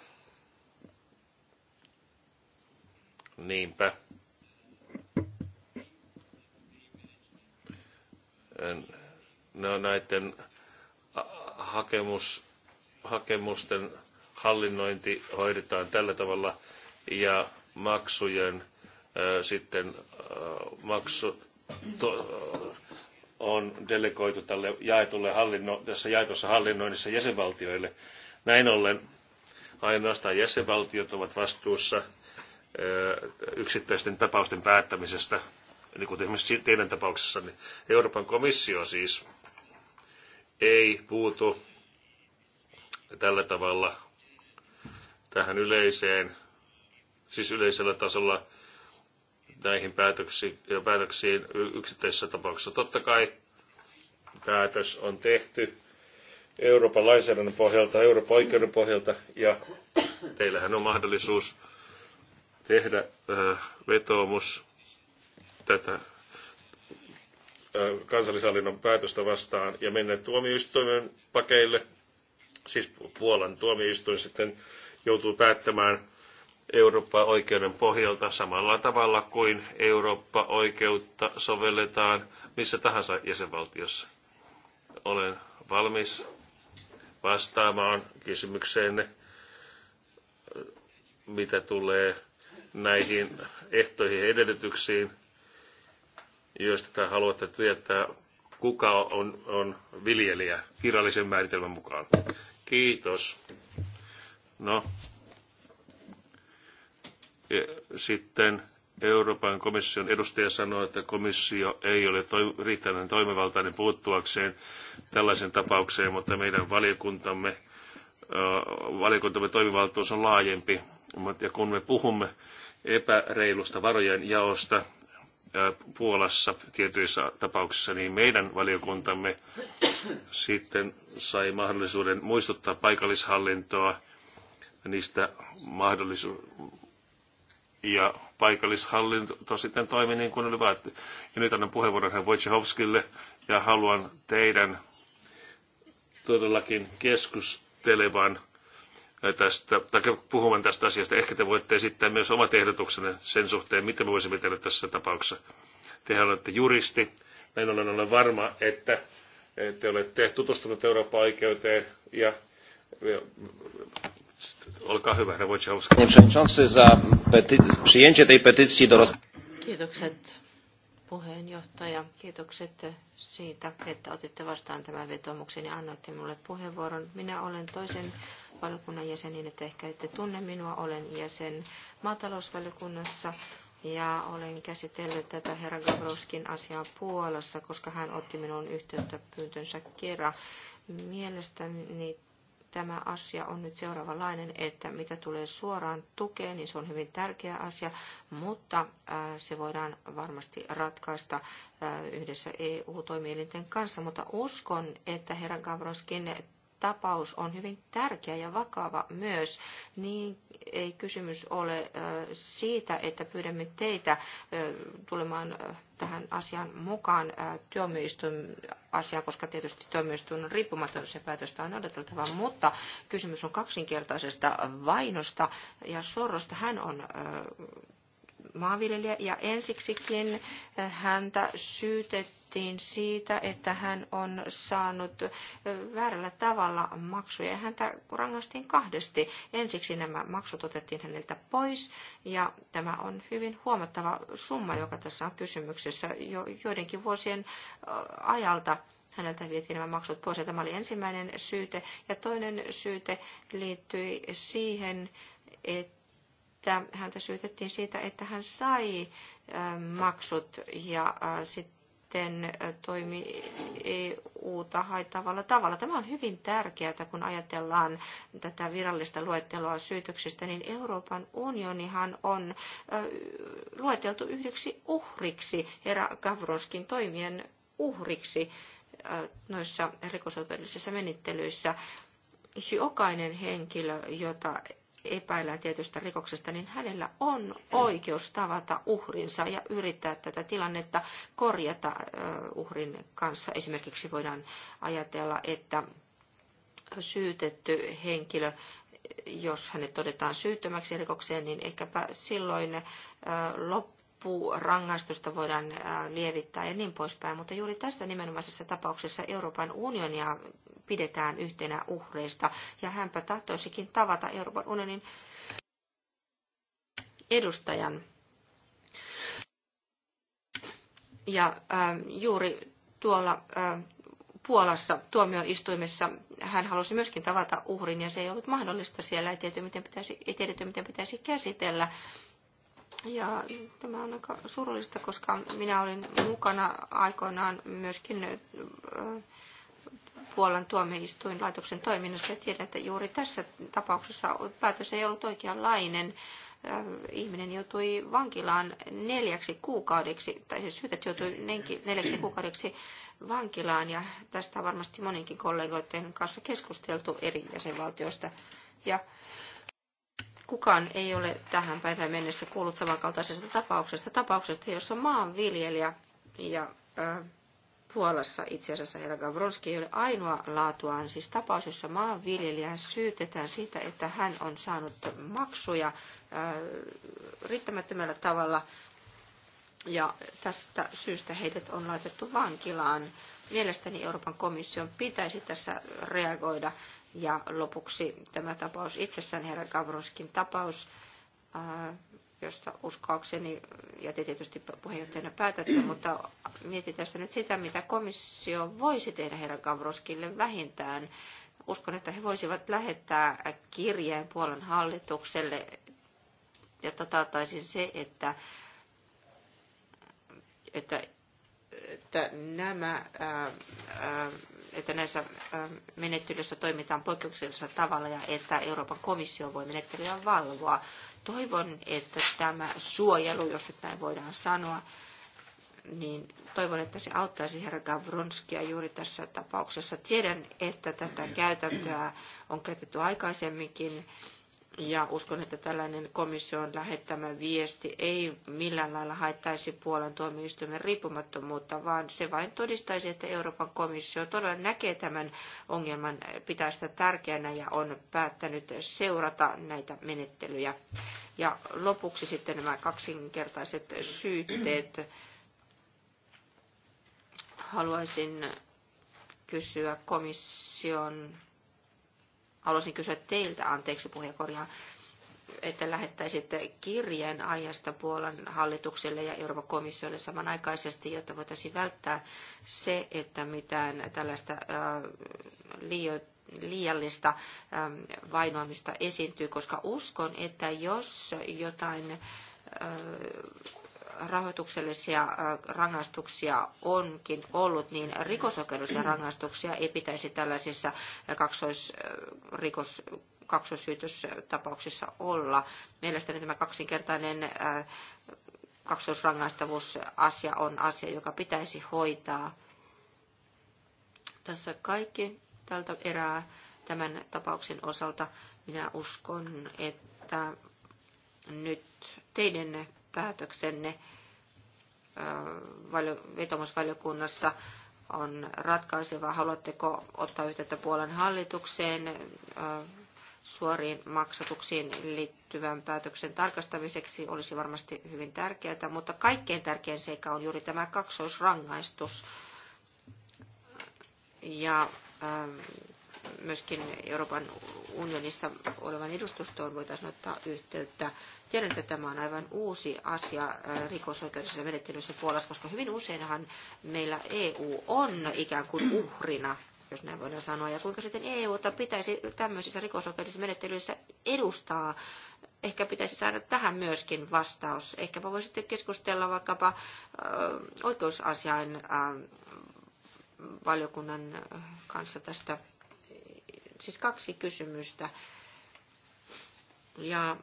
Niinpä. No näiden hakemus, hakemusten hallinnointi hoidetaan tällä tavalla ja maksujen äh, sitten äh, maksu, to, on delegoitu tälle jaetulle hallinno, tässä jaetussa hallinnoinnissa jäsenvaltioille. Näin ollen ainoastaan jäsenvaltiot ovat vastuussa yksittäisten tapausten päättämisestä, niin kuten esimerkiksi teidän niin Euroopan komissio siis ei puutu tällä tavalla tähän yleiseen, siis yleisellä tasolla näihin päätöksiin, päätöksiin yksittäisessä tapauksessa Totta kai päätös on tehty Euroopan lainsäädännön pohjalta, Euroopan oikeuden pohjalta ja teillähän on mahdollisuus tehdä vetoomus tätä kansallisallinnon päätöstä vastaan ja mennä tuomioistuimen pakeille. Siis Puolan tuomioistuin sitten joutuu päättämään eurooppa oikeuden pohjalta samalla tavalla kuin Eurooppa-oikeutta sovelletaan missä tahansa jäsenvaltiossa. Olen valmis vastaamaan kysymykseenne, mitä tulee näihin ehtoihin ja edellytyksiin, joista haluatte tietää, kuka on, on viljelijä kirjallisen määritelmän mukaan. Kiitos. No, E, sitten Euroopan komission edustaja sanoi, että komissio ei ole riittävän toimivaltainen puuttuakseen tällaisen tapaukseen, mutta meidän valiokuntamme, valiokuntamme toimivaltuus on laajempi. Ja kun me puhumme epäreilusta varojen jaosta Puolassa tietyissä tapauksissa, niin meidän valiokuntamme sitten sai mahdollisuuden muistuttaa paikallishallintoa niistä mahdollisu- ja paikallishallinto sitten toimi niin kuin oli vaatti. Ja nyt annan puheenvuoron herra Wojciechowskille ja haluan teidän todellakin keskustelevan äh, tästä, tai puhuvan tästä asiasta. Ehkä te voitte esittää myös omat ehdotuksenne sen suhteen, mitä me voisimme tehdä tässä tapauksessa. Tehän olette juristi. Näin ollen olen varma, että äh, te olette tutustunut Euroopan oikeuteen ja Olkaa hyvä, herra Panie przewodniczący, za przyjęcie tej petycji do Kiitokset puheenjohtaja. Kiitokset siitä, että otitte vastaan tämän vetomuksen ja annoitte minulle puheenvuoron. Minä olen toisen valiokunnan jäsen, niin että ehkä ette tunne minua. Olen jäsen maatalousvaliokunnassa ja olen käsitellyt tätä herra Gavrovskin asiaa Puolassa, koska hän otti minun yhteyttä pyyntönsä kerran. Mielestäni tämä asia on nyt seuraavanlainen, että mitä tulee suoraan tukeen, niin se on hyvin tärkeä asia, mutta äh, se voidaan varmasti ratkaista äh, yhdessä EU-toimielinten kanssa. Mutta uskon, että Herran Gavroskin tapaus on hyvin tärkeä ja vakava myös, niin ei kysymys ole siitä, että pyydämme teitä tulemaan tähän asian mukaan tuomioistuin asiaan, koska tietysti tuomioistuin on riippumaton, se päätöstä on odoteltava, mutta kysymys on kaksinkertaisesta vainosta ja sorrosta. Hän on maanviljelijä ja ensiksikin häntä syytetty syytettiin siitä, että hän on saanut väärällä tavalla maksuja. Häntä rangaistiin kahdesti. Ensiksi nämä maksut otettiin häneltä pois ja tämä on hyvin huomattava summa, joka tässä on kysymyksessä jo joidenkin vuosien ajalta häneltä vietiin nämä maksut pois. Ja tämä oli ensimmäinen syyte. Ja toinen syyte liittyi siihen, että häntä syytettiin siitä, että hän sai maksut ja sit sitten toimi EU-ta haittavalla tavalla. Tämä on hyvin tärkeää, kun ajatellaan tätä virallista luetteloa syytöksistä, niin Euroopan unionihan on lueteltu yhdeksi uhriksi, herra Gavronskin toimien uhriksi noissa rikosoikeudellisissa menettelyissä jokainen henkilö, jota epäillään tietystä rikoksesta, niin hänellä on oikeus tavata uhrinsa ja yrittää tätä tilannetta korjata uhrin kanssa. Esimerkiksi voidaan ajatella, että syytetty henkilö jos hänet todetaan syyttömäksi rikokseen, niin ehkäpä silloin lop, rangaistusta voidaan lievittää ja niin poispäin, mutta juuri tässä nimenomaisessa tapauksessa Euroopan unionia pidetään yhtenä uhreista, ja hänpä tahtoisikin tavata Euroopan unionin edustajan. Ja äh, juuri tuolla äh, Puolassa tuomioistuimessa hän halusi myöskin tavata uhrin ja se ei ollut mahdollista siellä, ei tiedetty miten pitäisi, ei tiedetty, miten pitäisi käsitellä ja tämä on aika surullista, koska minä olin mukana aikoinaan myöskin Puolan laitoksen toiminnassa ja tiedän, että juuri tässä tapauksessa päätös ei ollut oikeanlainen. Ihminen joutui vankilaan neljäksi kuukaudeksi, tai se siis syytet joutui neljäksi kuukaudeksi vankilaan, ja tästä on varmasti moninkin kollegoiden kanssa keskusteltu eri jäsenvaltioista. Ja Kukaan ei ole tähän päivään mennessä kuullut samankaltaisesta tapauksesta, tapauksesta, jossa maanviljelijä ja ö, Puolassa itse asiassa herra Gavronski ei ole ainoa laatuaan, siis tapaus, jossa maanviljelijää syytetään siitä, että hän on saanut maksuja ö, riittämättömällä tavalla ja tästä syystä heidät on laitettu vankilaan. Mielestäni Euroopan komission pitäisi tässä reagoida ja lopuksi tämä tapaus itsessään, herra Gavronskin tapaus, josta uskoakseni, ja te tietysti puheenjohtajana päätätte, mutta mietin tässä nyt sitä, mitä komissio voisi tehdä herra Gavroskille vähintään. Uskon, että he voisivat lähettää kirjeen Puolan hallitukselle, jotta taataisiin se, että, että, että nämä ää, ää, että näissä menettelyissä toimitaan poikkeuksellisella tavalla ja että Euroopan komissio voi menettelyä valvoa. Toivon, että tämä suojelu, jos nyt näin voidaan sanoa, niin toivon, että se auttaisi herra Gavronskia juuri tässä tapauksessa. Tiedän, että tätä käytäntöä on käytetty aikaisemminkin ja uskon, että tällainen komission lähettämä viesti ei millään lailla haittaisi Puolan tuomioistuimen riippumattomuutta, vaan se vain todistaisi, että Euroopan komissio todella näkee tämän ongelman, pitää sitä tärkeänä ja on päättänyt seurata näitä menettelyjä. Ja lopuksi sitten nämä kaksinkertaiset syytteet. Haluaisin kysyä komission haluaisin kysyä teiltä, anteeksi puheenkorja, että lähettäisitte kirjeen aiheesta Puolan hallitukselle ja Euroopan komissiolle samanaikaisesti, jotta voitaisiin välttää se, että mitään tällaista äh, liiallista äh, vainoamista esiintyy, koska uskon, että jos jotain äh, rahoituksellisia rangaistuksia onkin ollut, niin rikosoikeudellisia rangaistuksia ei pitäisi tällaisissa kaksoisrikos olla. Mielestäni tämä kaksinkertainen kaksoisrangaistavuusasia on asia, joka pitäisi hoitaa. Tässä kaikki tältä erää tämän tapauksen osalta. Minä uskon, että nyt teidän päätöksenne vetomusvaliokunnassa on ratkaiseva. Haluatteko ottaa yhteyttä Puolan hallitukseen suoriin maksatuksiin liittyvän päätöksen tarkastamiseksi olisi varmasti hyvin tärkeää, mutta kaikkein tärkein seikka on juuri tämä kaksoisrangaistus. Ja myöskin Euroopan unionissa olevan edustustoon voitaisiin ottaa yhteyttä. Tiedän, että tämä on aivan uusi asia äh, rikosoikeudellisessa menettelyssä Puolassa, koska hyvin useinhan meillä EU on ikään kuin uhrina jos näin voidaan sanoa, ja kuinka sitten EUta pitäisi tämmöisissä rikosoikeudellisissa menettelyissä edustaa. Ehkä pitäisi saada tähän myöskin vastaus. Ehkäpä voisitte keskustella vaikkapa äh, oikeusasiain äh, valiokunnan äh, kanssa tästä siis kaksi kysymystä. Ja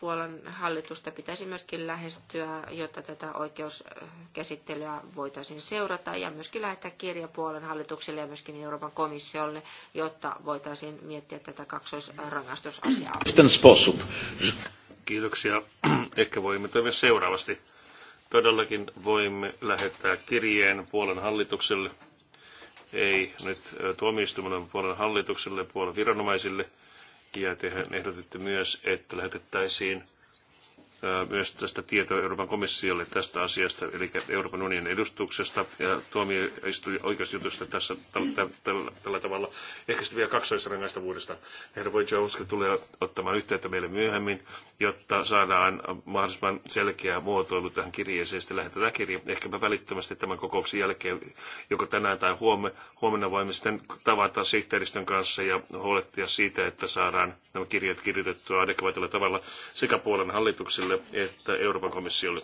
Puolan hallitusta pitäisi myöskin lähestyä, jotta tätä oikeuskäsittelyä voitaisiin seurata ja myöskin lähettää kirja Puolan hallitukselle ja myöskin Euroopan komissiolle, jotta voitaisiin miettiä tätä kaksoisrangaistusasiaa. Kiitoksia. Ehkä voimme toimia seuraavasti. Todellakin voimme lähettää kirjeen Puolan hallitukselle ei nyt tuomioistuimen puolen hallitukselle, puolen viranomaisille. Ja te ehdotitte myös, että lähetettäisiin myös tästä tietoa Euroopan komissiolle tästä asiasta, eli Euroopan unionin edustuksesta ja tuomioistuin oikeusjutusta tässä tällä, tavalla. Ehkä sitten vielä kaksoisrangaistavuudesta. Herra Wojciechowski tulee ottamaan yhteyttä meille myöhemmin, jotta saadaan mahdollisimman selkeä muotoilu tähän kirjeeseen. Sitten lähetetään kirje. Ehkäpä välittömästi tämän kokouksen jälkeen, joko tänään tai huomenna, huomenna voimme sitten tavata sihteeristön kanssa ja huolehtia siitä, että saadaan nämä kirjat kirjoitettua adekvaatilla tavalla sekä puolen hallituksille komissiolle että Euroopan komissiolle.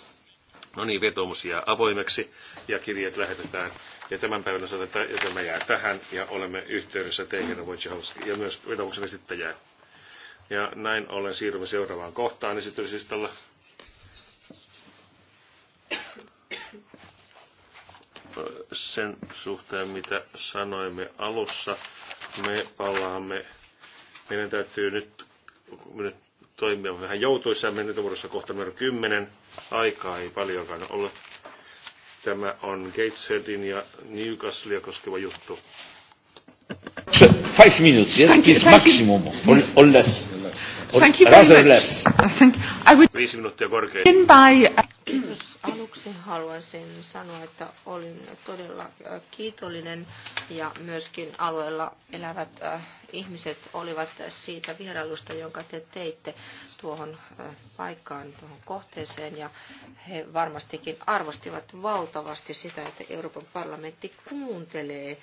No niin, vetomus jää avoimeksi ja kirjeet lähetetään. Ja tämän päivän osalta tämä jää tähän ja olemme yhteydessä teihin Wojciechowski no ja myös vetomuksen esittäjään. Ja näin ollen siirrymme seuraavaan kohtaan esityslistalla. Sen suhteen, mitä sanoimme alussa, me palaamme. Meidän täytyy nyt, nyt toimia vähän joutuisammin. Nyt on kohta numero 10. Aikaa ei paljonkaan ole. Tämä on Gatesheadin ja Newcastlea koskeva juttu. Five minutes, yes, thank please, you, maximum, or, or less. Or thank you very much. less. Uh, I would... Viisi minuuttia korkein. By... Uh, Kiitos. Aluksi haluaisin sanoa, että olin todella uh, kiitollinen ja myöskin alueella elävät äh, ihmiset olivat siitä vierailusta, jonka te teitte tuohon paikkaan, tuohon kohteeseen. Ja he varmastikin arvostivat valtavasti sitä, että Euroopan parlamentti kuuntelee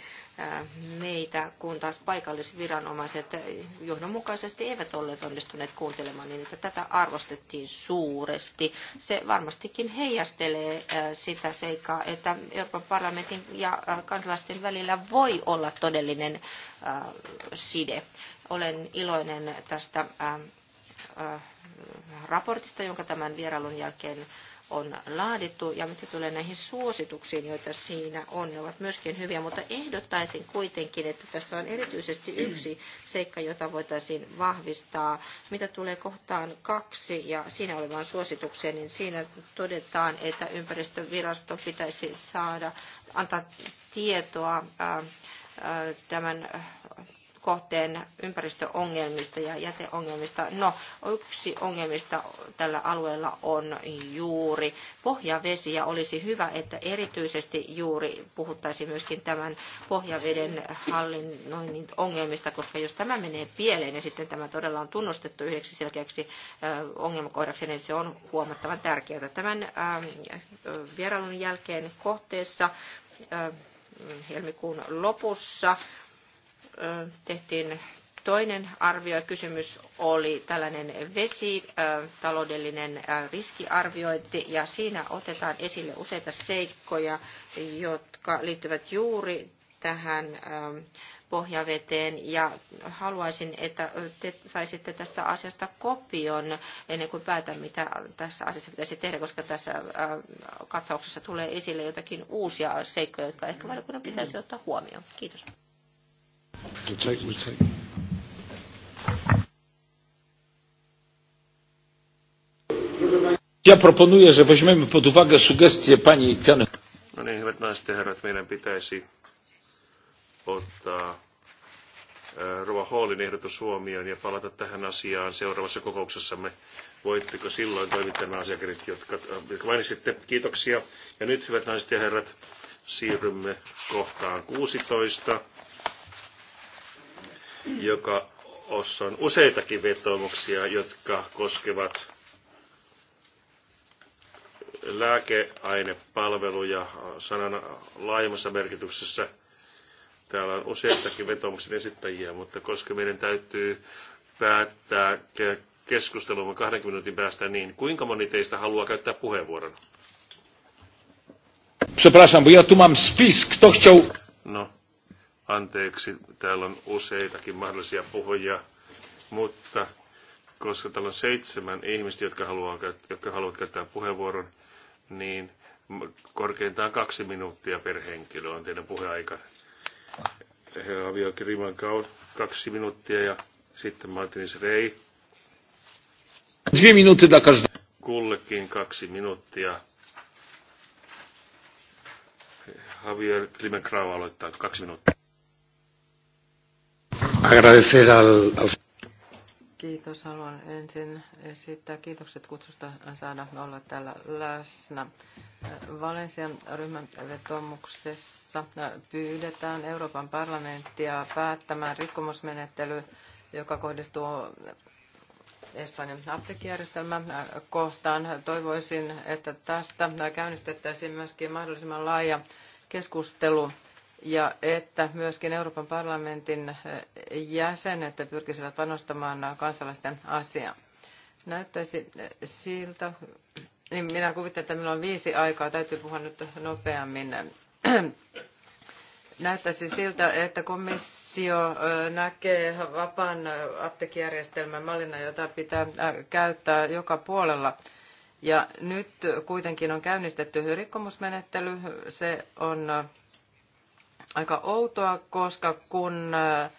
meitä, kun taas paikallisviranomaiset johdonmukaisesti eivät olleet onnistuneet kuuntelemaan, niin että tätä arvostettiin suuresti. Se varmastikin heijastelee sitä seikkaa, että Euroopan parlamentin ja kansalaisten välillä voi olla todellinen Äh, side. Olen iloinen tästä äh, äh, raportista, jonka tämän vierailun jälkeen on laadittu ja mitä tulee näihin suosituksiin, joita siinä on, ne ovat myöskin hyviä, mutta ehdottaisin kuitenkin, että tässä on erityisesti yksi seikka, jota voitaisiin vahvistaa. Mitä tulee kohtaan kaksi ja siinä olevaan suositukseen, niin siinä todetaan, että ympäristövirasto pitäisi saada, antaa tietoa tämän kohteen ympäristöongelmista ja jäteongelmista. No, yksi ongelmista tällä alueella on juuri pohjavesi ja olisi hyvä, että erityisesti juuri puhuttaisiin myöskin tämän pohjaveden hallinnoinnin ongelmista, koska jos tämä menee pieleen ja sitten tämä todella on tunnustettu yhdeksi selkeäksi ongelmakohdaksi, niin se on huomattavan tärkeää. Tämän vierailun jälkeen kohteessa helmikuun lopussa tehtiin toinen arvio. Kysymys oli tällainen vesitaloudellinen riskiarviointi ja siinä otetaan esille useita seikkoja, jotka liittyvät juuri tähän ähm, pohjaveteen ja haluaisin, että te saisitte tästä asiasta kopion ennen kuin päätän, mitä tässä asiassa pitäisi tehdä, koska tässä äh, katsauksessa tulee esille jotakin uusia seikkoja, jotka ehkä valiokunnan pitäisi ottaa huomioon. Kiitos. Ja proponuję, że weźmiemy pod uwagę sugestie pani Piany. No niin, hyvät naiset ja herrat, meidän pitäisi ottaa Rova Hallin ehdotus huomioon ja palata tähän asiaan seuraavassa kokouksessamme. Voitteko silloin toimittaa nämä asiakirjat, jotka, jotka mainitsitte? Kiitoksia. Ja nyt, hyvät naiset ja herrat, siirrymme kohtaan 16, joka on useitakin vetoomuksia, jotka koskevat lääkeainepalveluja sanan laajemmassa merkityksessä – Täällä on useitakin vetomuksen esittäjiä, mutta koska meidän täytyy päättää keskustelua 20 minuutin päästä, niin kuinka moni teistä haluaa käyttää puheenvuoron? Przepraszam, bo ja tu mam spis, kto chciał... No, anteeksi, täällä on useitakin mahdollisia puhujia, mutta koska täällä on seitsemän ihmistä, jotka, haluaa, jotka haluavat käyttää puheenvuoron, niin korkeintaan kaksi minuuttia per henkilö on teidän puheaika. Havio Kiriman kaksi minuuttia ja sitten Martinis Rei. Kaksi minuuttia takaisin. Kullekin kaksi minuuttia. Javier Klimenkrau aloittaa kaksi minuuttia. Agradecer al, al... Kiitos. Haluan ensin esittää kiitokset kutsusta saada olla täällä läsnä. Valensian ryhmän vetomuksessa pyydetään Euroopan parlamenttia päättämään rikkomusmenettely, joka kohdistuu Espanjan apteekkijärjestelmän kohtaan. Toivoisin, että tästä käynnistettäisiin myöskin mahdollisimman laaja keskustelu ja että myöskin Euroopan parlamentin eh, jäsenet pyrkisivät panostamaan kansalaisten asiaan. Näyttäisi eh, siltä, niin minä kuvittelen, että minulla on viisi aikaa, täytyy puhua nyt nopeammin. Näyttäisi siltä, että komissio eh, näkee vapaan apteekijärjestelmän mallina, jota pitää käyttää joka puolella. Ja nyt kuitenkin on käynnistetty rikkomusmenettely. Se on aika outoa, koska kun äh,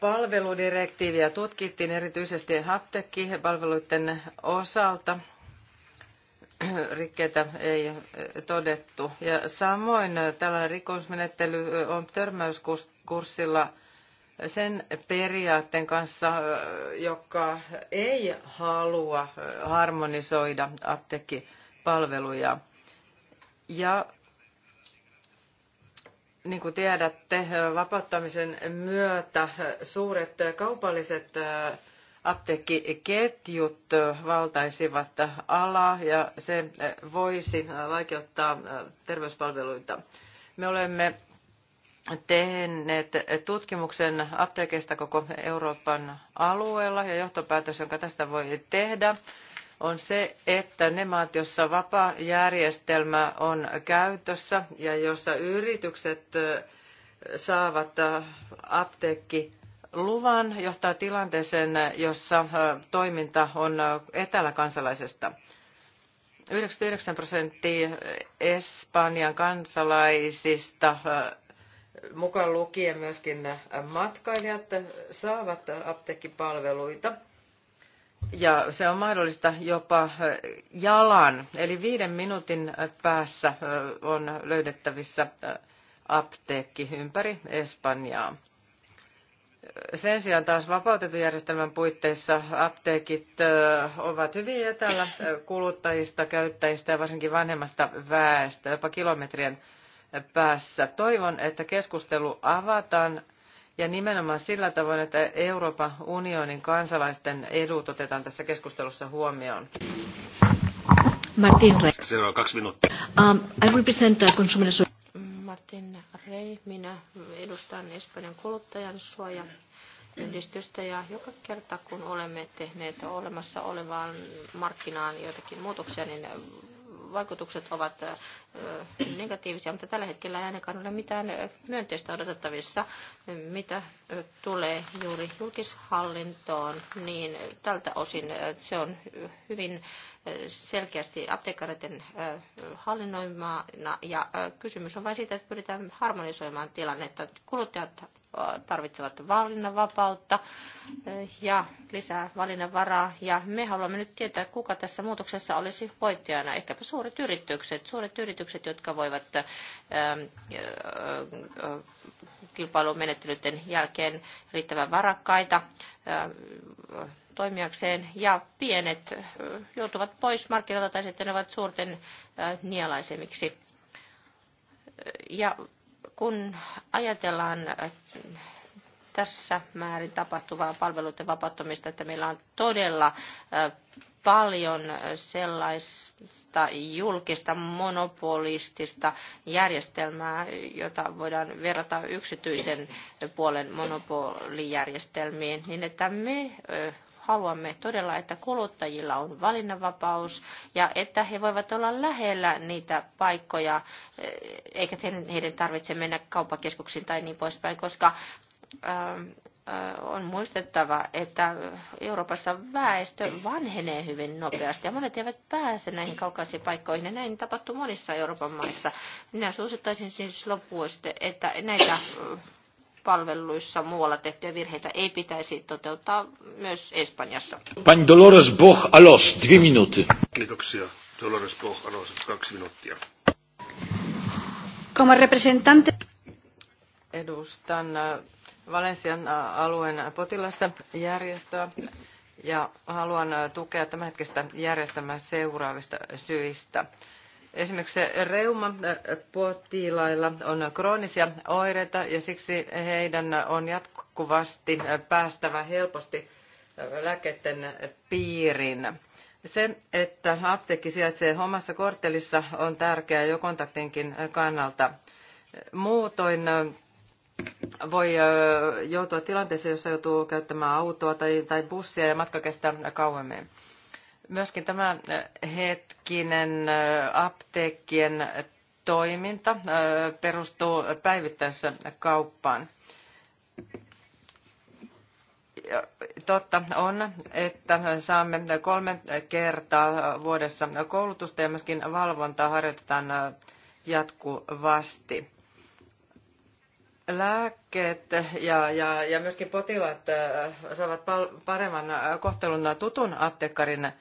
palveludirektiiviä tutkittiin erityisesti haptekki-palveluiden osalta, rikkeitä ei äh, todettu. Ja samoin äh, tällainen rikosmenettely on törmäyskurssilla sen periaatteen kanssa, joka ei halua harmonisoida apteekkipalveluja. Ja niin kuin tiedätte, vapauttamisen myötä suuret kaupalliset apteekkiketjut valtaisivat alaa ja se voisi vaikeuttaa terveyspalveluita. Me olemme tehneet tutkimuksen apteekeista koko Euroopan alueella ja johtopäätös, jonka tästä voi tehdä, on se, että ne maat, joissa vapaa järjestelmä on käytössä ja jossa yritykset saavat apteekki luvan johtaa tilanteeseen, jossa toiminta on etäällä kansalaisesta. 99 prosenttia Espanjan kansalaisista, mukaan lukien myöskin matkailijat, saavat apteekkipalveluita – ja se on mahdollista jopa jalan, eli viiden minuutin päässä on löydettävissä apteekki ympäri Espanjaa. Sen sijaan taas vapautetun järjestelmän puitteissa apteekit ovat hyvin etäällä kuluttajista, käyttäjistä ja varsinkin vanhemmasta väestä, jopa kilometrien päässä. Toivon, että keskustelu avataan ja nimenomaan sillä tavoin, että Euroopan unionin kansalaisten edut otetaan tässä keskustelussa huomioon. Martin Rey. Seuraava kaksi minuuttia. Um, I represent the consumer... Martin Rey, minä edustan Espanjan kuluttajan suojan yhdistystä ja joka kerta kun olemme tehneet olemassa olevaan markkinaan joitakin muutoksia, niin vaikutukset ovat negatiivisia, mutta tällä hetkellä ei ainakaan ole mitään myönteistä odotettavissa, mitä tulee juuri julkishallintoon, niin tältä osin se on hyvin selkeästi apteekkareiden hallinnoimana ja kysymys on vain siitä, että pyritään harmonisoimaan tilannetta. Kuluttajat tarvitsevat valinnanvapautta eh, ja lisää valinnanvaraa. Ja me haluamme nyt tietää, kuka tässä muutoksessa olisi voittajana. Ehkäpä suuret yritykset, suuret yritykset, jotka voivat eh, eh, kilpailumenettelyiden jälkeen riittävän varakkaita toimijakseen ja pienet joutuvat pois markkinoilta tai sitten ne ovat suurten nielaisemiksi. Ja kun ajatellaan äh, tässä määrin tapahtuvaa palveluiden vapauttamista, että meillä on todella äh, paljon äh, sellaista julkista monopolistista järjestelmää, jota voidaan verrata yksityisen puolen monopolijärjestelmiin, niin että me Haluamme todella, että kuluttajilla on valinnanvapaus ja että he voivat olla lähellä niitä paikkoja, eh, eikä heidän tarvitse mennä kauppakeskuksiin tai niin poispäin, koska ähm, äh, on muistettava, että Euroopassa väestö vanhenee hyvin nopeasti ja monet eivät pääse näihin kaukaisiin paikkoihin ja näin tapahtuu monissa Euroopan maissa. Minä suosittaisin siis lopuksi, että näitä äh, palveluissa muualla tehtyjä virheitä ei pitäisi toteuttaa myös Espanjassa. Pan Dolores Boch Alos, dvi minuutti. Kiitoksia. Dolores Boch Alos, kaksi minuuttia. Como representante... Edustan äh, Valensian äh, alueen potilasjärjestöä ja haluan äh, tukea tämänhetkistä järjestelmää seuraavista syistä. Esimerkiksi reumapotilailla äh, on kroonisia oireita ja siksi heidän on jatkuvasti äh, päästävä helposti äh, lääkkeiden piiriin. Se, että apteekki sijaitsee omassa korttelissa, on tärkeää jo kontaktinkin kannalta. Muutoin voi joutua tilanteeseen, jossa joutuu käyttämään autoa tai, tai bussia ja matka kestää kauemmin. Myöskin tämä hetkinen apteekkien toiminta perustuu päivittäisessä kauppaan. Totta on, että saamme kolme kertaa vuodessa koulutusta ja myöskin valvontaa harjoitetaan jatkuvasti. Lääkkeet ja, ja, ja myöskin potilaat saavat paremman kohtelun tutun apteekkarin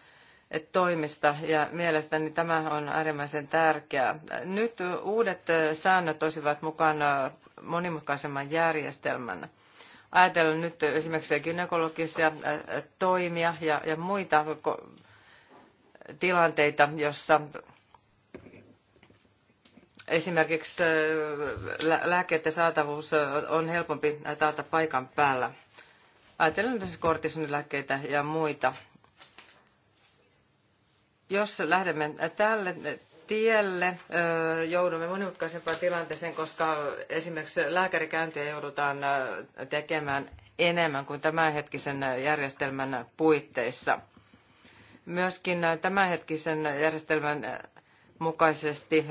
toimista ja mielestäni tämä on äärimmäisen tärkeää. Nyt uudet säännöt olisivat mukaan monimutkaisemman järjestelmän. Ajatellaan nyt esimerkiksi gynekologisia toimia ja, ja muita tilanteita, jossa esimerkiksi lääkkeiden saatavuus on helpompi taata paikan päällä. Ajatellaan esimerkiksi kortisonilääkkeitä ja muita jos lähdemme tälle tielle, joudumme monimutkaisempaan tilanteeseen, koska esimerkiksi lääkärikäyntiä joudutaan tekemään enemmän kuin tämänhetkisen järjestelmän puitteissa. Myöskin tämänhetkisen järjestelmän mukaisesti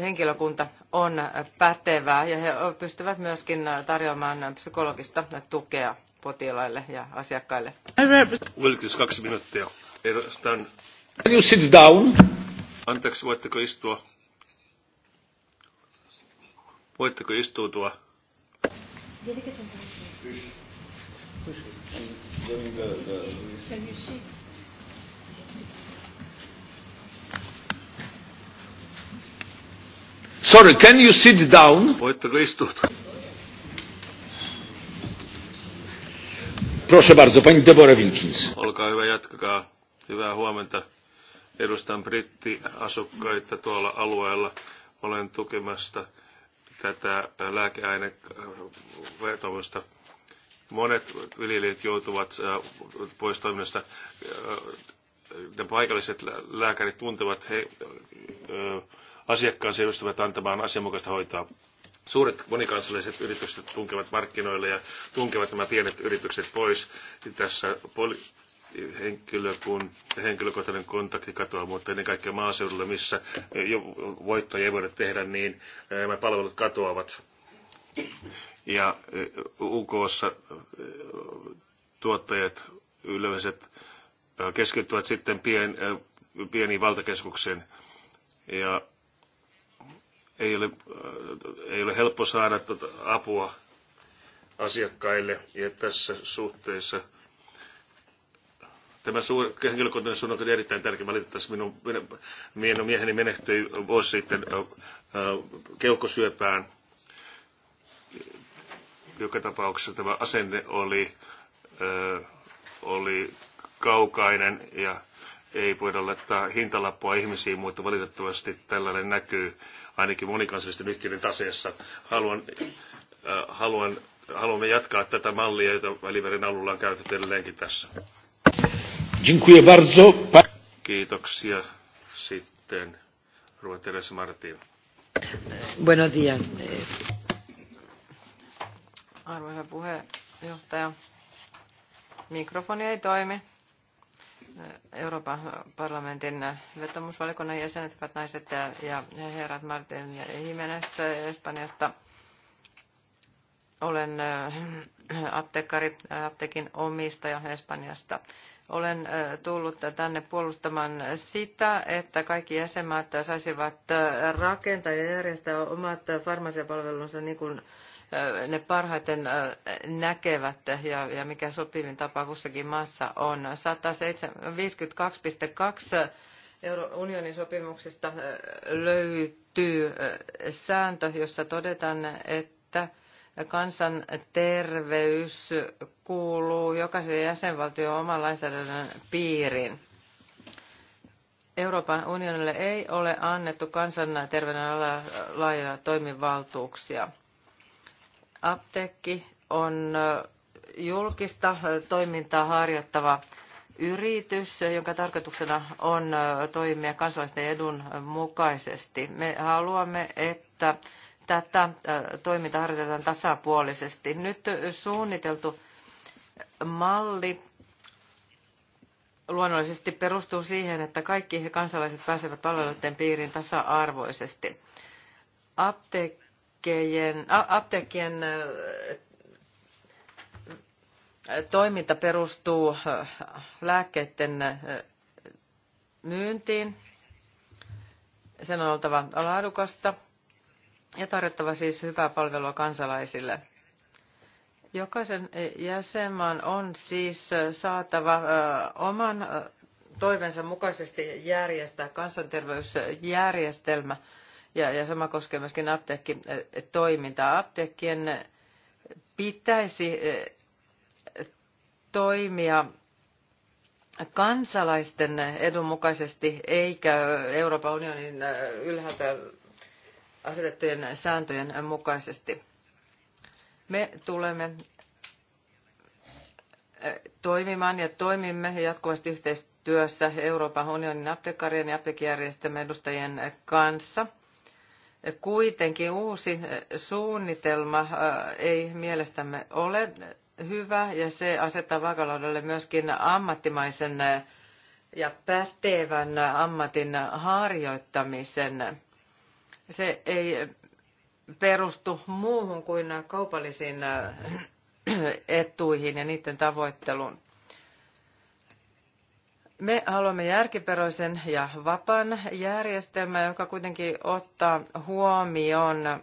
henkilökunta on pätevää ja he pystyvät myöskin tarjoamaan psykologista tukea potilaille ja asiakkaille. Wilkins, kaksi minuuttia. Edustan... Can you sit down? Anteeksi, voitteko istua? Voitteko istuutua? Sorry, can you sit down? Voitteko istuutua? Proszę bardzo, pani Deborah Wilkins. Olkaa hyvä, jatkakaa. Hyvää huomenta. Edustan brittiasukkaita tuolla alueella. Olen tukemasta tätä lääkeainevetomusta. Monet viljelijät joutuvat äh, pois toiminnasta. Äh, ne paikalliset lääkärit tuntevat he, äh, asiakkaansa edustavat antamaan asianmukaista hoitoa suuret monikansalliset yritykset tunkevat markkinoille ja tunkevat nämä pienet yritykset pois. Tässä poli- henkilökohtainen kontakti katoaa, mutta ennen kaikkea maaseudulla, missä voittoja ei voida tehdä, niin eh, nämä palvelut katoavat. Ja eh, UKssa eh, tuottajat yleensä keskittyvät sitten pien, pieniin valtakeskuksiin. Ja ei ole, ei ole helppo saada tuota apua asiakkaille. Ja tässä suhteessa Tämä suur, henkilökohtainen suunnan on erittäin tärkeä. Valitettavasti minun, minun mieheni menehtyi vuosi sitten keuhkosyöpään. Joka tapauksessa tämä asenne oli, oli kaukainen ja ei voida laittaa hintalappua ihmisiin, mutta valitettavasti tällainen näkyy ainakin monikansallisten yhtiöiden taseessa. Haluan, haluan, haluamme jatkaa tätä mallia, jota Välimeren alulla on käytetty edelleenkin tässä. Dziękuję bardzo. Kiitoksia. Sitten Ruva Teresa Martin. Buenos días. Arvoisa puheenjohtaja, mikrofoni ei toimi. Euroopan parlamentin vetomusvalikunnan jäsenet, hyvät naiset ja, ja herrat Martin ja Jimenez Espanjasta. Olen äh, apteekkari, apteekin omistaja Espanjasta. Olen tullut tänne puolustamaan sitä, että kaikki jäsenmaat saisivat rakentaa ja järjestää omat farmasiapalvelunsa niin kuin ne parhaiten näkevät ja, ja mikä sopivin tapa kussakin maassa on. 152.2 Euroopan unionin sopimuksesta löytyy sääntö, jossa todetaan, että kansanterveys kuuluu jokaisen jäsenvaltion oman lainsäädännön piiriin. Euroopan unionille ei ole annettu kansanterveyden alalla laajoja toimivaltuuksia. Apteekki on julkista toimintaa harjoittava yritys, jonka tarkoituksena on toimia kansalaisten edun mukaisesti. Me haluamme, että tätä äh, toimintaa harjoitetaan tasapuolisesti. Nyt suunniteltu malli luonnollisesti perustuu siihen, että kaikki kansalaiset pääsevät palveluiden piiriin tasa-arvoisesti. Apteekkien, apteekkien äh, toiminta perustuu äh, lääkkeiden myyntiin. Sen on oltava laadukasta ja tarjottava siis hyvää palvelua kansalaisille. Jokaisen jäsenmaan on siis saatava oman toivensa mukaisesti järjestää kansanterveysjärjestelmä ja, ja sama koskee myöskin apteekkitoimintaa. Apteekkien pitäisi toimia kansalaisten edun mukaisesti eikä Euroopan unionin ylhäältä asetettujen sääntöjen mukaisesti. Me tulemme eh, toimimaan ja toimimme jatkuvasti yhteistyössä Euroopan unionin apteekkarien ja apteekijärjestelmän edustajien kanssa. Kuitenkin uusi eh, suunnitelma eh, ei mielestämme ole hyvä ja se asettaa vakalaudalle myöskin ammattimaisen ja pätevän ammatin harjoittamisen se ei perustu muuhun kuin kaupallisiin äh, etuihin ja niiden tavoitteluun. Me haluamme järkiperäisen ja vapaan järjestelmän, joka kuitenkin ottaa huomioon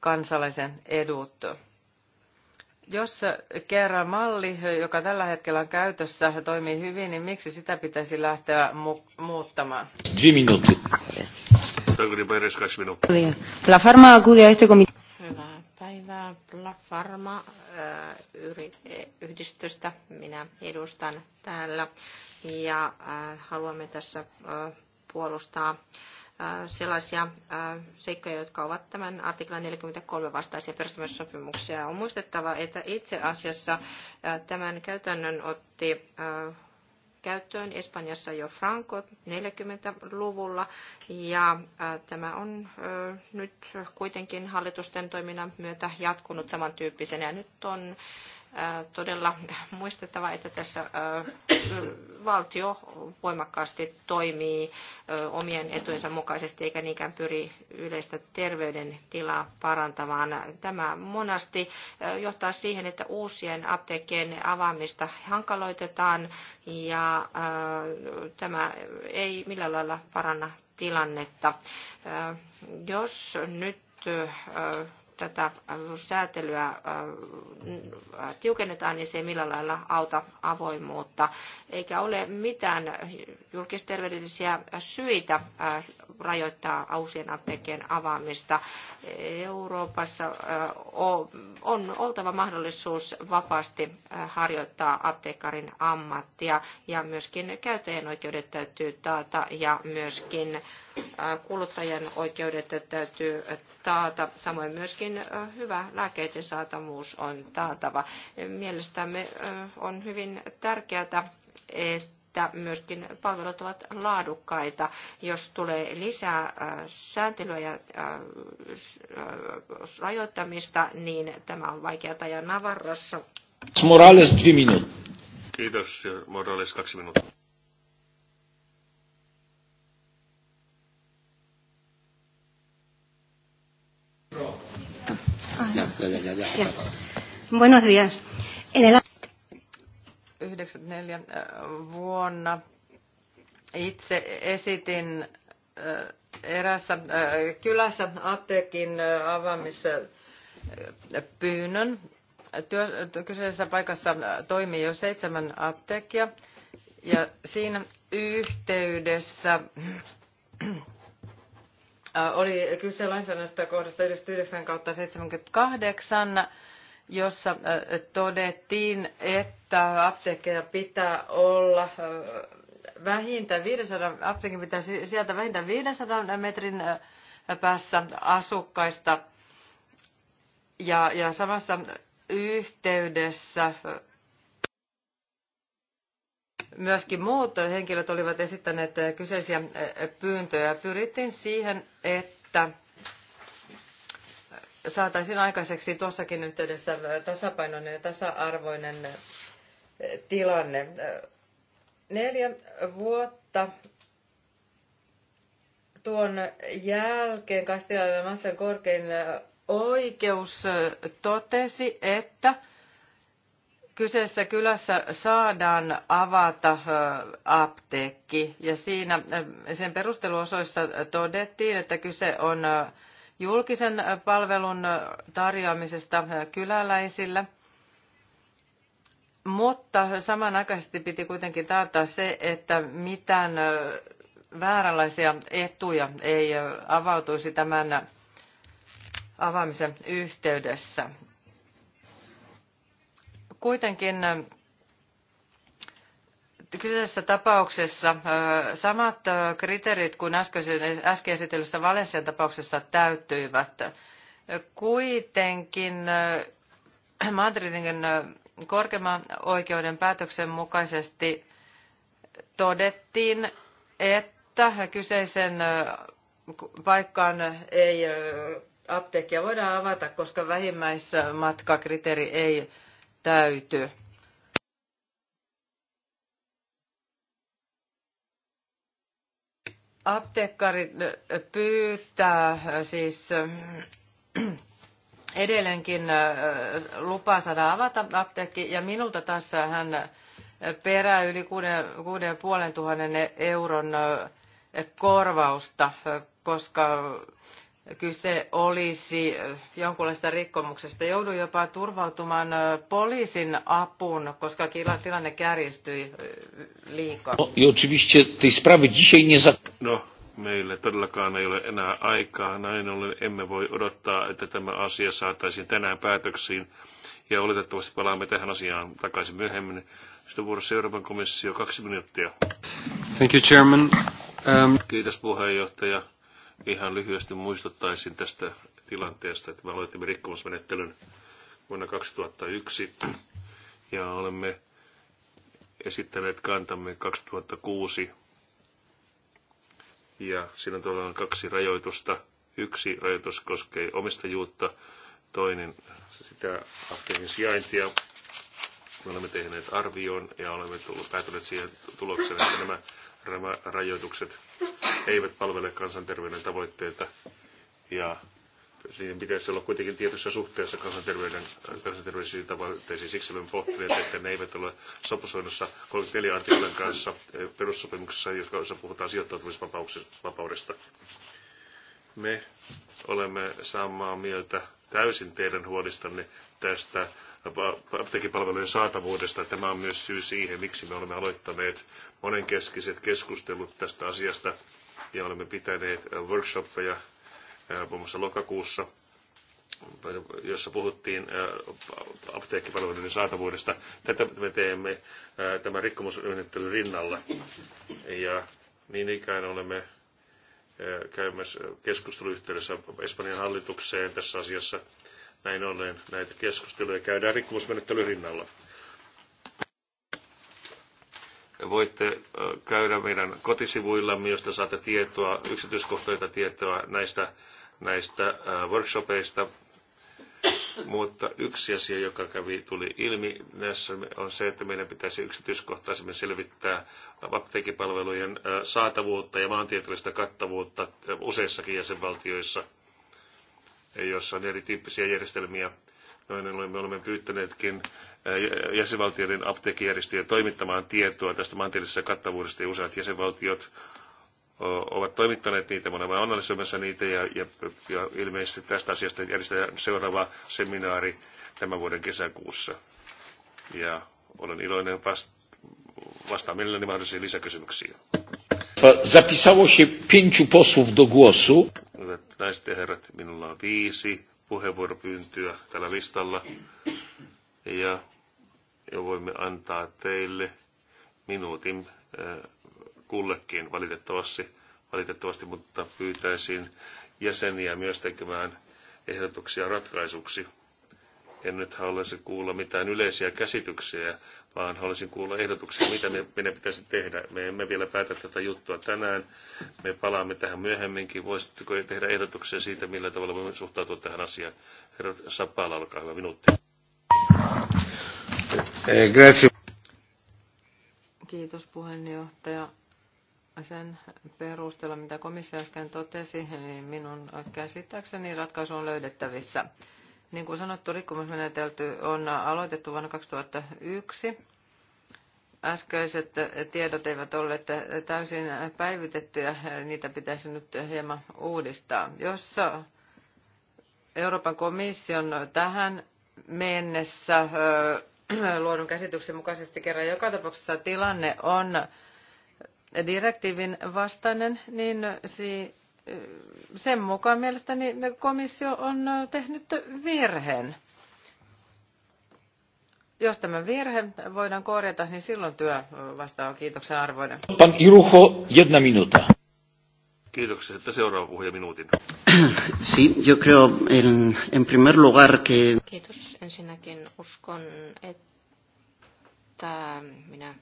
kansalaisen edut. Jos kerran malli, joka tällä hetkellä on käytössä, toimii hyvin, niin miksi sitä pitäisi lähteä mu- muuttamaan? Dix minuutti. La Farma acude a este comité. Hyvää päivää. La Farma e, yhdistöstä minä edustan täällä ja haluamme tässä puolustaa sellaisia seikkoja, jotka ovat tämän artiklan 43 vastaisia perustamissopimuksia. On muistettava, että itse asiassa tämän käytännön otti käyttöön Espanjassa jo Franco 40-luvulla ja tämä on nyt kuitenkin hallitusten toiminnan myötä jatkunut samantyyppisenä. Nyt on Äh, todella muistettava, että tässä äh, valtio voimakkaasti toimii äh, omien etujensa mukaisesti eikä niinkään pyri yleistä terveydentilaa parantamaan. Tämä monasti johtaa siihen, että uusien apteekkien avaamista hankaloitetaan ja tämä ei millään lailla paranna tilannetta. Jos nyt tätä äh, säätelyä äh, tiukennetaan, niin se ei millään lailla auta avoimuutta. Eikä ole mitään julkisterveydellisiä syitä äh, rajoittaa uusien apteekkien avaamista. Euroopassa on oltava mahdollisuus vapaasti harjoittaa apteekkarin ammattia ja myöskin käyttäjän oikeudet täytyy taata ja myöskin Kuluttajan oikeudet täytyy taata, samoin myöskin hyvä lääkkeiden saatavuus on taatava. Mielestämme on hyvin tärkeää, että myöskin palvelut ovat laadukkaita. Jos tulee lisää sääntelyä ja rajoittamista, niin tämä on vaikeata ja Navarrossa. Morales, minuuttia. Kiitos, Morales, kaksi minuuttia. Ya, Buenos días. En el... 94 äh, vuonna itse esitin äh, erässä äh, kylässä apteekin avaamisen pyynnön. kyseisessä paikassa toimii jo seitsemän apteekkia ja siinä yhteydessä Äh, oli kyse lainsäädännöstä kohdasta 99 kautta 78, jossa äh, todettiin, että apteekkeja pitää olla äh, vähintään 500, apteekin pitää sieltä vähintään 500 metrin päässä asukkaista. Ja, ja samassa yhteydessä Myöskin muut henkilöt olivat esittäneet eh, kyseisiä eh, pyyntöjä. Pyrittiin siihen, että eh, saataisiin aikaiseksi tuossakin yhteydessä tasapainoinen ja tasa-arvoinen tilanne. Neljä vuotta tuon jälkeen ja Matsen korkein oikeus totesi, että Kyseessä kylässä saadaan avata apteekki ja siinä sen perusteluosoissa todettiin, että kyse on julkisen palvelun tarjoamisesta kyläläisille. Mutta samanaikaisesti piti kuitenkin taata se, että mitään vääränlaisia etuja ei avautuisi tämän avaamisen yhteydessä. Kuitenkin äh, kyseisessä tapauksessa äh, samat äh, kriteerit kuin äsken esitellyssä Valensian tapauksessa täyttyivät. Kuitenkin Madridin korkeimman oikeuden päätöksen mukaisesti todettiin, että kyseisen paikkaan ei apteekkia voida avata, koska vähimmäismatkakriteeri ei täyty. apteekkarit äh, pyytää äh, siis äh, edelleenkin lupaa saada avata apteekki ja minulta tässä hän perää yli 6500 euron korvausta, koska kyse olisi eh, jonkunlaista rikkomuksesta. Jouduin jopa turvautumaan eh, poliisin apuun, koska tilanne kärjistyi eh, liikaa. No, ja No, meillä todellakaan ei ole enää aikaa. Näin ollen emme voi odottaa, että tämä asia saataisiin tänään päätöksiin. Ja oletettavasti palaamme tähän asiaan takaisin myöhemmin. Sitten vuorossa Euroopan komissio kaksi minuuttia. Thank you, Chairman. Um... Kiitos puheenjohtaja Ihan lyhyesti muistuttaisin tästä tilanteesta, että me aloitimme rikkomusmenettelyn vuonna 2001 ja olemme esittäneet kantamme 2006 ja siinä on kaksi rajoitusta. Yksi rajoitus koskee omistajuutta, toinen sitä apteekin sijaintia. Me olemme tehneet arvion ja olemme tullut, päätyneet siihen tulokseen, että nämä rajoitukset eivät palvele kansanterveyden tavoitteita ja siinä pitäisi olla kuitenkin tietyssä suhteessa kansanterveyden, kansanterveydellisiin tavoitteisiin. Siksi olemme pohtineet, että ne eivät ole sopusoinnussa 34 artiklan kanssa eh, perussopimuksessa, jossa puhutaan sijoittautumisvapaudesta. Me olemme samaa mieltä täysin teidän huolistanne tästä apteekipalvelujen saatavuudesta. Tämä on myös syy siihen, miksi me olemme aloittaneet monenkeskiset keskustelut tästä asiasta ja olemme pitäneet äh, workshoppeja äh, muun muassa lokakuussa, jossa puhuttiin äh, apteekkipalveluiden saatavuudesta. Tätä me teemme tämän rikkomusmenettelyn rinnalla. Ja niin ikään olemme käymässä keskusteluyhteydessä Espanjan hallitukseen tässä asiassa. Näin ollen näitä keskusteluja käydään rikkomusmenettelyn rinnalla voitte käydä meidän kotisivuillamme, josta saatte tietoa, yksityiskohtaista tietoa näistä, näistä workshopeista. Mutta yksi asia, joka kävi, tuli ilmi näissä, on se, että meidän pitäisi yksityiskohtaisemmin selvittää apteekipalvelujen saatavuutta ja maantieteellistä kattavuutta useissakin jäsenvaltioissa, joissa on erityyppisiä järjestelmiä Noin me olemme pyytäneetkin jäsenvaltioiden apteekijärjestöjä toimittamaan tietoa tästä maantieteellisestä kattavuudesta ja useat jäsenvaltiot ovat toimittaneet niitä, me olemme analysoimassa niitä ja, ja, ja ilmeisesti tästä asiasta järjestetään seuraava seminaari tämän vuoden kesäkuussa. Ja olen iloinen vasta- vastaan mielelläni mahdollisiin lisäkysymyksiin. Zapisało się pięciu posłów do głosu. naiset ja herrat, minulla on viisi puheenvuoropyyntöä tällä listalla. Ja, jo voimme antaa teille minuutin äh, kullekin valitettavasti, valitettavasti, mutta pyytäisin jäseniä myös tekemään ehdotuksia ratkaisuksi en nyt haluaisi kuulla mitään yleisiä käsityksiä, vaan haluaisin kuulla ehdotuksia, mitä meidän pitäisi tehdä. Me emme vielä päätä tätä juttua tänään. Me palaamme tähän myöhemminkin. Voisitteko tehdä ehdotuksia siitä, millä tavalla voimme suhtautua tähän asiaan? Herra Sapala, olkaa hyvä minuutti. Eh, Kiitos puheenjohtaja. Sen perusteella, mitä komissio äsken totesi, niin minun käsittääkseni ratkaisu on löydettävissä. Niin kuin sanottu, rikkomusmenetelty on aloitettu vuonna 2001. Äskeiset tiedot eivät olleet täysin päivitettyjä, niitä pitäisi nyt hieman uudistaa. Jos Euroopan komission tähän mennessä luodun käsityksen mukaisesti kerran joka tapauksessa tilanne on direktiivin vastainen, niin si- sen mukaan mielestäni komissio on tehnyt virheen. Jos tämä virhe voidaan korjata, niin silloin työ vastaa on kiitoksen arvoinen. Pan Iruho, jedna minuta. Kiitoksia. seuraava puhuja minuutin. Sí, yo creo en, en primer lugar que... Kiitos. Ensinnäkin uskon, että että minä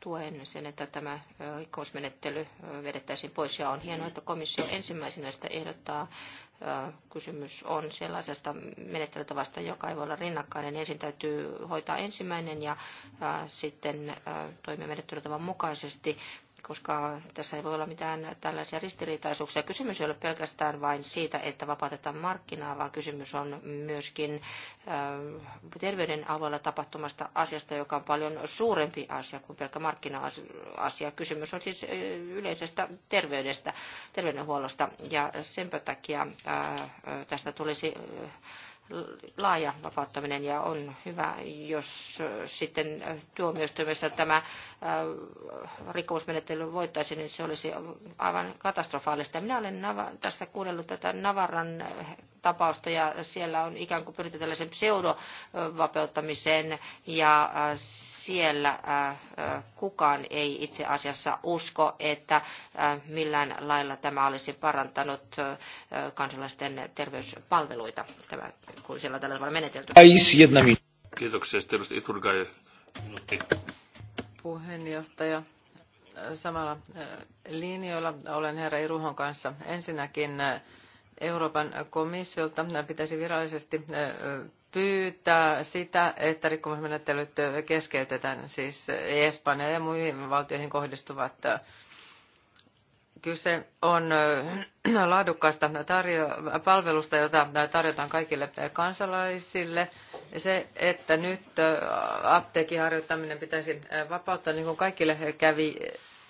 tuen sen, että tämä rikkomusmenettely vedettäisiin pois. Ja on hienoa, että komissio ensimmäisenä sitä ehdottaa. Kysymys on sellaisesta menettelytavasta, joka ei voi olla rinnakkainen. Ensin täytyy hoitaa ensimmäinen ja sitten toimia menettelytavan mukaisesti koska tässä ei voi olla mitään tällaisia ristiriitaisuuksia. Kysymys ei ole pelkästään vain siitä, että vapautetaan markkinaa, vaan kysymys on myöskin äh, terveyden alueella tapahtumasta asiasta, joka on paljon suurempi asia kuin pelkkä markkina-asia. Kysymys on siis äh, yleisestä terveydestä, terveydenhuollosta, ja sen takia äh, tästä tulisi laaja vapauttaminen ja on hyvä, jos sitten tuomioistuimessa tämä rikkomusmenettely voittaisi, niin se olisi aivan katastrofaalista. Minä olen tässä kuunnellut tätä Navarran tapausta ja siellä on ikään kuin pyritty tällaisen pseudovapeuttamiseen ja siellä äh, äh, kukaan ei itse asiassa usko, että äh, millään lailla tämä olisi parantanut kansalaisten terveyspalveluita, tämä, kun siellä tällä tavalla menetelty. Kiitoksia, edustaja Puheenjohtaja samalla linjoilla olen herra Iruhon kanssa. Ensinnäkin Euroopan komissiolta pitäisi virallisesti pyytää sitä, että rikkomusmenettelyt keskeytetään, siis Espanja ja muihin valtioihin kohdistuvat. Kyse on laadukkaasta tarjo- palvelusta, jota tarjotaan kaikille kansalaisille. Se, että nyt apteekin harjoittaminen pitäisi vapauttaa, niin kuin kaikille kävi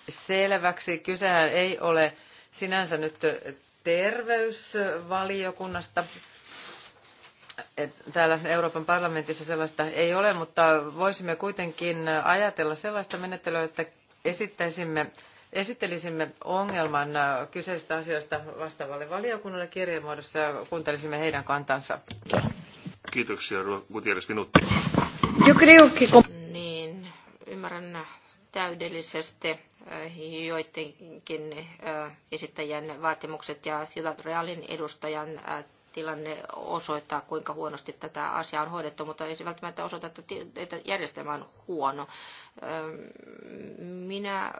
selväksi, kysehän ei ole sinänsä nyt terveysvaliokunnasta täällä Euroopan parlamentissa sellaista ei ole, mutta voisimme kuitenkin ajatella sellaista menettelyä, että esittäisimme esittelisimme ongelman kyseisestä asiasta vastaavalle valiokunnalle kirjemuodossa ja kuuntelisimme heidän kantansa. Kiitoksia, Gutierrez, minuutti. Niin, ymmärrän täydellisesti äh, joidenkin äh, esittäjän vaatimukset ja Silat Realin edustajan äh, tilanne osoittaa, kuinka huonosti tätä asiaa on hoidettu, mutta ei se välttämättä osoita, että järjestelmä on huono. Minä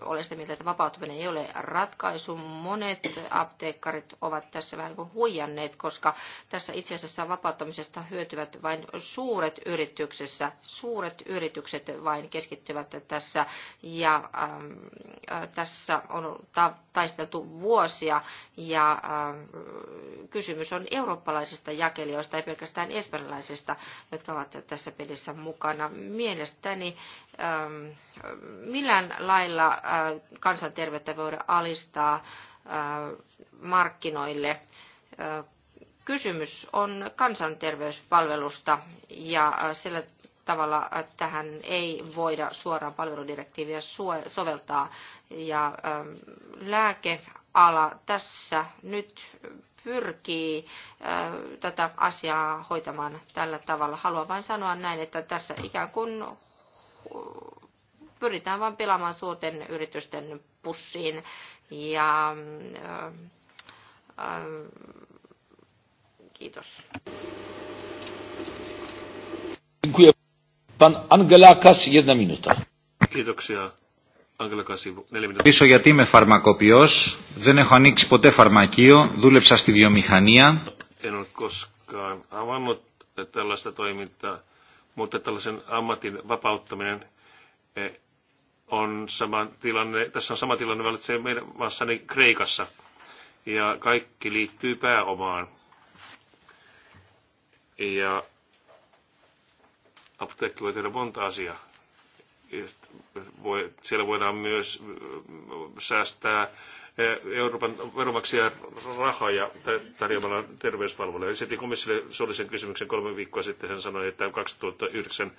olen sitä mieltä, että vapautuminen ei ole ratkaisu. Monet apteekkarit ovat tässä vähän kuin huijanneet, koska tässä itse asiassa vapauttamisesta hyötyvät vain suuret yrityksessä. Suuret yritykset vain keskittyvät tässä ja ähm, tässä on ta- taisteltu vuosia ja ähm, kysymys on eurooppalaisista jakelijoista, ei pelkästään espanjalaisista, jotka ovat tässä pelissä mukana. Mielestäni Ähm, millään lailla äh, kansanterveyttä voida alistaa äh, markkinoille. Äh, kysymys on kansanterveyspalvelusta ja sillä tavalla tähän ei voida suoraan palveludirektiiviä soveltaa. Ja ähm, lääkeala tässä nyt pyrkii tätä asiaa hoitamaan tällä tavalla. Haluan vain sanoa näin, että tässä ikään kuin pyritään vain pelaamaan suurten yritysten pussiin ja äh, äh, kiitos. Pan Angelakas, jedna minuta. Kiitoksia. Πίσω γιατί είμαι φαρμακοποιός, δεν έχω ανοίξει ποτέ φαρμακείο, δούλεψα στη βιομηχανία. En ole koskaan avannut äh, tällaista toimintaa mutta tällaisen ammatin vapauttaminen eh, on sama tilanne, tässä on sama tilanne valitsee meidän maassani Kreikassa. Ja kaikki liittyy pääomaan. Ja apteekki voi tehdä monta asiaa. Voi, siellä voidaan myös eh, säästää Eh, Euroopan veronmaksajan rahoja tarjoamalla terveyspalveluja. Esitin komissiolle suullisen kysymyksen kolme viikkoa sitten. Hän sanoi, että 2009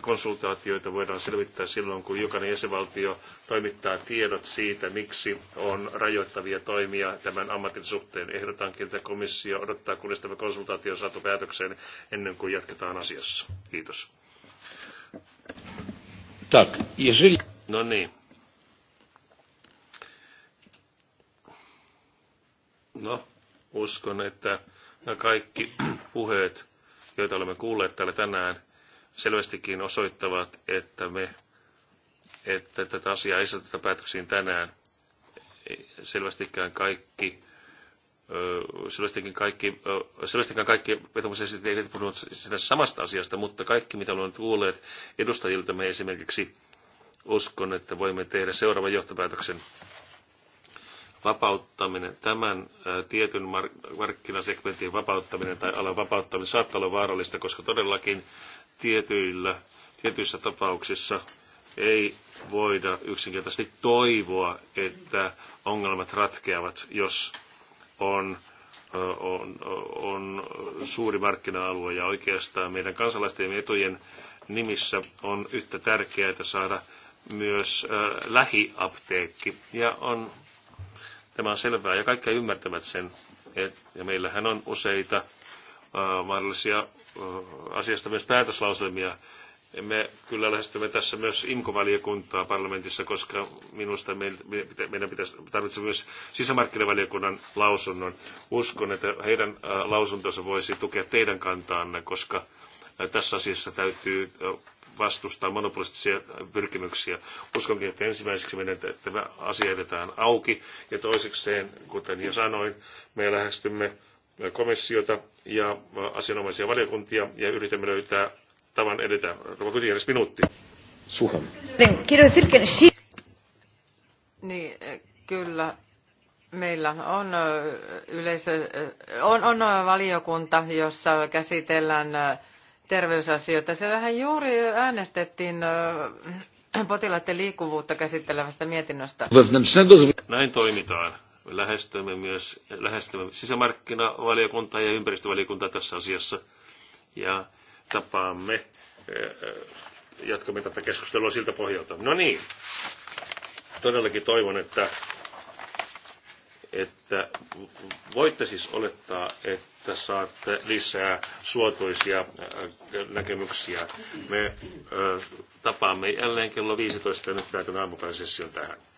konsultaatioita voidaan selvittää silloin, kun jokainen jäsenvaltio toimittaa tiedot siitä, miksi on rajoittavia toimia tämän ammatin suhteen. Ehdotankin, että komissio odottaa, kunnes tämä konsultaatio on saatu päätökseen ennen kuin jatketaan asiassa. Kiitos. Tak, jeżeli... No niin No, uskon, että nämä kaikki puheet, joita olemme kuulleet täällä tänään, selvästikin osoittavat, että me että tätä asiaa ei saa päätöksiin tänään. Selvästikään kaikki Selvästikään kaikki, selvästikään kaikki ei eivät puhunut sitä samasta asiasta, mutta kaikki, mitä olemme kuulleet edustajilta, me esimerkiksi uskon, että voimme tehdä seuraavan johtopäätöksen vapauttaminen, tämän tietyn markkinasegmentin vapauttaminen tai alan vapauttaminen saattaa olla vaarallista, koska todellakin tietyillä, tietyissä tapauksissa ei voida yksinkertaisesti toivoa, että ongelmat ratkeavat, jos on, on, on suuri markkina-alue ja oikeastaan meidän kansalaisten etujen nimissä on yhtä tärkeää saada myös lähiapteekki ja on Tämä on selvää ja kaikki ymmärtävät sen. Et, ja meillähän on useita uh, mahdollisia uh, asiasta myös päätöslauselmia. Me kyllä lähestymme tässä myös IMKO-valiokuntaa parlamentissa, koska minusta meidän pitäisi, tarvitse myös sisämarkkinavaliokunnan lausunnon. Uskon, että heidän äh, lausuntonsa voisi tukea teidän kantaanne, koska tässä asiassa täytyy vastustaa monopolistisia pyrkimyksiä. Uskonkin, että ensimmäiseksi meidän tehtävä asia edetään auki. Ja toisekseen, kuten jo sanoin, me lähestymme komissiota ja asianomaisia valiokuntia ja yritämme löytää tavan edetä. Rova Kutieres, minuutti. Suhan. Niin, kyllä. Meillä on, yleisö, on, on valiokunta, jossa käsitellään terveysasioita. vähän juuri äänestettiin äh, potilaiden liikkuvuutta käsittelevästä mietinnöstä. Näin toimitaan. Me lähestymme myös lähestymme sisämarkkinavaliokuntaa ja ympäristövaliokuntaa tässä asiassa. Ja tapaamme, äh, äh, jatkamme tätä keskustelua siltä pohjalta. No niin, todellakin toivon, että, että voitte siis olettaa, että että saatte lisää suotuisia äh, näkemyksiä. Me äh, tapaamme jälleen kello 15 ja nyt päätän aamupäiväsession tähän.